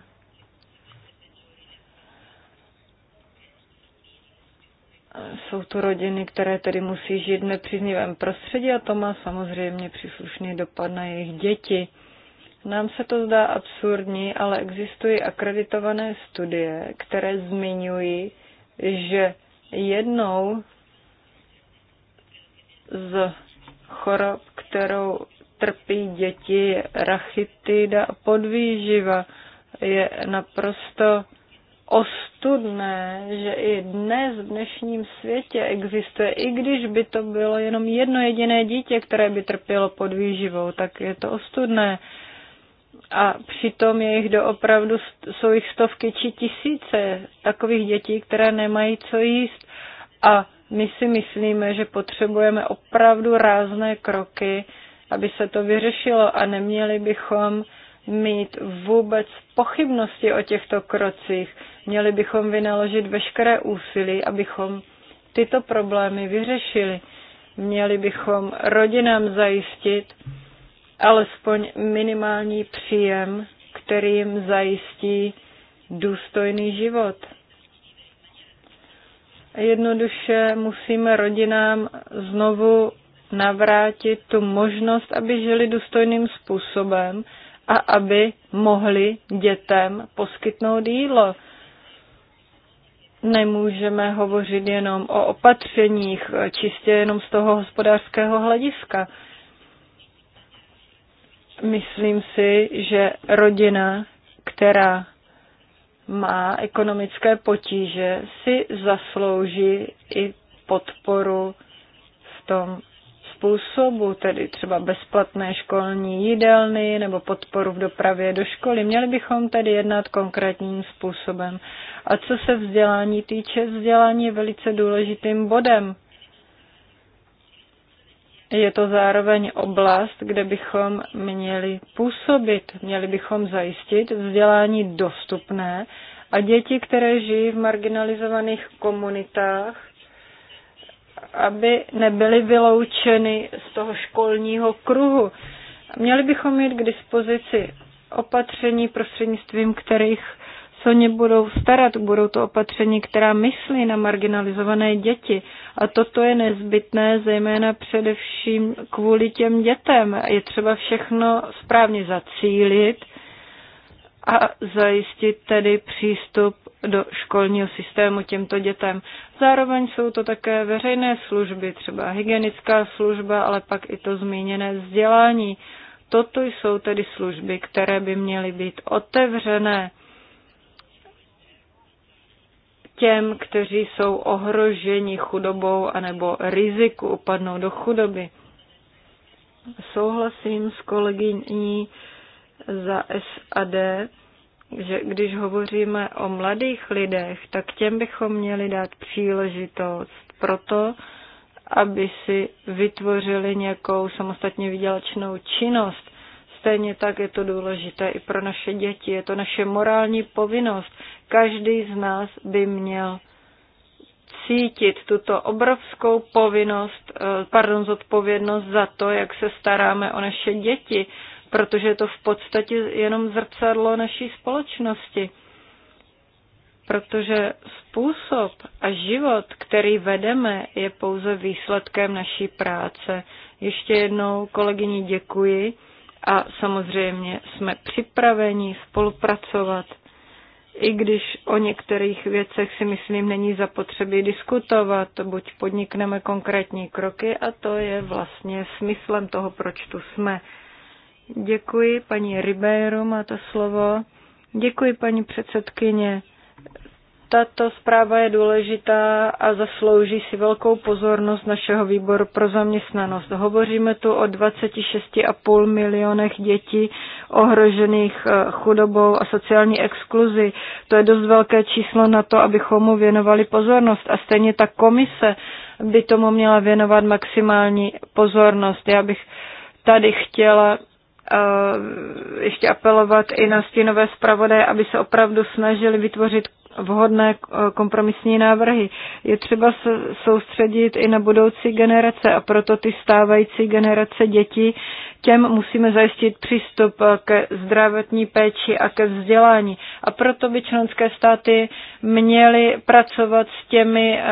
Speaker 1: jsou tu rodiny, které tedy musí žít v nepříznivém prostředí a to má samozřejmě příslušný dopad na jejich děti. Nám se to zdá absurdní, ale existují akreditované studie, které zmiňují, že jednou z chorob, kterou trpí děti, je rachitida a podvýživa. Je naprosto ostudné, že i dnes v dnešním světě existuje, i když by to bylo jenom jedno jediné dítě, které by trpělo pod výživou, tak je to ostudné. A přitom je jich doopravdu, jsou jich stovky či tisíce takových dětí, které nemají co jíst. A my si myslíme, že potřebujeme opravdu rázné kroky, aby se to vyřešilo a neměli bychom mít vůbec pochybnosti o těchto krocích. Měli bychom vynaložit veškeré úsilí, abychom tyto problémy vyřešili. Měli bychom rodinám zajistit alespoň minimální příjem, který jim zajistí důstojný život. Jednoduše musíme rodinám znovu navrátit tu možnost, aby žili důstojným způsobem a aby mohli dětem poskytnout jídlo. Nemůžeme hovořit jenom o opatřeních, čistě jenom z toho hospodářského hlediska. Myslím si, že rodina, která má ekonomické potíže, si zaslouží i podporu v tom způsobu, tedy třeba bezplatné školní jídelny nebo podporu v dopravě do školy. Měli bychom tedy jednat konkrétním způsobem. A co se vzdělání týče, vzdělání je velice důležitým bodem. Je to zároveň oblast, kde bychom měli působit, měli bychom zajistit vzdělání dostupné a děti, které žijí v marginalizovaných komunitách, aby nebyly vyloučeny z toho školního kruhu. Měli bychom mít k dispozici opatření, prostřednictvím kterých se o ně budou starat. Budou to opatření, která myslí na marginalizované děti. A toto je nezbytné, zejména především kvůli těm dětem. Je třeba všechno správně zacílit a zajistit tedy přístup do školního systému těmto dětem. Zároveň jsou to také veřejné služby, třeba hygienická služba, ale pak i to zmíněné vzdělání. Toto jsou tedy služby, které by měly být otevřené těm, kteří jsou ohroženi chudobou anebo riziku upadnou do chudoby. Souhlasím s kolegyní za SAD, že když hovoříme o mladých lidech, tak těm bychom měli dát příležitost proto, aby si vytvořili nějakou samostatně vydělačnou činnost. Stejně tak je to důležité i pro naše děti. Je to naše morální povinnost. Každý z nás by měl cítit tuto obrovskou povinnost, eh, pardon, zodpovědnost za to, jak se staráme o naše děti protože je to v podstatě jenom zrcadlo naší společnosti. Protože způsob a život, který vedeme, je pouze výsledkem naší práce. Ještě jednou kolegyni děkuji a samozřejmě jsme připraveni spolupracovat, i když o některých věcech si myslím není zapotřebí diskutovat, buď podnikneme konkrétní kroky a to je vlastně smyslem toho, proč tu jsme. Děkuji, paní Ribeiro, máte slovo. Děkuji, paní předsedkyně. Tato zpráva je důležitá a zaslouží si velkou pozornost našeho výboru pro zaměstnanost. Hovoříme tu o 26,5 milionech dětí ohrožených eh, chudobou a sociální exkluzi. To je dost velké číslo na to, abychom mu věnovali pozornost. A stejně ta komise by tomu měla věnovat maximální pozornost. Já bych tady chtěla Eh, ještě apelovat i na stínové zpravodaje, aby se opravdu snažili vytvořit vhodné eh, kompromisní návrhy. Je třeba se soustředit i na budoucí generace a proto ty stávající generace dětí těm musíme zajistit přístup ke zdravotní péči a ke vzdělání. A proto by členské státy měly pracovat s těmi eh,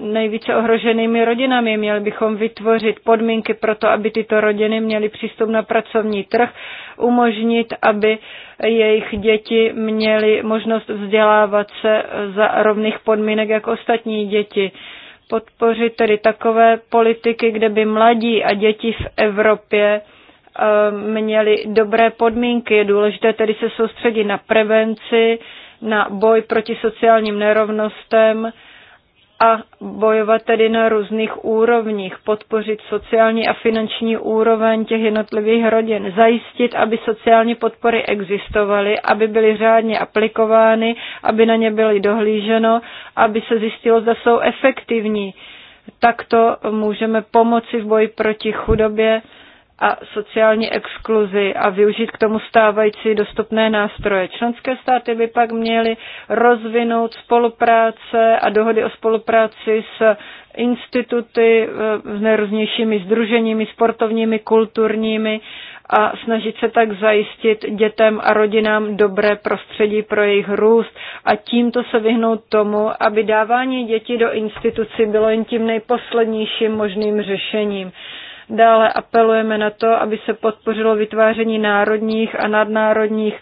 Speaker 1: nejvíce ohroženými rodinami. Měli bychom vytvořit podmínky pro to, aby tyto rodiny měly přístup na pracovní trh, umožnit, aby jejich děti měly možnost vzdělávat se za rovných podmínek jako ostatní děti podpořit tedy takové politiky, kde by mladí a děti v Evropě Eh, měli dobré podmínky. Je důležité tedy se soustředit na prevenci, na boj proti sociálním nerovnostem a bojovat tedy na různých úrovních, podpořit sociální a finanční úroveň těch jednotlivých rodin, zajistit, aby sociální podpory existovaly, aby byly řádně aplikovány, aby na ně byly dohlíženo, aby se zjistilo, zda jsou efektivní. Takto můžeme pomoci v boji proti chudobě a sociální exkluzi a využít k tomu stávající dostupné nástroje. Členské státy by pak měly rozvinout spolupráce a dohody o spolupráci s instituty, eh, s nejrůznějšími združeními sportovními, kulturními a snažit se tak zajistit dětem a rodinám dobré prostředí pro jejich růst a tímto se vyhnout tomu, aby dávání dětí do instituci bylo jen tím nejposlednějším možným řešením. Dále apelujeme na to, aby se podpořilo vytváření národních a nadnárodních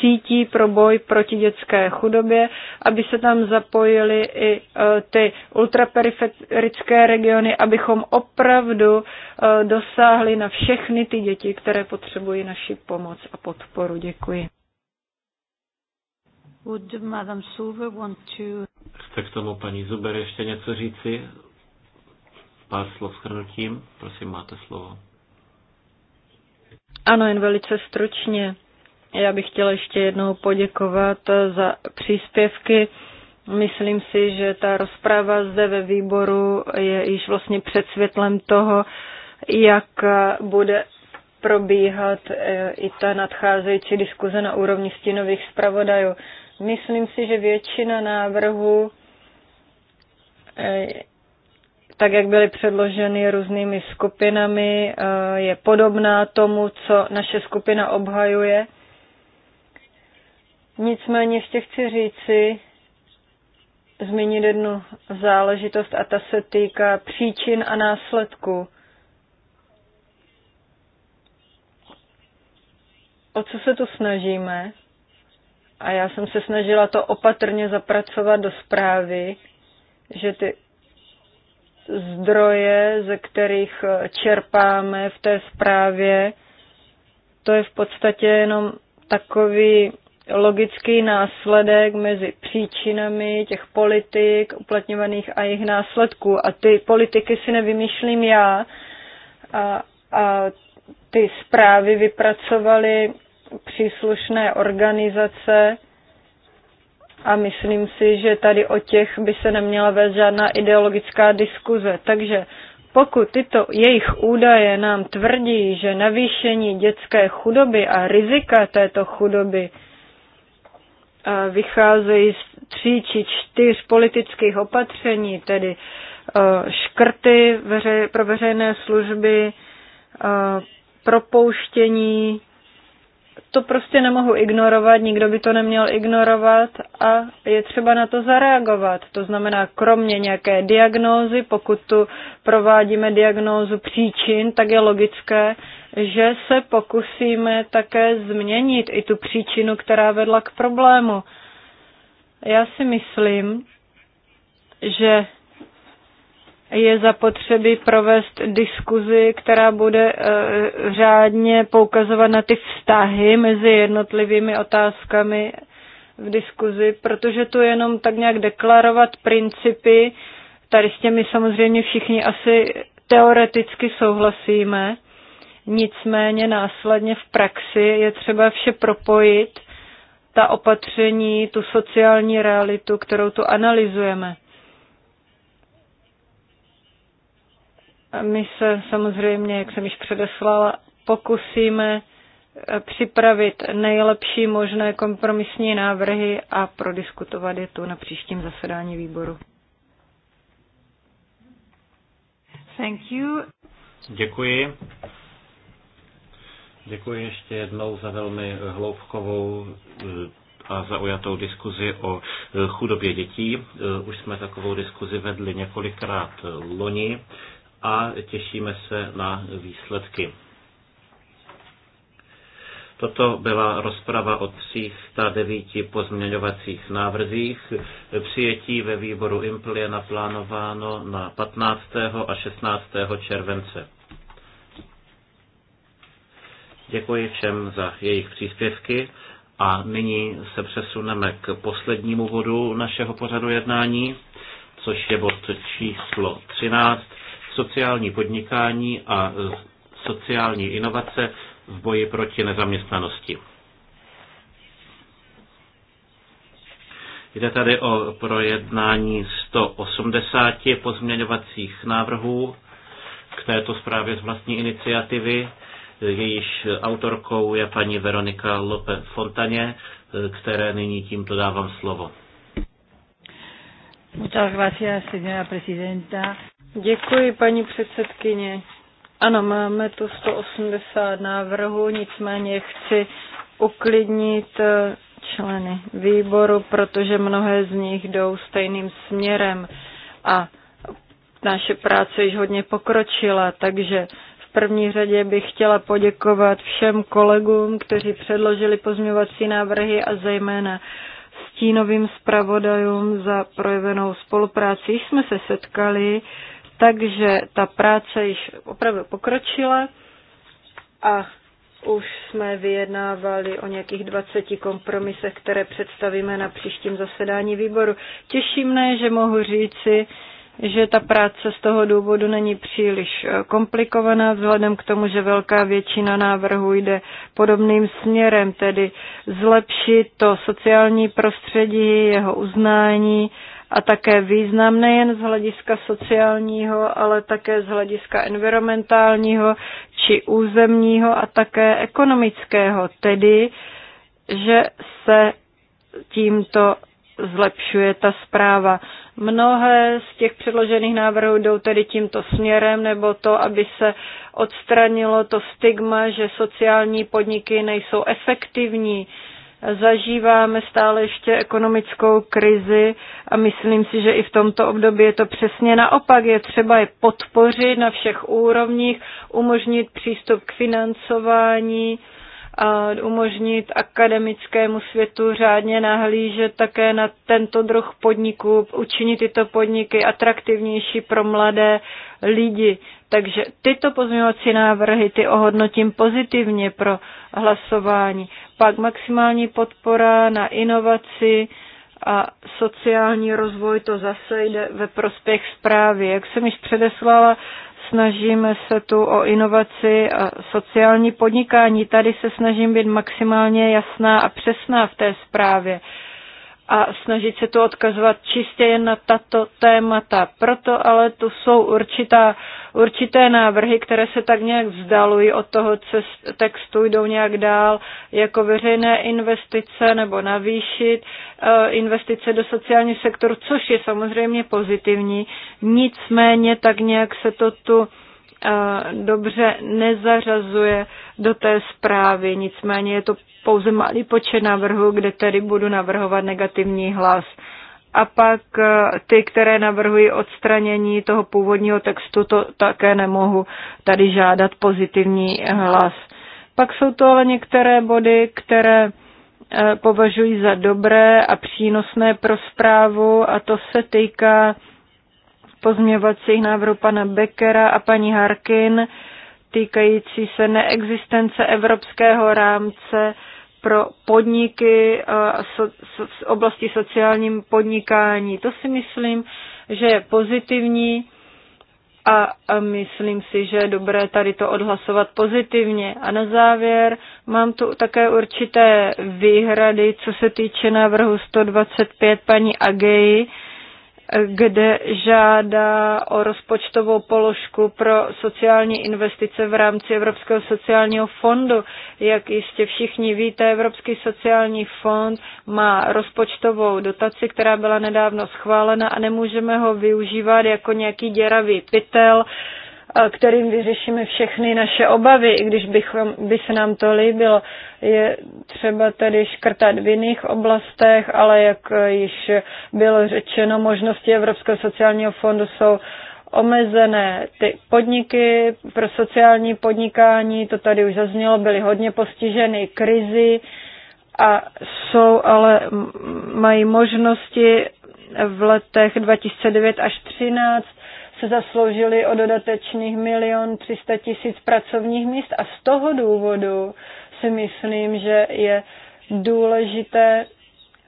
Speaker 1: sítí pro boj proti dětské chudobě, aby se tam zapojily i e, ty ultraperiferické regiony, abychom opravdu e, dosáhli na všechny ty děti, které potřebují naši pomoc a podporu. Děkuji. Would Madame Silver want to...
Speaker 2: Chce k tomu paní Zuber ještě něco říci? pár slov shrnutím. Prosím, máte slovo.
Speaker 1: Ano, jen velice stručně. Já bych chtěla ještě jednou poděkovat za příspěvky. Myslím si, že ta rozprava zde ve výboru je již vlastně před světlem toho, jak bude probíhat eh, i ta nadcházející diskuze na úrovni stínových zpravodajů. Myslím si, že většina návrhů eh, tak jak byly předloženy různými skupinami, eh, je podobná tomu, co naše skupina obhajuje. Nicméně ještě chci říci, zmínit jednu záležitost a ta se týká příčin a následků. O co se tu snažíme? A já jsem se snažila to opatrně zapracovat do zprávy, že ty zdroje, ze kterých eh, čerpáme v té zprávě, to je v podstatě jenom takový logický následek mezi příčinami těch politik uplatňovaných a jejich následků. A ty politiky si nevymýšlím já. A, a ty zprávy vypracovaly příslušné organizace, a myslím si, že tady o těch by se neměla vést žádná ideologická diskuze. Takže pokud tyto jejich údaje nám tvrdí, že navýšení dětské chudoby a rizika této chudoby vycházejí z tří či čtyř politických opatření, tedy e, škrty pro veřejné služby, e, propouštění to prostě nemohu ignorovat, nikdo by to neměl ignorovat a je třeba na to zareagovat. To znamená, kromě nějaké diagnózy, pokud tu provádíme diagnózu příčin, tak je logické, že se pokusíme také změnit i tu příčinu, která vedla k problému. Já si myslím, že je zapotřebí provést diskuzi, která bude eh, řádně poukazovat na ty vztahy mezi jednotlivými otázkami v diskuzi, protože tu jenom tak nějak deklarovat principy, tady s těmi samozřejmě všichni asi teoreticky souhlasíme, nicméně následně v praxi je třeba vše propojit, ta opatření, tu sociální realitu, kterou tu analyzujeme. My se samozřejmě, jak jsem již předeslala, pokusíme eh, připravit nejlepší možné kompromisní návrhy a prodiskutovat je tu na příštím zasedání výboru. Thank you.
Speaker 2: Děkuji. Děkuji ještě jednou za velmi hloubkovou eh, a zaujatou diskuzi o eh, chudobě dětí. Už jsme takovou diskuzi vedli několikrát loni a těšíme se na výsledky. Toto byla rozprava o 309 pozměňovacích návrzích. Přijetí ve výboru IMPL je naplánováno na 15. a 16. července. Děkuji všem za jejich příspěvky a nyní se přesuneme k poslednímu bodu našeho pořadu jednání, což je bod číslo 13 sociální podnikání a e, sociální inovace v boji proti nezaměstnanosti. Jde tady o projednání 180 pozměňovacích návrhů k této zprávě z vlastní iniciativy. Jejíž autorkou je paní Veronika Lope Fontaně, e, které nyní tímto dávám slovo.
Speaker 1: Muchas gracias, señora presidenta. Děkuji, paní předsedkyně. Ano, máme tu 180 návrhů, nicméně chci uklidnit eh, členy výboru, protože mnohé z nich jdou stejným směrem a naše práce již hodně pokročila, takže v první řadě bych chtěla poděkovat všem kolegům, kteří předložili pozměňovací návrhy a zejména stínovým zpravodajům za projevenou spolupráci. Jsme se setkali takže ta práce již opravdu pokročila a už jsme vyjednávali o nějakých 20 kompromisech, které představíme na příštím zasedání výboru. Těší mne, že mohu říci, že ta práce z toho důvodu není příliš eh, komplikovaná, vzhledem k tomu, že velká většina návrhu jde podobným směrem, tedy zlepšit to sociální prostředí, jeho uznání, a také význam nejen z hlediska sociálního, ale také z hlediska environmentálního či územního a také ekonomického, tedy že se tímto zlepšuje ta zpráva. Mnohé z těch předložených návrhů jdou tedy tímto směrem, nebo to, aby se odstranilo to stigma, že sociální podniky nejsou efektivní, Zažíváme stále ještě ekonomickou krizi a myslím si, že i v tomto období je to přesně naopak. Je třeba je podpořit na všech úrovních, umožnit přístup k financování, a umožnit akademickému světu řádně nahlížet také na tento druh podniků, učinit tyto podniky atraktivnější pro mladé lidi. Takže tyto pozměňovací návrhy, ty ohodnotím pozitivně pro hlasování. Pak maximální podpora na inovaci a sociální rozvoj, to zase jde ve prospěch zprávy. Jak jsem již předeslala, snažíme se tu o inovaci a sociální podnikání. Tady se snažím být maximálně jasná a přesná v té zprávě a snažit se tu odkazovat čistě jen na tato témata. Proto ale tu jsou určitá, určité návrhy, které se tak nějak vzdalují od toho cest, textu, jdou nějak dál, jako veřejné investice nebo navýšit e, investice do sociálního sektoru, což je samozřejmě pozitivní. Nicméně tak nějak se to tu e, dobře nezařazuje do té zprávy, nicméně je to pouze malý počet návrhů, kde tedy budu navrhovat negativní hlas. A pak eh, ty, které navrhují odstranění toho původního textu, to také nemohu tady žádat pozitivní hlas. Pak jsou to ale některé body, které eh, považuji za dobré a přínosné pro zprávu a to se týká pozměvacích návrhů pana Beckera a paní Harkin týkající se neexistence evropského rámce pro podniky z eh, oblasti sociálním podnikání. To si myslím, že je pozitivní a myslím si, že je dobré tady to odhlasovat pozitivně. A na závěr mám tu také určité výhrady, co se týče návrhu 125 paní Ageji kde žádá o rozpočtovou položku pro sociální investice v rámci Evropského sociálního fondu. Jak jistě všichni víte, Evropský sociální fond má rozpočtovou dotaci, která byla nedávno schválena a nemůžeme ho využívat jako nějaký děravý pytel, E, kterým vyřešíme všechny naše obavy, i když bychom, by se nám to líbilo. Je třeba tedy škrtat v jiných oblastech, ale jak již bylo řečeno, možnosti Evropského sociálního fondu jsou omezené. Ty podniky pro sociální podnikání, to tady už zaznělo, byly hodně postiženy krizi a jsou ale mají možnosti v letech 2009 až 2013 se zasloužili o dodatečných milion 300 tisíc pracovních míst a z toho důvodu si myslím, že je důležité,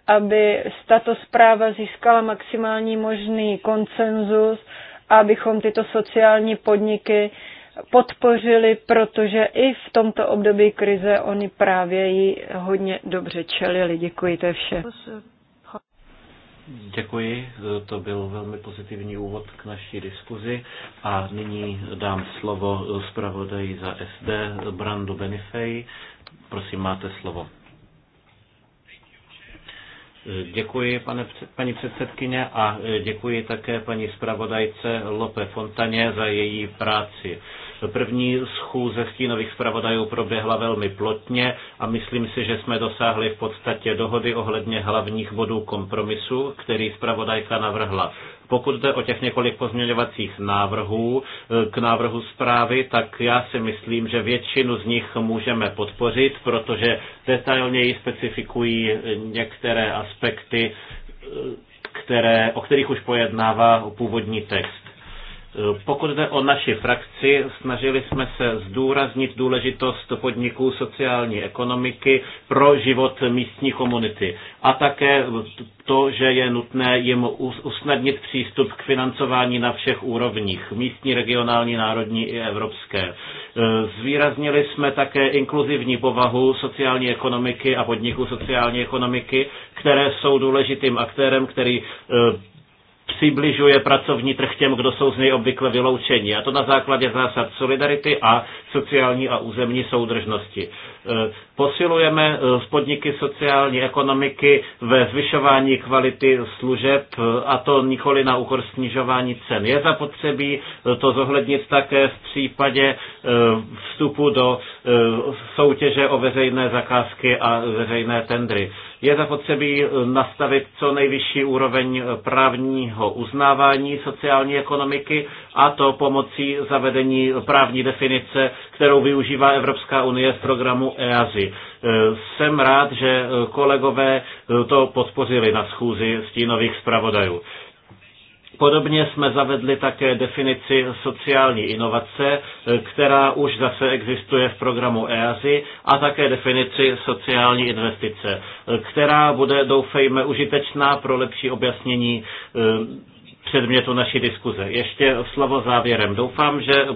Speaker 1: aby tato zpráva získala maximální možný konsenzus, abychom tyto sociální podniky podpořili, protože i v tomto období krize oni právě ji hodně dobře čelili. Děkuji, to je vše.
Speaker 2: Děkuji, to byl velmi pozitivní úvod k naší diskuzi a nyní dám slovo zpravodaji za SD Brandu Benifej. Prosím, máte slovo. Děkuji, pane, paní předsedkyně, a děkuji také paní zpravodajce Lope Fontaně za její práci. První schůze stínových zpravodajů proběhla velmi plotně a myslím si, že jsme dosáhli v podstatě dohody ohledně hlavních bodů kompromisu, který zpravodajka navrhla. Pokud jde o těch několik pozměňovacích návrhů eh, k návrhu zprávy, tak já si myslím, že většinu z nich můžeme podpořit, protože detailněji specifikují eh, některé aspekty, eh, které, o kterých už pojednává původní text. Pokud jde o naši frakci, snažili jsme se zdůraznit důležitost podniků sociální ekonomiky pro život místní komunity a také to, že je nutné jim usnadnit přístup k financování na všech úrovních, místní, regionální, národní i evropské. E, zvýraznili jsme také inkluzivní povahu sociální ekonomiky a podniků sociální ekonomiky, které jsou důležitým aktérem, který e, přibližuje pracovní trh těm, kdo jsou z něj obvykle vyloučeni. A to na základě zásad solidarity a sociální a územní soudržnosti. E, posilujeme e, podniky sociální ekonomiky ve zvyšování kvality služeb e, a to nikoli na úkor snižování cen. Je zapotřebí to zohlednit také v případě vstupu do soutěže o veřejné zakázky a veřejné tendry. Je zapotřebí eh, nastavit co nejvyšší úroveň eh, právního uznávání sociální ekonomiky a to pomocí zavedení právní definice, kterou využívá Evropská unie v programu EASI. Eh, jsem rád, že kolegové to podpořili na schůzi stínových zpravodajů. Podobně jsme zavedli také definici sociální inovace, která už zase existuje v programu EASI, a také definici sociální investice, která bude, doufejme, užitečná pro lepší objasnění eh, předmětu naší diskuze. Ještě slovo závěrem. Doufám, že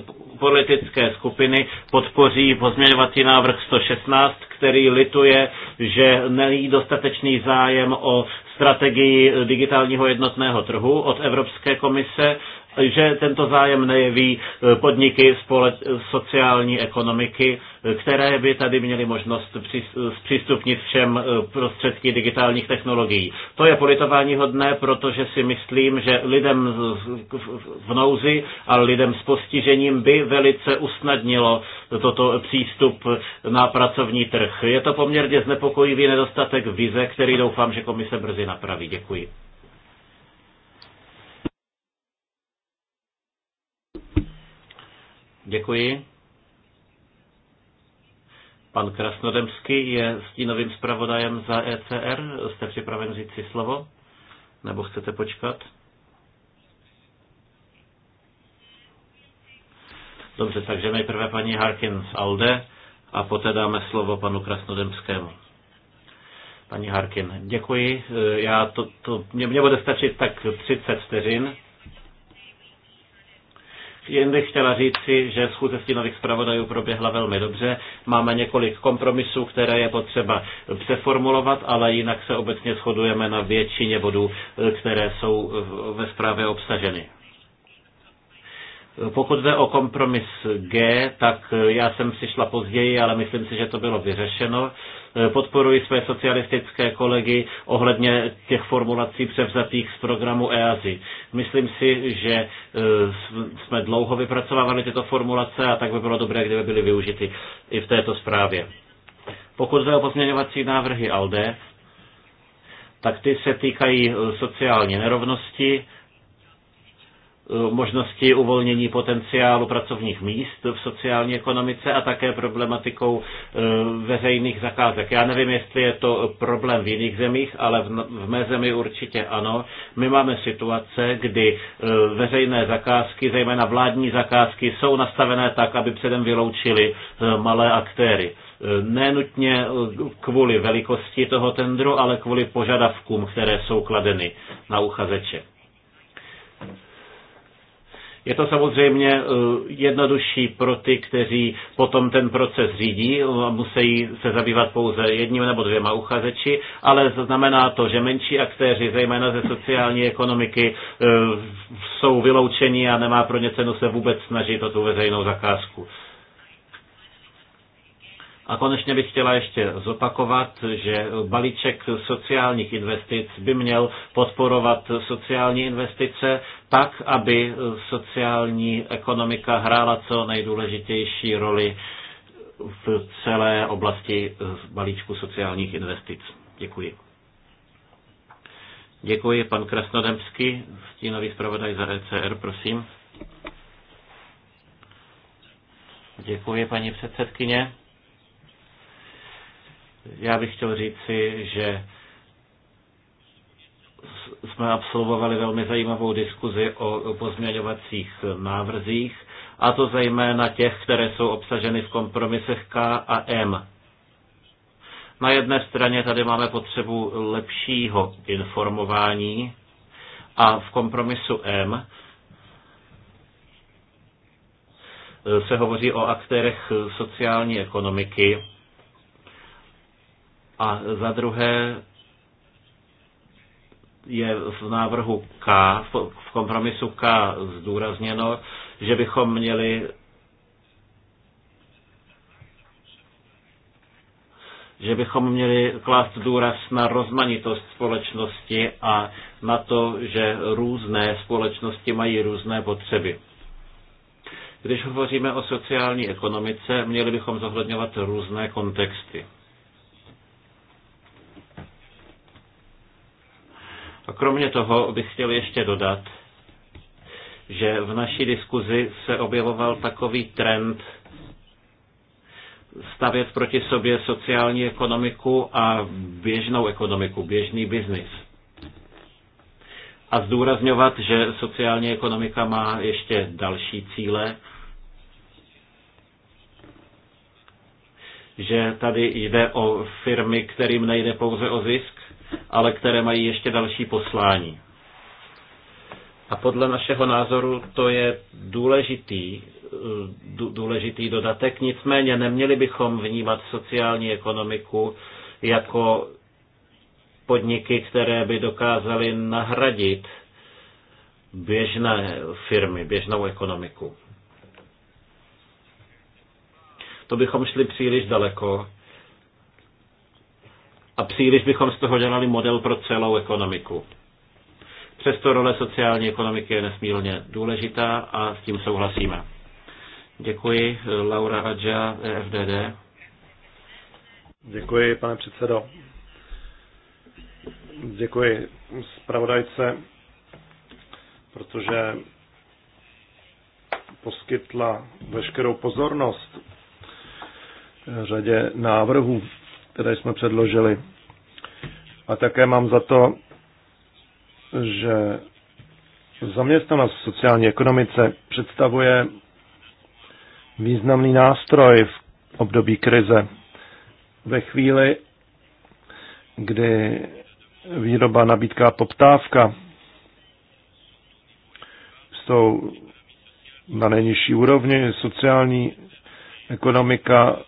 Speaker 2: politické skupiny podpoří pozměňovací návrh 116, který lituje, že není dostatečný zájem o strategii digitálního jednotného trhu od Evropské komise že tento zájem nejeví e, podniky spole, sociální ekonomiky, e, které by tady měly možnost zpřístupnit všem e, prostředky digitálních technologií. To je politování hodné, protože si myslím, že lidem v nouzi a lidem s postižením by velice usnadnilo toto přístup na pracovní trh. Je to poměrně znepokojivý nedostatek vize, který doufám, že komise brzy napraví. Děkuji. Děkuji. Pan Krasnodemský je stínovým zpravodajem za ECR. Jste připraven říct si slovo? Nebo chcete počkat? Dobře, takže nejprve paní Harkins Alde a poté dáme slovo panu Krasnodemskému. Paní Harkin, děkuji. Já to, to, mě, mě bude stačit tak 30 vteřin. Jen bych chtěla říci, že schůze stínových zpravodajů proběhla velmi dobře. Máme několik kompromisů, které je potřeba přeformulovat, ale jinak se obecně shodujeme na většině bodů, eh, které jsou eh, ve zprávě obsaženy. Pokud jde o kompromis G, tak eh, já jsem přišla později, ale myslím si, že to bylo vyřešeno. Eh, podporuji své socialistické kolegy ohledně těch formulací převzatých z programu EASI. Myslím si, že eh, jsme dlouho vypracovávali tyto formulace a tak by bylo dobré, kdyby byly využity i v této zprávě. Pokud jde o pozměňovací návrhy ALDE, tak ty se týkají eh, sociální nerovnosti, Eh, možnosti uvolnění potenciálu pracovních míst v sociální ekonomice a také problematikou eh, veřejných zakázek. Já nevím, jestli je to problém v jiných zemích, ale v mé zemi určitě ano. My máme situace, kdy eh, veřejné zakázky, zejména vládní zakázky, jsou nastavené tak, aby předem vyloučili malé aktéry nenutně kvůli velikosti toho tendru, ale kvůli požadavkům, které jsou kladeny na uchazeče. Je to samozřejmě eh, jednodušší pro ty, kteří potom ten proces řídí a musí se zabývat pouze jedním nebo dvěma uchazeči, ale znamená to, že menší aktéři, zejména ze sociální ekonomiky, eh, jsou vyloučeni a nemá pro ně cenu se vůbec snažit o tu veřejnou zakázku. A konečně bych chtěla ještě zopakovat, že balíček sociálních investic by měl podporovat sociální investice tak, aby sociální ekonomika hrála co nejdůležitější roli v celé oblasti balíčku sociálních investic. Děkuji. Děkuji, pan Krasnodemský, stínový zpravodaj za ECR, prosím. Děkuji, paní předsedkyně. Já bych chtěl říci, že jsme absolvovali velmi zajímavou diskuzi o pozměňovacích návrzích, a to zejména těch, které jsou obsaženy v kompromisech K a M. Na jedné straně tady máme potřebu lepšího informování a v kompromisu M se hovoří o aktérech sociální ekonomiky, a za druhé je v návrhu K, v kompromisu K zdůrazněno, že bychom měli že bychom měli klást důraz na rozmanitost společnosti a na to, že různé společnosti mají různé potřeby. Když hovoříme o sociální ekonomice, měli bychom zohledňovat různé kontexty. A kromě toho bych chtěl ještě dodat, že v naší diskuzi se objevoval takový trend stavět proti sobě sociální ekonomiku a běžnou ekonomiku, běžný biznis. A zdůrazňovat, že sociální ekonomika má ještě další cíle, že tady jde o firmy, kterým nejde pouze o zisk, ale které mají ještě další poslání. A podle našeho názoru to je důležitý, eh, důležitý dodatek, nicméně neměli bychom vnímat sociální ekonomiku jako podniky, které by dokázaly nahradit běžné firmy, běžnou ekonomiku. To bychom šli příliš daleko a příliš bychom z toho dělali model pro celou ekonomiku. Přesto role sociální ekonomiky je nesmírně důležitá a s tím souhlasíme. Děkuji, Laura Adja, e FDD.
Speaker 3: Děkuji, pane předsedo. Děkuji zpravodajce, protože poskytla veškerou pozornost řadě návrhů které jsme předložili. A také mám za to, že zaměstnanost v sociální ekonomice představuje významný nástroj v období krize.
Speaker 2: Ve chvíli,
Speaker 3: kdy výroba, nabídka a poptávka jsou na nejnižší úrovni, sociální ekonomika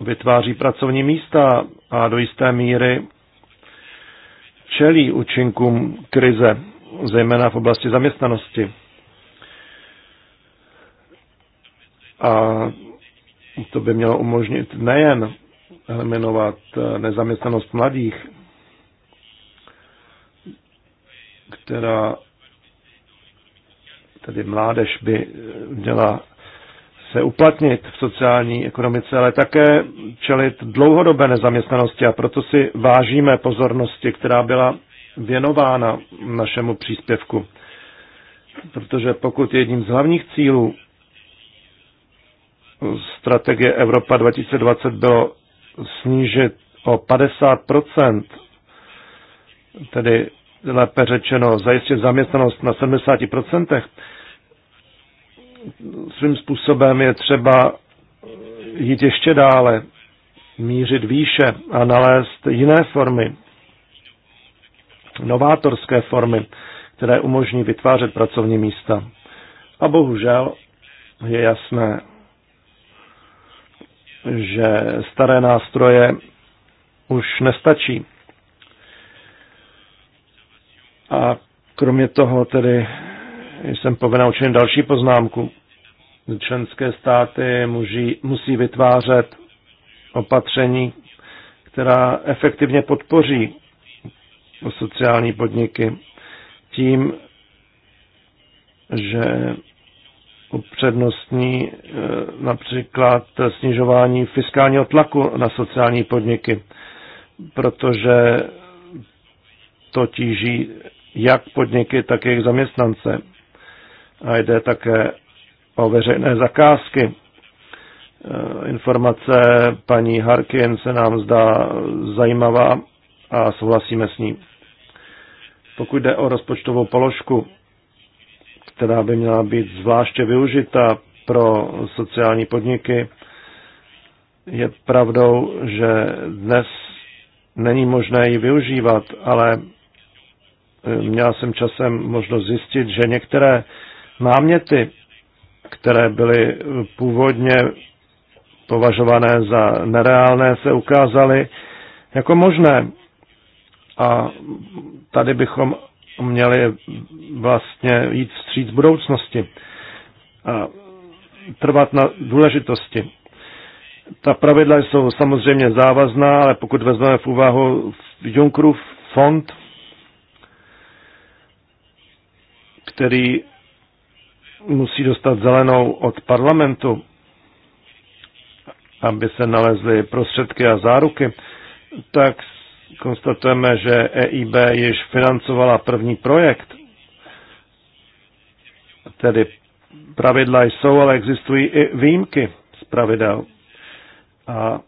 Speaker 3: vytváří pracovní místa a do jisté míry čelí účinkům krize, zejména v oblasti zaměstnanosti. A to by mělo umožnit nejen eliminovat nezaměstnanost mladých, která tedy mládež by měla se uplatnit v sociální ekonomice, ale také čelit dlouhodobé nezaměstnanosti a proto si vážíme pozornosti, která byla věnována našemu příspěvku. Protože pokud jedním z hlavních cílů strategie Evropa 2020 bylo snížit o 50 tedy lépe řečeno zajistit zaměstnanost na 70 svým způsobem je třeba jít ještě dále, mířit výše a nalézt jiné formy, novátorské formy, které umožní vytvářet pracovní místa. A bohužel je jasné, že staré nástroje už nestačí. A kromě toho tedy jsem povinna učinit další poznámku. Členské státy muži, musí vytvářet opatření, která efektivně podpoří sociální podniky tím, že upřednostní eh, například snižování fiskálního tlaku na sociální podniky, protože to tíží jak podniky, tak jejich zaměstnance a jde také o veřejné zakázky. E, informace paní Harkin se nám zdá zajímavá a souhlasíme s ní. Pokud jde o rozpočtovou položku, která by měla být zvláště využita pro sociální podniky, je pravdou, že dnes není možné ji využívat, ale měl jsem časem možnost zjistit, že některé náměty, které byly původně považované za nereálné, se ukázaly jako možné. A tady bychom měli vlastně jít vstříc budoucnosti a trvat na důležitosti. Ta pravidla jsou samozřejmě závazná, ale pokud vezmeme v úvahu Junckerův fond, který musí dostat zelenou od parlamentu, aby se nalezly prostředky a záruky, tak konstatujeme, že EIB již financovala první projekt. Tedy pravidla jsou, ale existují i výjimky z pravidel. A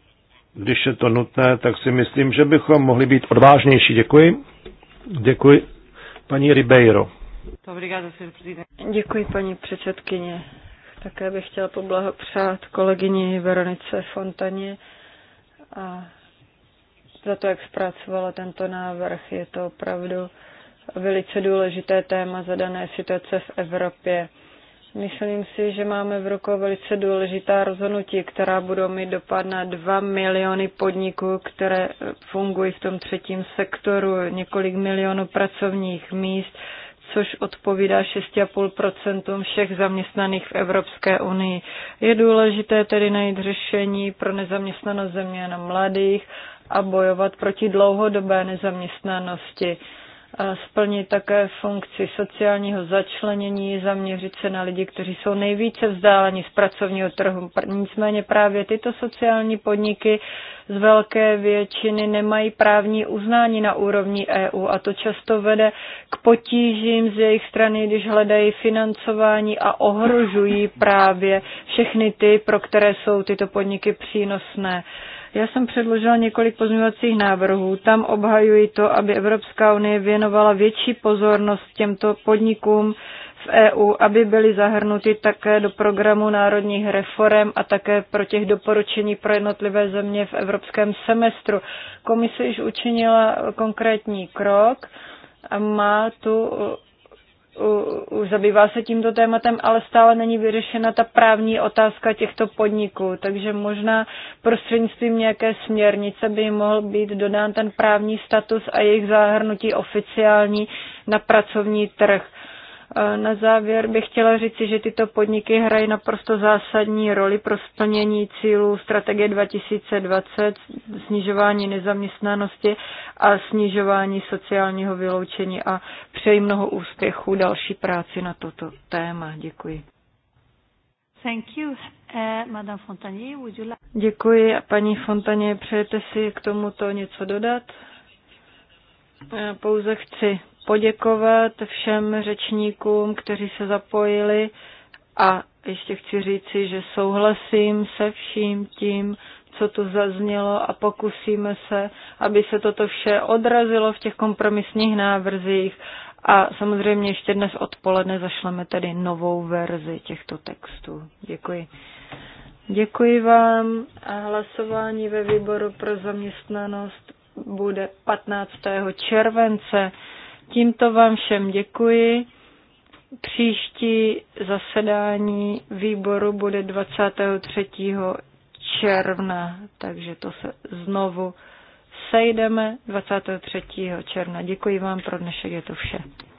Speaker 3: když je to nutné, tak si myslím, že bychom mohli být odvážnější. Děkuji. Děkuji. Paní Ribeiro.
Speaker 1: Děkuji, paní předsedkyně. Také bych chtěla poblahopřát kolegyni Veronice Fontaně a za to, jak zpracovala tento návrh. Je to opravdu velice důležité téma za dané situace v Evropě. Myslím si, že máme v rukou velice důležitá rozhodnutí, která budou mít dopad na 2 miliony podniků, které fungují v tom třetím sektoru, několik milionů pracovních míst což odpovídá 6,5 všech zaměstnaných v Evropské unii. Je důležité tedy najít řešení pro nezaměstnanost země na mladých a bojovat proti dlouhodobé nezaměstnanosti splní také funkci sociálního začlenění, zaměřit se na lidi, kteří jsou nejvíce vzdáleni z pracovního trhu. Nicméně právě tyto sociální podniky z velké většiny nemají právní uznání na úrovni EU a to často vede k potížím z jejich strany, když hledají financování a ohrožují právě všechny ty, pro které jsou tyto podniky přínosné. Uh, já jsem předložila několik pozměňovacích návrhů. Tam obhajuji to, aby Evropská unie věnovala větší pozornost těmto podnikům v EU, aby byly zahrnuty také do programu národních reform a také pro těch doporučení pro jednotlivé země v evropském semestru. Komise již učinila konkrétní krok a má tu už zabývá se tímto tématem, ale stále není vyřešena ta právní otázka těchto podniků. Takže možná prostřednictvím nějaké směrnice by mohl být dodán ten právní status a jejich zahrnutí oficiální na pracovní trh. Na závěr bych chtěla říci, že tyto podniky hrají naprosto zásadní roli pro splnění cílů strategie 2020, snižování nezaměstnanosti a snižování sociálního vyloučení a přeji mnoho úspěchů další práci na toto téma. Děkuji. Thank you. Eh, Děkuji. A Paní Fontaně, přejete si k tomuto něco dodat? Eh, pouze chci poděkovat všem řečníkům, kteří se zapojili a ještě chci říci, že souhlasím se vším tím, co tu zaznělo a pokusíme se, aby se toto vše odrazilo v těch kompromisních návrzích a samozřejmě ještě dnes odpoledne zašleme tedy novou verzi těchto textů. Děkuji. Děkuji vám a hlasování ve výboru pro zaměstnanost bude 15. července. Tímto vám všem děkuji. Příští zasedání výboru bude 23. června, takže to se znovu sejdeme 23. června. Děkuji vám pro dnešek, je to vše.